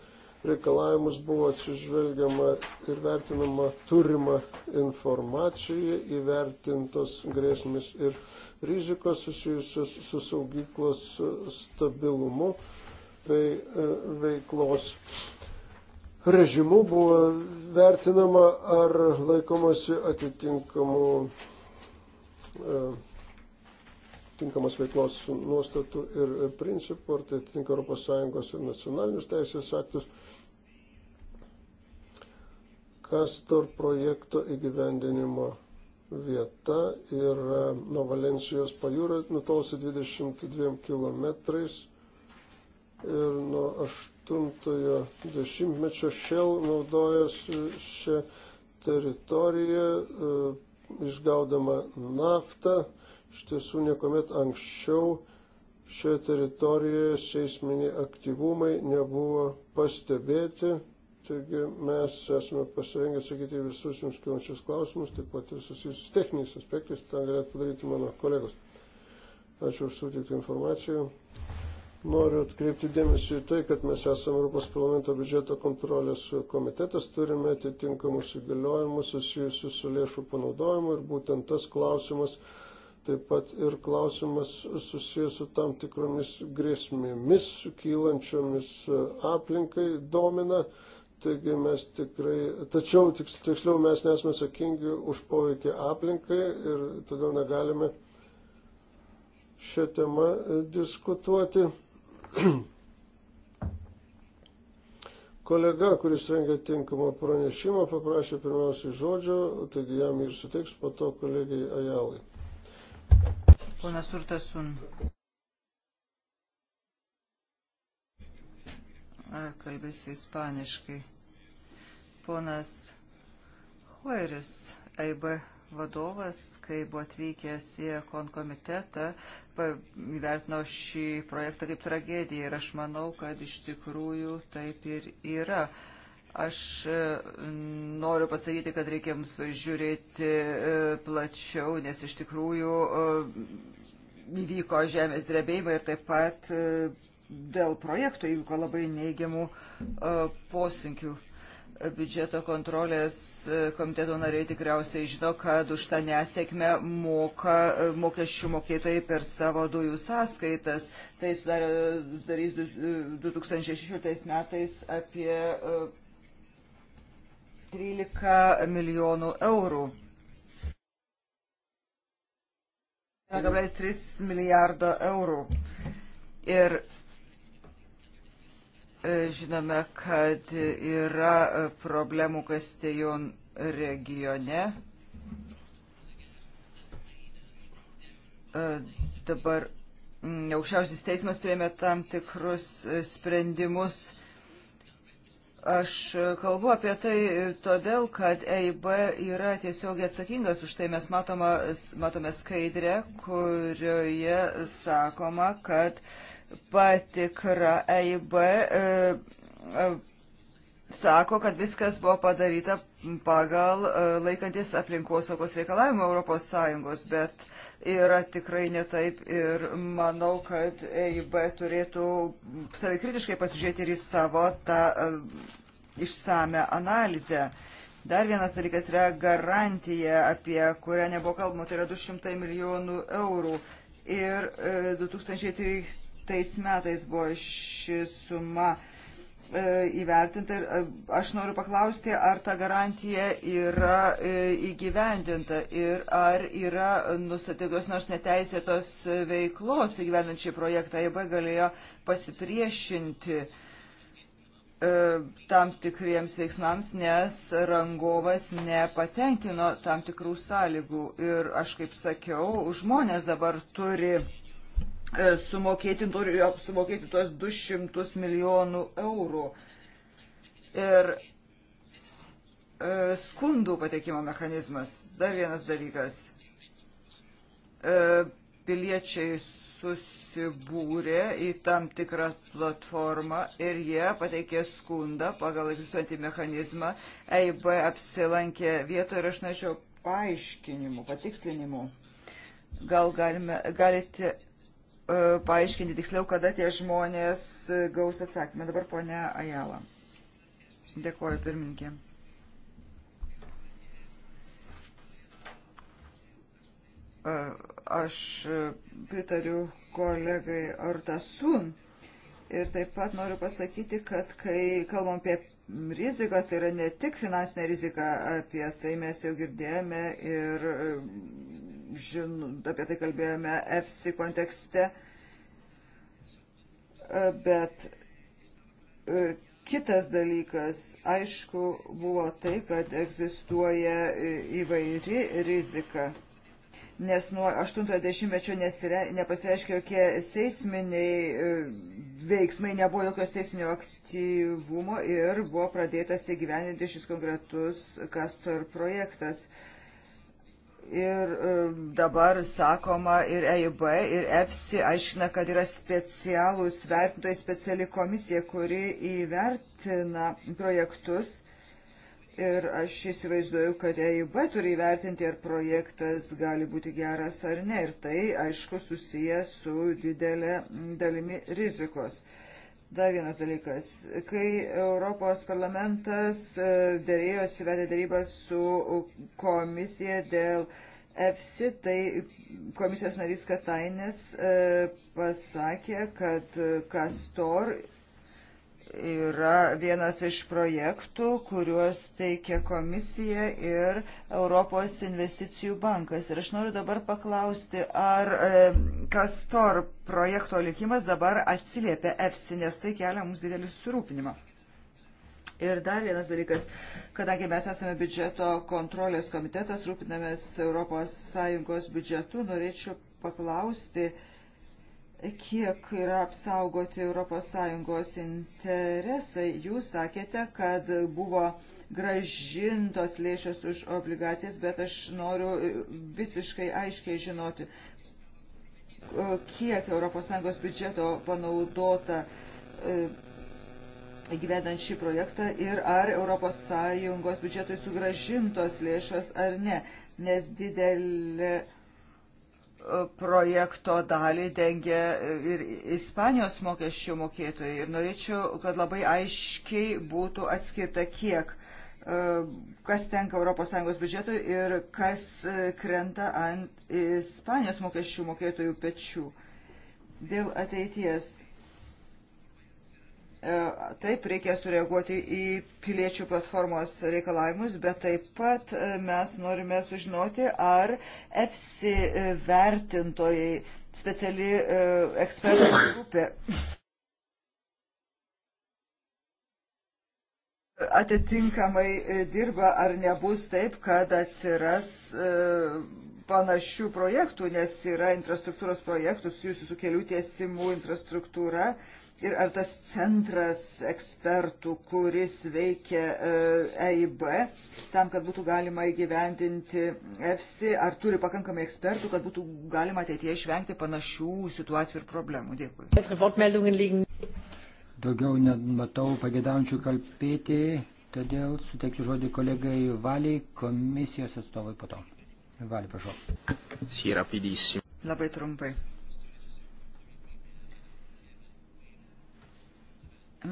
reikalavimus buvo atsižvelgiama ir vertinama turima informacija, įvertintos grėsmės ir rizikos susijusios su saugyklos stabilumu bei e, veiklos režimu buvo vertinama, ar laikomasi atitinkamų e, tinkamas veiklos nuostatų ir principų, ar tai atitinka ES ir nacionalinius teisės aktus. Kastor projekto įgyvendinimo vieta yra nuo Valencijos pajūrio nutolusi 22 km ir nuo 8-ojo dešimtmečio Shell naudojasi šią teritoriją e, išgaudama naftą Iš tiesų niekuomet anksčiau šioje teritorijoje seisminiai aktyvumai nebuvo pastebėti. Taigi mes esame pasirengę atsakyti visus jums kilančius klausimus, taip pat ir susijusius techniniais aspektais, tą galėtų padaryti mano kolegos. Ačiū už sutiktą informaciją. Noriu atkreipti dėmesį į tai, kad mes esame Europos parlamento biudžeto kontrolės komitetas, turime atitinkamus įgaliojimus susijusius su lėšų panaudojimu ir būtent tas klausimas, Taip pat ir klausimas susijęs su tam tikromis grėsmėmis, kylančiomis e, aplinkai domina. Taigi mes tikrai, tačiau tiks, tiksliau mes nesame sakingi už poveikį aplinkai ir todėl negalime šią temą e, diskutuoti. Kolega, kuris rengia tinkamą pranešimą, paprašė pirmiausiai žodžio, taigi jam ir suteiks po to kolegijai Ajalai. Ponas Urtasun. Kalbėsiu ispaniškai. Ponas Hoeris, AIB vadovas, kai buvo atvykęs į konkomitetą, įvertino šį projektą kaip tragediją ir aš manau, kad iš tikrųjų taip ir yra. Aš e, noriu pasakyti, kad reikia mums žiūrėti e, plačiau, nes iš tikrųjų e, įvyko žemės drebėjimai ir taip pat dėl projekto įvyko labai neigiamų posinkių. Biudžeto kontrolės komiteto nariai tikriausiai žino, kad už tą nesėkmę moka mokesčių mokėtojai per savo dujų sąskaitas. Tai sudarys 2016 metais apie 13 milijonų eurų. 1,3 milijardo eurų. Ir e, žinome, kad yra e, problemų Kastejon regione. E, dabar mm, aukščiausias teismas priėmė tam tikrus sprendimus Aš kalbu apie tai todėl, kad EIB yra tiesiog atsakingas už tai. Mes matoma, matome skaidrę, kurioje sakoma, kad patikra EIB e, e, sako, kad viskas buvo padaryta pagal e, laikantis aplinkosaugos reikalavimų ES, bet yra tikrai netaip ir manau, kad EIB turėtų savikritiškai pasižiūrėti ir į savo tą e, išsame analizę. Dar vienas dalykas yra garantija, apie kurią nebuvo kalbama, tai yra 200 milijonų eurų. Ir 2013 e, metais buvo ši suma E, įvertinta ir e, aš noriu paklausti, ar ta garantija yra e, įgyvendinta ir ar yra nusatytos nors neteisėtos veiklos įgyvendinčiai projektą EIB galėjo pasipriešinti tam tikriems veiksmams, nes rangovas nepatenkino tam tikrų sąlygų. Ir aš kaip sakiau, žmonės dabar turi E, sumokėti, turi sumokėti tuos 200 milijonų eurų. Ir e, skundų patekimo mechanizmas, dar vienas dalykas. E, piliečiai susibūrė į tam tikrą platformą ir jie pateikė skundą pagal egzistuojantį mechanizmą. EIB apsilankė vietoje ir aš norėčiau paaiškinimų, patikslinimų. Gal galime, galite E, paaiškinti tiksliau, kada tie žmonės e, gaus atsakymą. Dabar ponia Ajala. Dėkuoju pirmininkė. E, aš pritariu kolegai Artasun ir taip pat noriu pasakyti, kad kai kalbam apie riziką, tai yra ne tik finansinė rizika, apie tai mes jau girdėjome ir žin, apie tai kalbėjome EFSI kontekste bet e, kitas dalykas, aišku, buvo tai, kad egzistuoja e, įvairi rizika nes nuo 80-mečio nepasireiškia jokie seisminiai e, veiksmai, nebuvo jokio seisminio aktyvumo ir buvo pradėtas įgyveninti šis konkretus Kastor projektas. Ir e, dabar sakoma ir EIB, ir EFSI aiškina, kad yra specialūs vertintojai, speciali komisija, kuri įvertina projektus. Ir aš įsivaizduoju, kad EIB turi įvertinti, ar projektas gali būti geras ar ne. Ir tai, aišku, susiję su didelė dalimi rizikos. Uh, Dar vienas dalykas. Kai Europos parlamentas e, dėrėjosi, vedė dėrybą su komisija dėl EFSI, tai komisijos narys Katainės e, pasakė, kad Kastor e, yra vienas iš projektų, kuriuos teikia komisija ir Europos investicijų bankas. Ir aš noriu dabar paklausti, ar e, Kastor projekto likimas dabar atsiliepia EFSI, nes tai kelia mums didelį surūpinimą. Ir dar vienas dalykas, kadangi mes esame biudžeto kontrolės komitetas, rūpinamės ES biudžetu, norėčiau paklausti, e, kiek yra apsaugoti ES interesai. Jūs sakėte, kad buvo gražintos lėšos už obligacijas, bet aš noriu visiškai aiškiai žinoti, kiek ES biudžeto panaudota e, įgyvedant šį projektą ir ar ES biudžetui sugražintos lėšos ar ne, nes didelė projekto dalį dengia ir Ispanijos mokesčių mokėtojai. Ir norėčiau, kad labai aiškiai būtų atskirta, kiek e, kas tenka ES biudžetui ir kas e, krenta ant Ispanijos mokesčių mokėtojų pečių. Dėl ateities E, taip, reikia sureaguoti į piliečių platformos reikalavimus, bet taip pat e, mes norime sužinoti, ar EFSI vertintojai, speciali e, ekspertų grupė atitinkamai dirba, ar nebus taip, kad atsiras panašių projektų, nes yra infrastruktūros projektų susijusių su kelių tiesimų infrastruktūra. infrastruktūra ir ar tas centras ekspertų, kuris veikia EIB, e tam, kad būtų galima įgyvendinti EFSI, ar turi pakankamai ekspertų, kad būtų galima ateityje išvengti panašių situacijų ir problemų. Dėkui. Daugiau nematau pagėdaujančių kalbėti, todėl suteiksiu žodį kolegai Valiai, komisijos atstovui po to. Valiai, prašau. Labai trumpai.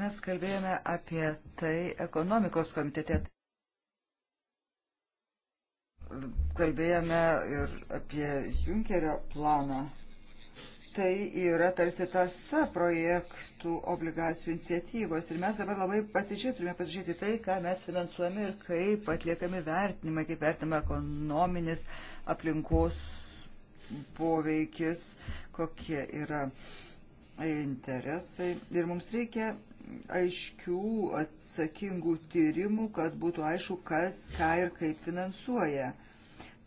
Mes kalbėjome apie tai ekonomikos komitete. Kalbėjome ir apie Junkerio planą. Tai yra tarsi tasa projektų obligacijų iniciatyvos. Ir mes dabar labai patižiai turime pasižiūrėti tai, ką mes finansuojame ir kaip atliekami vertinimai, kaip vertinama ekonominis aplinkos poveikis, kokie yra interesai. Ir mums reikia aiškių atsakingų tyrimų, kad būtų aišku, kas, ką ir kaip finansuoja.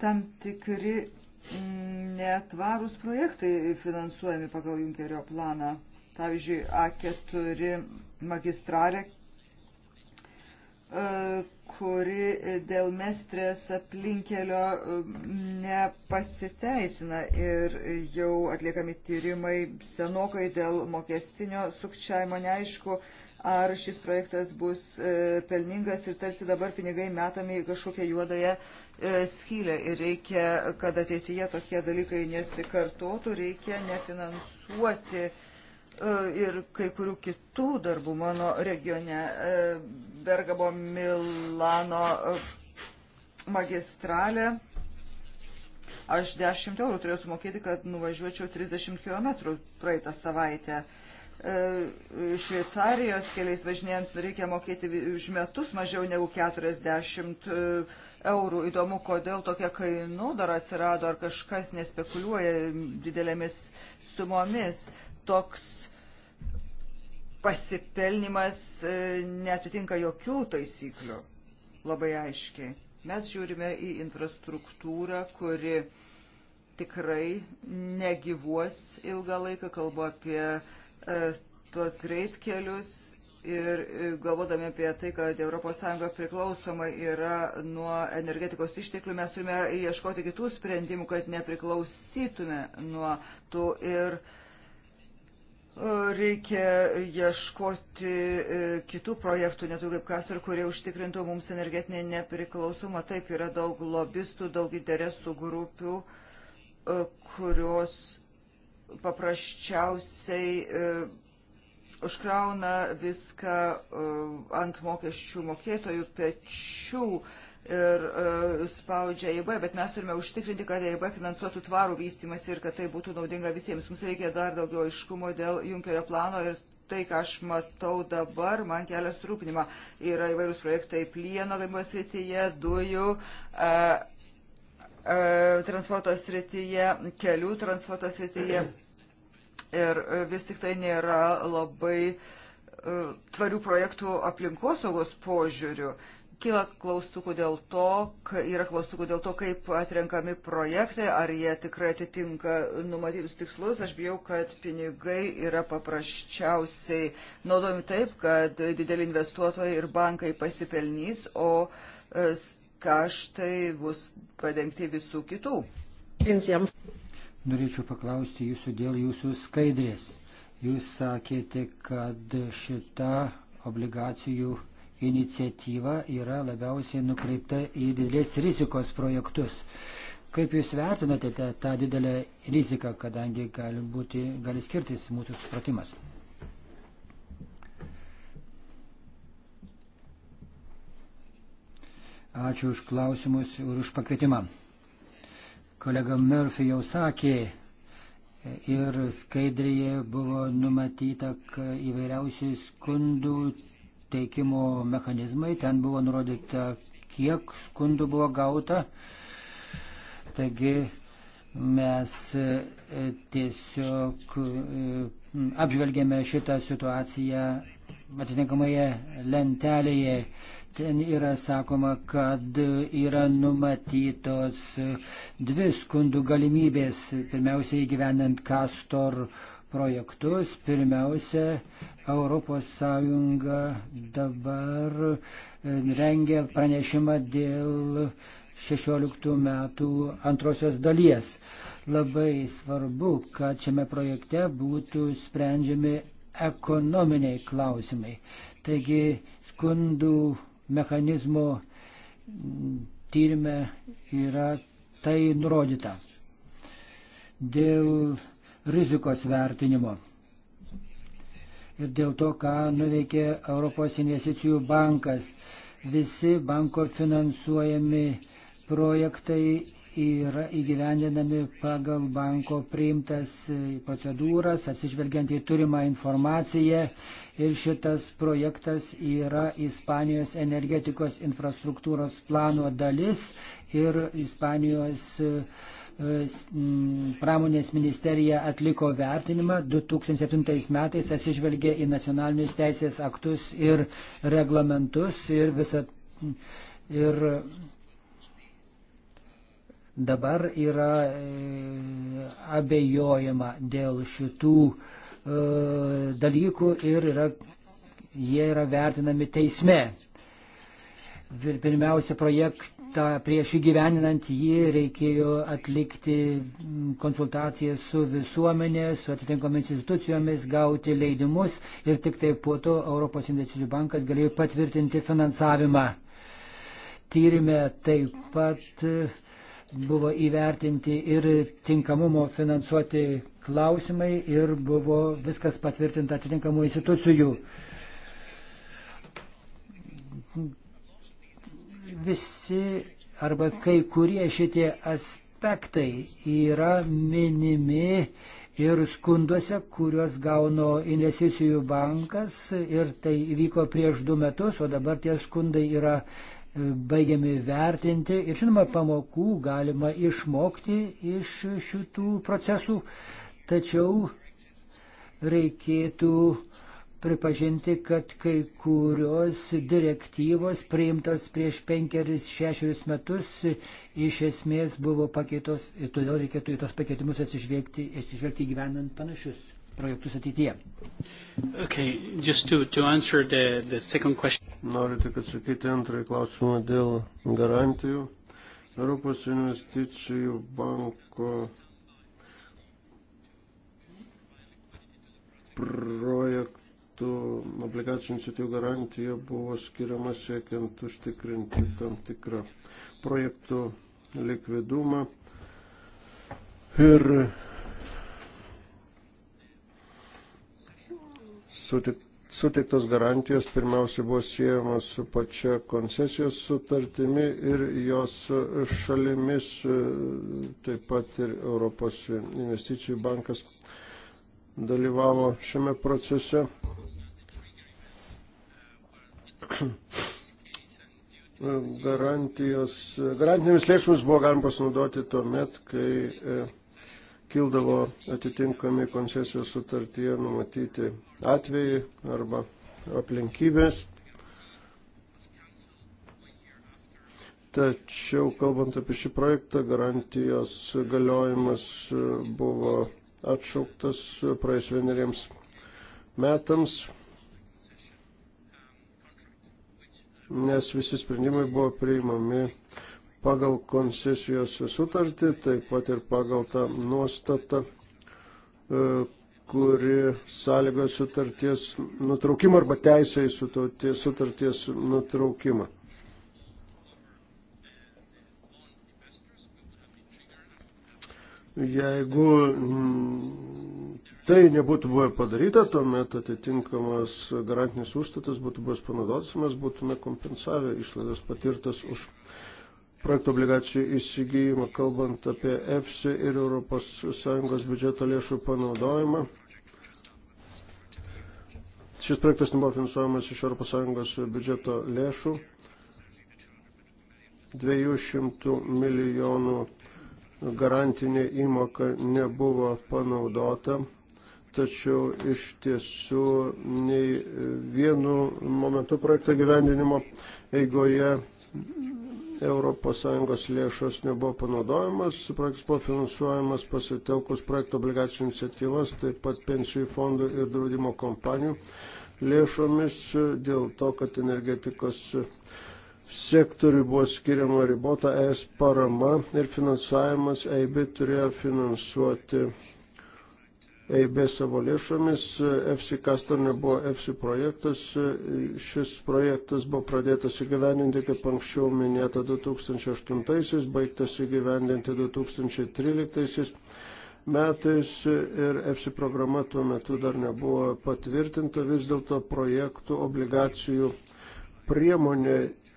Tam tikri mm, netvarūs projektai finansuojami pagal Junkerio planą. Pavyzdžiui, A4 magistralė kuri dėl mestrės aplinkelio e, nepasiteisina ir jau atliekami tyrimai senokai dėl mokestinio sukčiavimo neaišku, ar šis projektas bus e, pelningas ir tarsi dabar pinigai metami į kažkokią juodąją e, skylę ir reikia, kad ateityje tokie dalykai nesikartotų, reikia nefinansuoti uh, E, ir kai kurių kitų darbų mano regione e, Bergamo Milano e, magistralė. Aš 10 eurų turėjau sumokėti, kad nuvažiuočiau 30 km praeitą savaitę. Šveicarijos keliais važinėjant reikia mokėti už metus mažiau negu 40 eurų. Įdomu, kodėl tokia kainų dar atsirado, ar kažkas nespekuliuoja didelėmis sumomis toks pasipelnimas e, netitinka jokių taisyklių labai aiškiai. Mes žiūrime į infrastruktūrą, kuri tikrai negyvuos ilgą laiką, kalbu apie e, tuos greitkelius ir e, galvodami apie tai, kad ES priklausoma yra nuo energetikos išteklių, mes turime ieškoti kitų sprendimų, kad nepriklausytume nuo tų ir e, Reikia ieškoti e, kitų projektų, netų kaip Kastor, kurie užtikrintų mums energetinę nepriklausomą. Taip yra daug lobistų, daug interesų grupių, e, kurios paprasčiausiai e, užkrauna viską ant mokesčių mokėtojų pečių ir e, spaudžia EIB, bet mes turime užtikrinti, kad EIB finansuotų tvarų vystimas ir kad tai būtų naudinga visiems. Mums reikia dar daugiau iškumo dėl Junkerio plano ir tai, ką aš matau dabar, man kelia surūpinimą. Yra įvairūs projektai plieno gamybos srityje, dujų, a, e, a, e, transporto srityje, kelių transporto srityje. Ir vis tik tai nėra labai a, tvarių projektų aplinkosaugos požiūrių. Kyla klaustukų dėl to, yra klaustukų dėl to, kaip atrenkami projektai, ar jie tikrai atitinka numatytus tikslus. Aš bijau, kad pinigai yra paprasčiausiai naudojami taip, kad dideli investuotojai ir bankai pasipelnys, o e, kaštai bus padengti visų kitų. Norėčiau paklausti jūsų dėl jūsų skaidrės. Jūs sakėte, kad šita obligacijų iniciatyva yra labiausiai nukreipta į didelės rizikos projektus. Kaip Jūs vertinate tą, tą didelę riziką, kadangi gali, būti, gali skirtis mūsų supratimas? Ačiū už klausimus ir už pakvietimą. Kolega Murphy jau sakė ir skaidrėje buvo numatyta įvairiausių skundų teikimo mechanizmai, ten buvo nurodyta, kiek skundų buvo gauta. Taigi mes e, tiesiog e, apžvelgėme šitą situaciją atitinkamoje lentelėje. Ten yra sakoma, kad yra numatytos dvi skundų galimybės, pirmiausiai įgyvendant kastor projektus. Pirmiausia, ES dabar e, rengia pranešimą dėl 16 metų antrosios dalies. Labai svarbu, kad šiame projekte būtų sprendžiami ekonominiai klausimai. Taigi skundų mechanizmo tyrimė yra tai nurodyta. Dėl rizikos vertinimo. Ir dėl to, ką nuveikė Europos investicijų bankas, visi banko finansuojami projektai yra įgyvendinami pagal banko priimtas procedūras, atsižvelgiant į turimą informaciją. Ir šitas projektas yra Ispanijos energetikos infrastruktūros plano dalis ir Ispanijos uh, E, pramonės ministerija atliko vertinimą 2007 metais, atsižvelgė į nacionalinius teisės aktus ir reglamentus ir visą. Ir dabar yra e, abejojama dėl šitų e, dalykų ir yra, jie yra vertinami teisme. Pirmiausia, projekt, ta, prieš įgyveninant jį reikėjo atlikti mm, konsultacijas su visuomenė, su atitinkomis institucijomis, gauti leidimus ir tik taip po to Europos investicijų bankas galėjo patvirtinti finansavimą. Tyrime taip pat e, buvo įvertinti ir tinkamumo finansuoti klausimai ir buvo viskas patvirtinta atitinkamų institucijų. visi arba kai kurie šitie aspektai yra minimi ir skunduose, kuriuos gauno investicijų bankas ir tai vyko prieš du metus, o dabar tie skundai yra e, baigiami vertinti ir žinoma pamokų galima išmokti iš šitų procesų, tačiau reikėtų uh, pripažinti, kad kai kurios direktyvos priimtos prieš penkeris, šešerius metus iš esmės buvo pakeitos ir todėl reikėtų į tos pakeitimus atsižvelgti, atsižvelgti gyvenant panašius projektus ateityje. Okay, to, to the, the Noriu tik atsakyti antrąjį klausimą dėl garantijų. Europos investicijų banko projektų tų obligacijų iniciatyvų garantija buvo skiriama siekiant užtikrinti tam tikrą projektų likvidumą. Ir suteiktos garantijos pirmiausia buvo siejamos su pačia koncesijos sutartimi ir jos šalimis, taip pat ir Europos investicijų bankas dalyvavo šiame procese. Garantijos, garantinėmis lėšomis buvo galima pasinaudoti tuo met, kai e, kildavo atitinkami koncesijos sutartyje numatyti atvejai arba aplinkybės. Tačiau, kalbant apie šį projektą, garantijos galiojimas e, buvo atšauktas praeis vieneriems metams, nes visi sprendimai buvo priimami pagal koncesijos sutartį, taip pat ir pagal tą nuostatą, e, kuri sąlygoja sutarties nutraukimą arba teisę į sutarties nutraukimą. Jeigu mm, tai nebūtų buvę padaryta, tuomet atitinkamas garantinis užstatas būtų buvęs panaudotas, mes būtume kompensavę išlaidas patirtas už projektų obligacijų įsigijimą, kalbant apie EFSI ir ES biudžeto lėšų panaudojimą. Šis projektas nebuvo finansuojamas iš ES biudžeto lėšų. 200 milijonų garantinė įmoka nebuvo panaudota, tačiau iš tiesų nei vienu momentu projekto gyvendinimo eigoje ES lėšos nebuvo panaudojamas, projektas buvo finansuojamas pasitelkus projekto obligacijų iniciatyvas, taip pat pensijų fondų ir draudimo kompanijų lėšomis dėl to, kad energetikos sektoriui buvo skiriama ribota ES parama ir finansavimas EIB turėjo finansuoti EIB savo lėšomis. EFSI Castor nebuvo EFSI projektas. Šis projektas buvo pradėtas įgyvendinti, kaip anksčiau minėta, 2008-aisiais, baigtas įgyvendinti 2013-aisiais metais ir EFSI programa tuo metu dar nebuvo patvirtinta, vis dėlto projektų obligacijų priemonė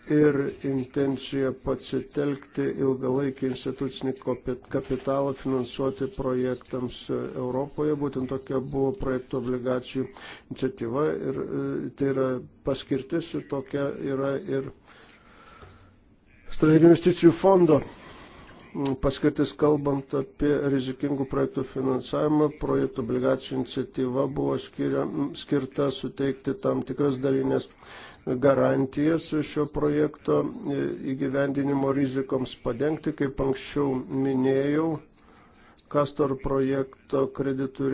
ir intencija pasitelkti ilgalaikį institucinį kapitalą finansuoti projektams e, Europoje. Būtent tokia buvo projektų obligacijų iniciatyva ir e, tai yra paskirtis ir tokia yra ir strateginių investicijų fondo paskirtis kalbant apie rizikingų projektų finansavimą, projektų obligacijų iniciatyva buvo skiria, skirta suteikti tam tikras dalinės garantijas šio projekto įgyvendinimo rizikoms padengti, kaip anksčiau minėjau, Kastor projekto kreditų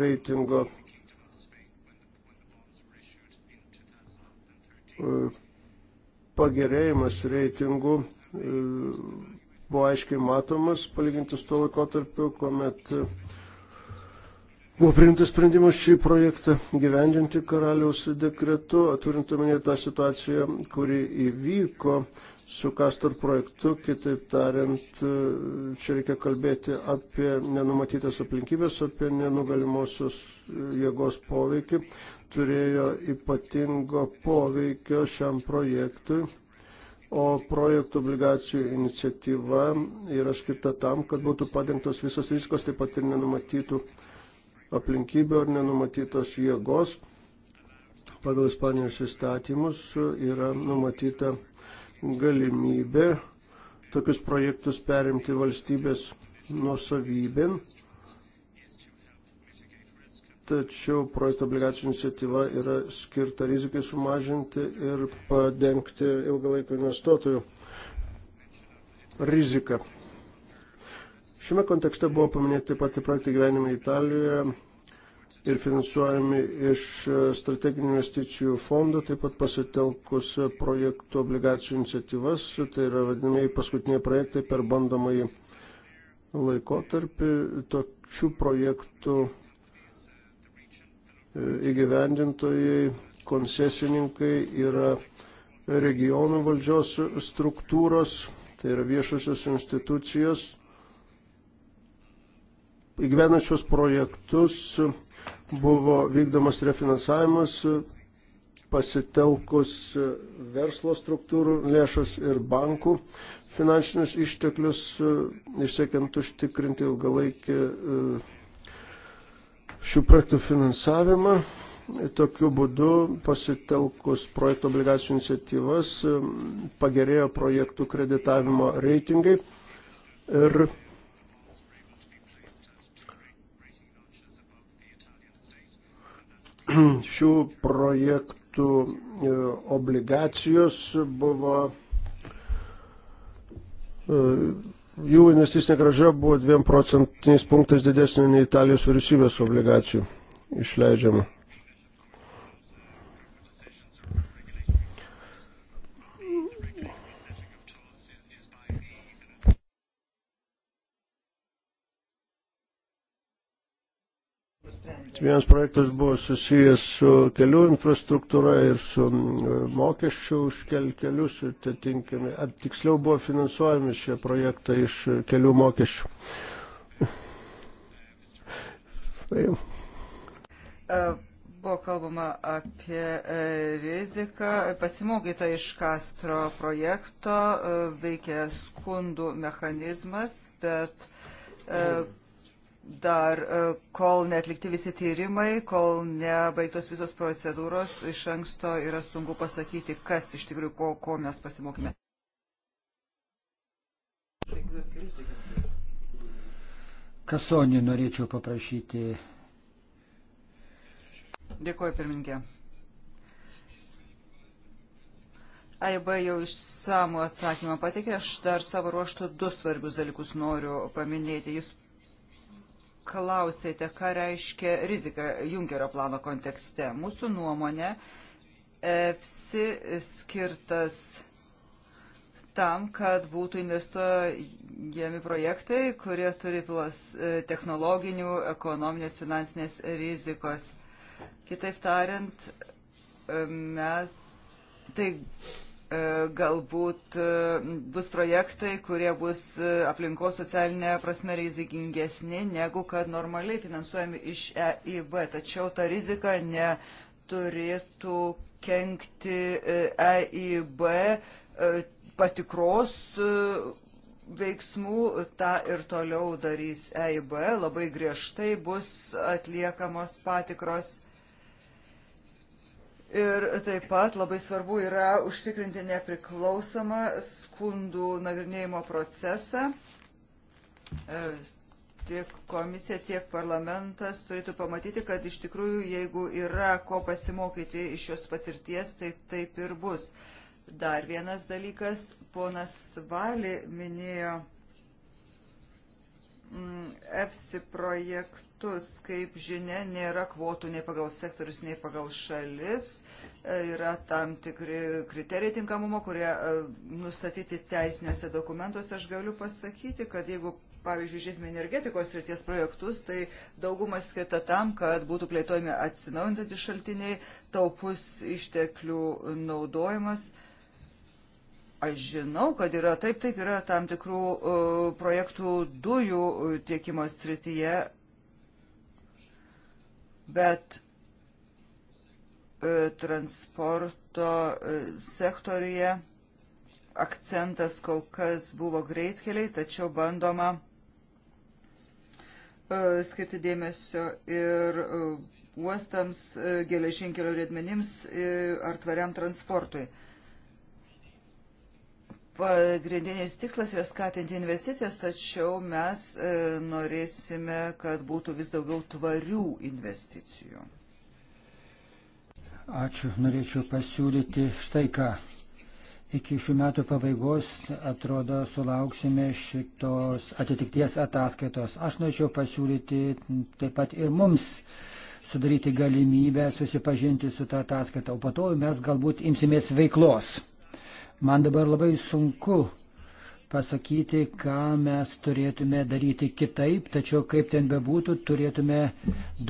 reitingo e, pagerėjimas reitingų e, buvo aiškiai matomas palyginti su tuo laikotarpiu, kuomet Buvo priimtas sprendimas šį projektą gyvendinti karaliaus dekretu, turint omenyje tą situaciją, kuri įvyko su Kastor projektu, kitaip tariant, čia reikia kalbėti apie nenumatytas aplinkybės, apie nenugalimosios jėgos poveikį, turėjo ypatingo poveikio šiam projektui, o projektų obligacijų iniciatyva yra skirta tam, kad būtų padengtos visos rizikos, taip pat ir nenumatytų aplinkybių ar nenumatytos jėgos. Pagal Ispanijos įstatymus yra numatyta galimybė tokius projektus perimti valstybės nuosavybėn. Tačiau projekto obligacijų iniciatyva yra skirta rizikai sumažinti ir padengti ilgalaikio investuotojų riziką. Šiame kontekste buvo paminėti taip pat ir projektai gyvenime Italijoje ir finansuojami iš e, strateginių investicijų fondo, taip pat pasitelkus e, projektų obligacijų iniciatyvas, tai yra vadinamieji paskutiniai projektai per bandomąjį laikotarpį. Tokių projektų e, įgyvendintojai, koncesininkai yra regionų valdžios struktūros, tai yra viešosios institucijos įgyvenančios projektus buvo vykdomas refinansavimas pasitelkus verslo struktūrų lėšas ir bankų finansinius išteklius, išsiekiant užtikrinti ilgalaikį e, šių projektų finansavimą. Tokiu būdu pasitelkus projektų obligacijų iniciatyvas e, pagerėjo projektų kreditavimo reitingai ir šių projektų e, obligacijos buvo e, jų investicinė graža buvo 2 procentiniais punktais didesnė nei Italijos vyriausybės obligacijų išleidžiama. Vienas projektas buvo susijęs su kelių infrastruktūra ir su mokesčių už kel, kelius ir atitinkami. Ar tiksliau buvo finansuojami šie projektai iš kelių mokesčių? Tai e, buvo kalbama apie e, riziką. Pasimokyta iš Kastro projekto, e, veikia skundų mechanizmas, bet dar, e, kol netlikti visi tyrimai, kol nebaigtos visos procedūros, iš anksto yra sunku pasakyti, kas iš tikrųjų, ko, ko mes pasimokime. Kasonį norėčiau paprašyti. Dėkuoju, pirmininkė. AIB jau išsamų atsakymą patikė, aš dar savo ruoštų du svarbius dalykus noriu paminėti. Jūs klausėte, ką reiškia rizika Junkerio plano kontekste. Mūsų nuomonė, EFSI skirtas tam, kad būtų investuojami projektai, kurie turi pilas e, technologinių, ekonominės, finansinės rizikos. Kitaip tariant, e, mes tai E, galbūt e, bus projektai, kurie bus e, aplinkos socialinė prasme rizikingesni negu kad normaliai finansuojami iš EIB. Tačiau ta rizika neturėtų kenkti EIB patikros veiksmų, tą ir toliau darys EIB, labai griežtai bus atliekamos patikros. Ir taip pat labai svarbu yra užtikrinti nepriklausomą skundų nagrinėjimo procesą. E, tiek komisija, tiek parlamentas turėtų pamatyti, kad iš tikrųjų, jeigu yra ko pasimokyti iš jos patirties, tai taip ir bus. Dar vienas dalykas, ponas Vali minėjo mm, EFSI projektą metus. Kaip žinia, nėra kvotų nei pagal sektorius, nei pagal šalis. E, yra tam tikri kriterijai tinkamumo, kurie e, nustatyti teisiniuose dokumentuose. Aš galiu pasakyti, kad jeigu pavyzdžiui, žiūrėsime energetikos ryties projektus, tai daugumas skirta tam, kad būtų plėtojami atsinaujantys šaltiniai, taupus išteklių naudojimas. Aš žinau, kad yra taip, taip yra tam tikrų uh, projektų dujų tiekimo srityje, bet e, transporto e, sektoriuje akcentas kol kas buvo greitkeliai, tačiau bandoma e, skirti dėmesio ir uostams, geležinkelio riedmenims ar tvariam transportui. Pagrindinis tikslas yra skatinti investicijas, tačiau mes e, norėsime, kad būtų vis daugiau tvarių investicijų. Ačiū. Norėčiau pasiūlyti štai ką. Iki šių metų pabaigos, atrodo, sulauksime šitos atitikties ataskaitos. Aš norėčiau pasiūlyti taip pat ir mums sudaryti galimybę susipažinti su tą ataskaitą, o po to mes galbūt imsimės veiklos. Man dabar labai sunku pasakyti, ką mes turėtume daryti kitaip, tačiau kaip ten bebūtų, turėtume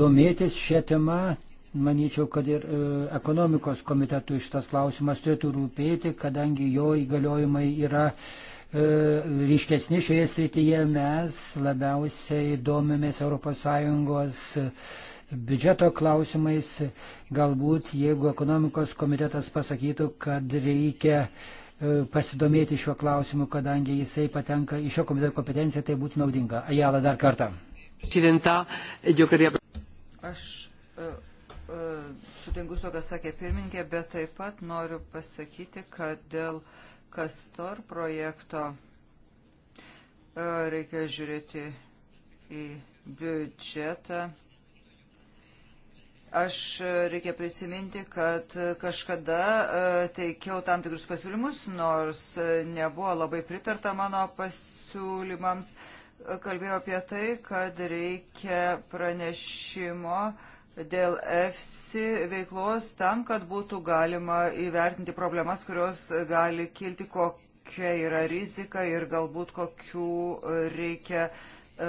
domėtis šią temą. Manyčiau, kad ir e, ekonomikos komitetui šitas klausimas turėtų rūpėti, kadangi jo įgaliojimai yra e, ryškesni šioje srityje. Mes labiausiai domimės ES biudžeto klausimais. Galbūt, jeigu ekonomikos komitetas pasakytų, kad reikia e, pasidomėti šiuo klausimu, kadangi jisai patenka į šio komiteto kompetenciją, tai būtų naudinga. Ajala dar kartą. Aš e, e, sutinku su to, kas sakė pirmininkė, bet taip pat noriu pasakyti, kad dėl Kastor projekto reikia žiūrėti į biudžetą Aš e, reikia prisiminti, kad e, kažkada e, teikiau tam tikrus pasiūlymus, nors nebuvo labai pritarta mano pasiūlymams. Kalbėjau apie tai, kad reikia pranešimo dėl EFSI veiklos tam, kad būtų galima įvertinti problemas, kurios gali kilti, kokia yra rizika ir galbūt kokių reikia uh, E,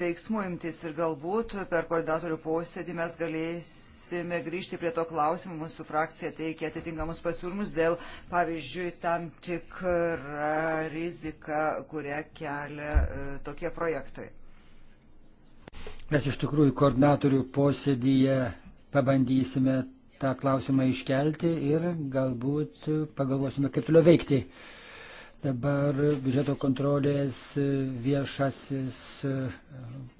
veiksmų imtis ir galbūt per koordinatorių posėdį mes galėsime grįžti prie to klausimo. Mūsų frakcija teikia atitinkamus pasiūlymus dėl, pavyzdžiui, tam tikrą riziką, kurią kelia e, tokie projektai. Mes iš tikrųjų koordinatorių posėdyje pabandysime tą klausimą iškelti ir galbūt pagalvosime, kaip toliau veikti. Dabar biudžeto kontrolės viešasis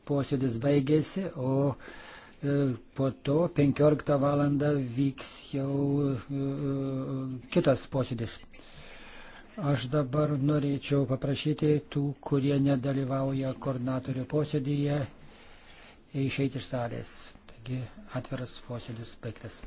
posėdis baigėsi, o e, po to 15 val. vyks jau e, kitas posėdis. Aš dabar norėčiau paprašyti tų, kurie nedalyvauja koordinatorių posėdyje, išeiti iš salės. Taigi atviras posėdis baigtas.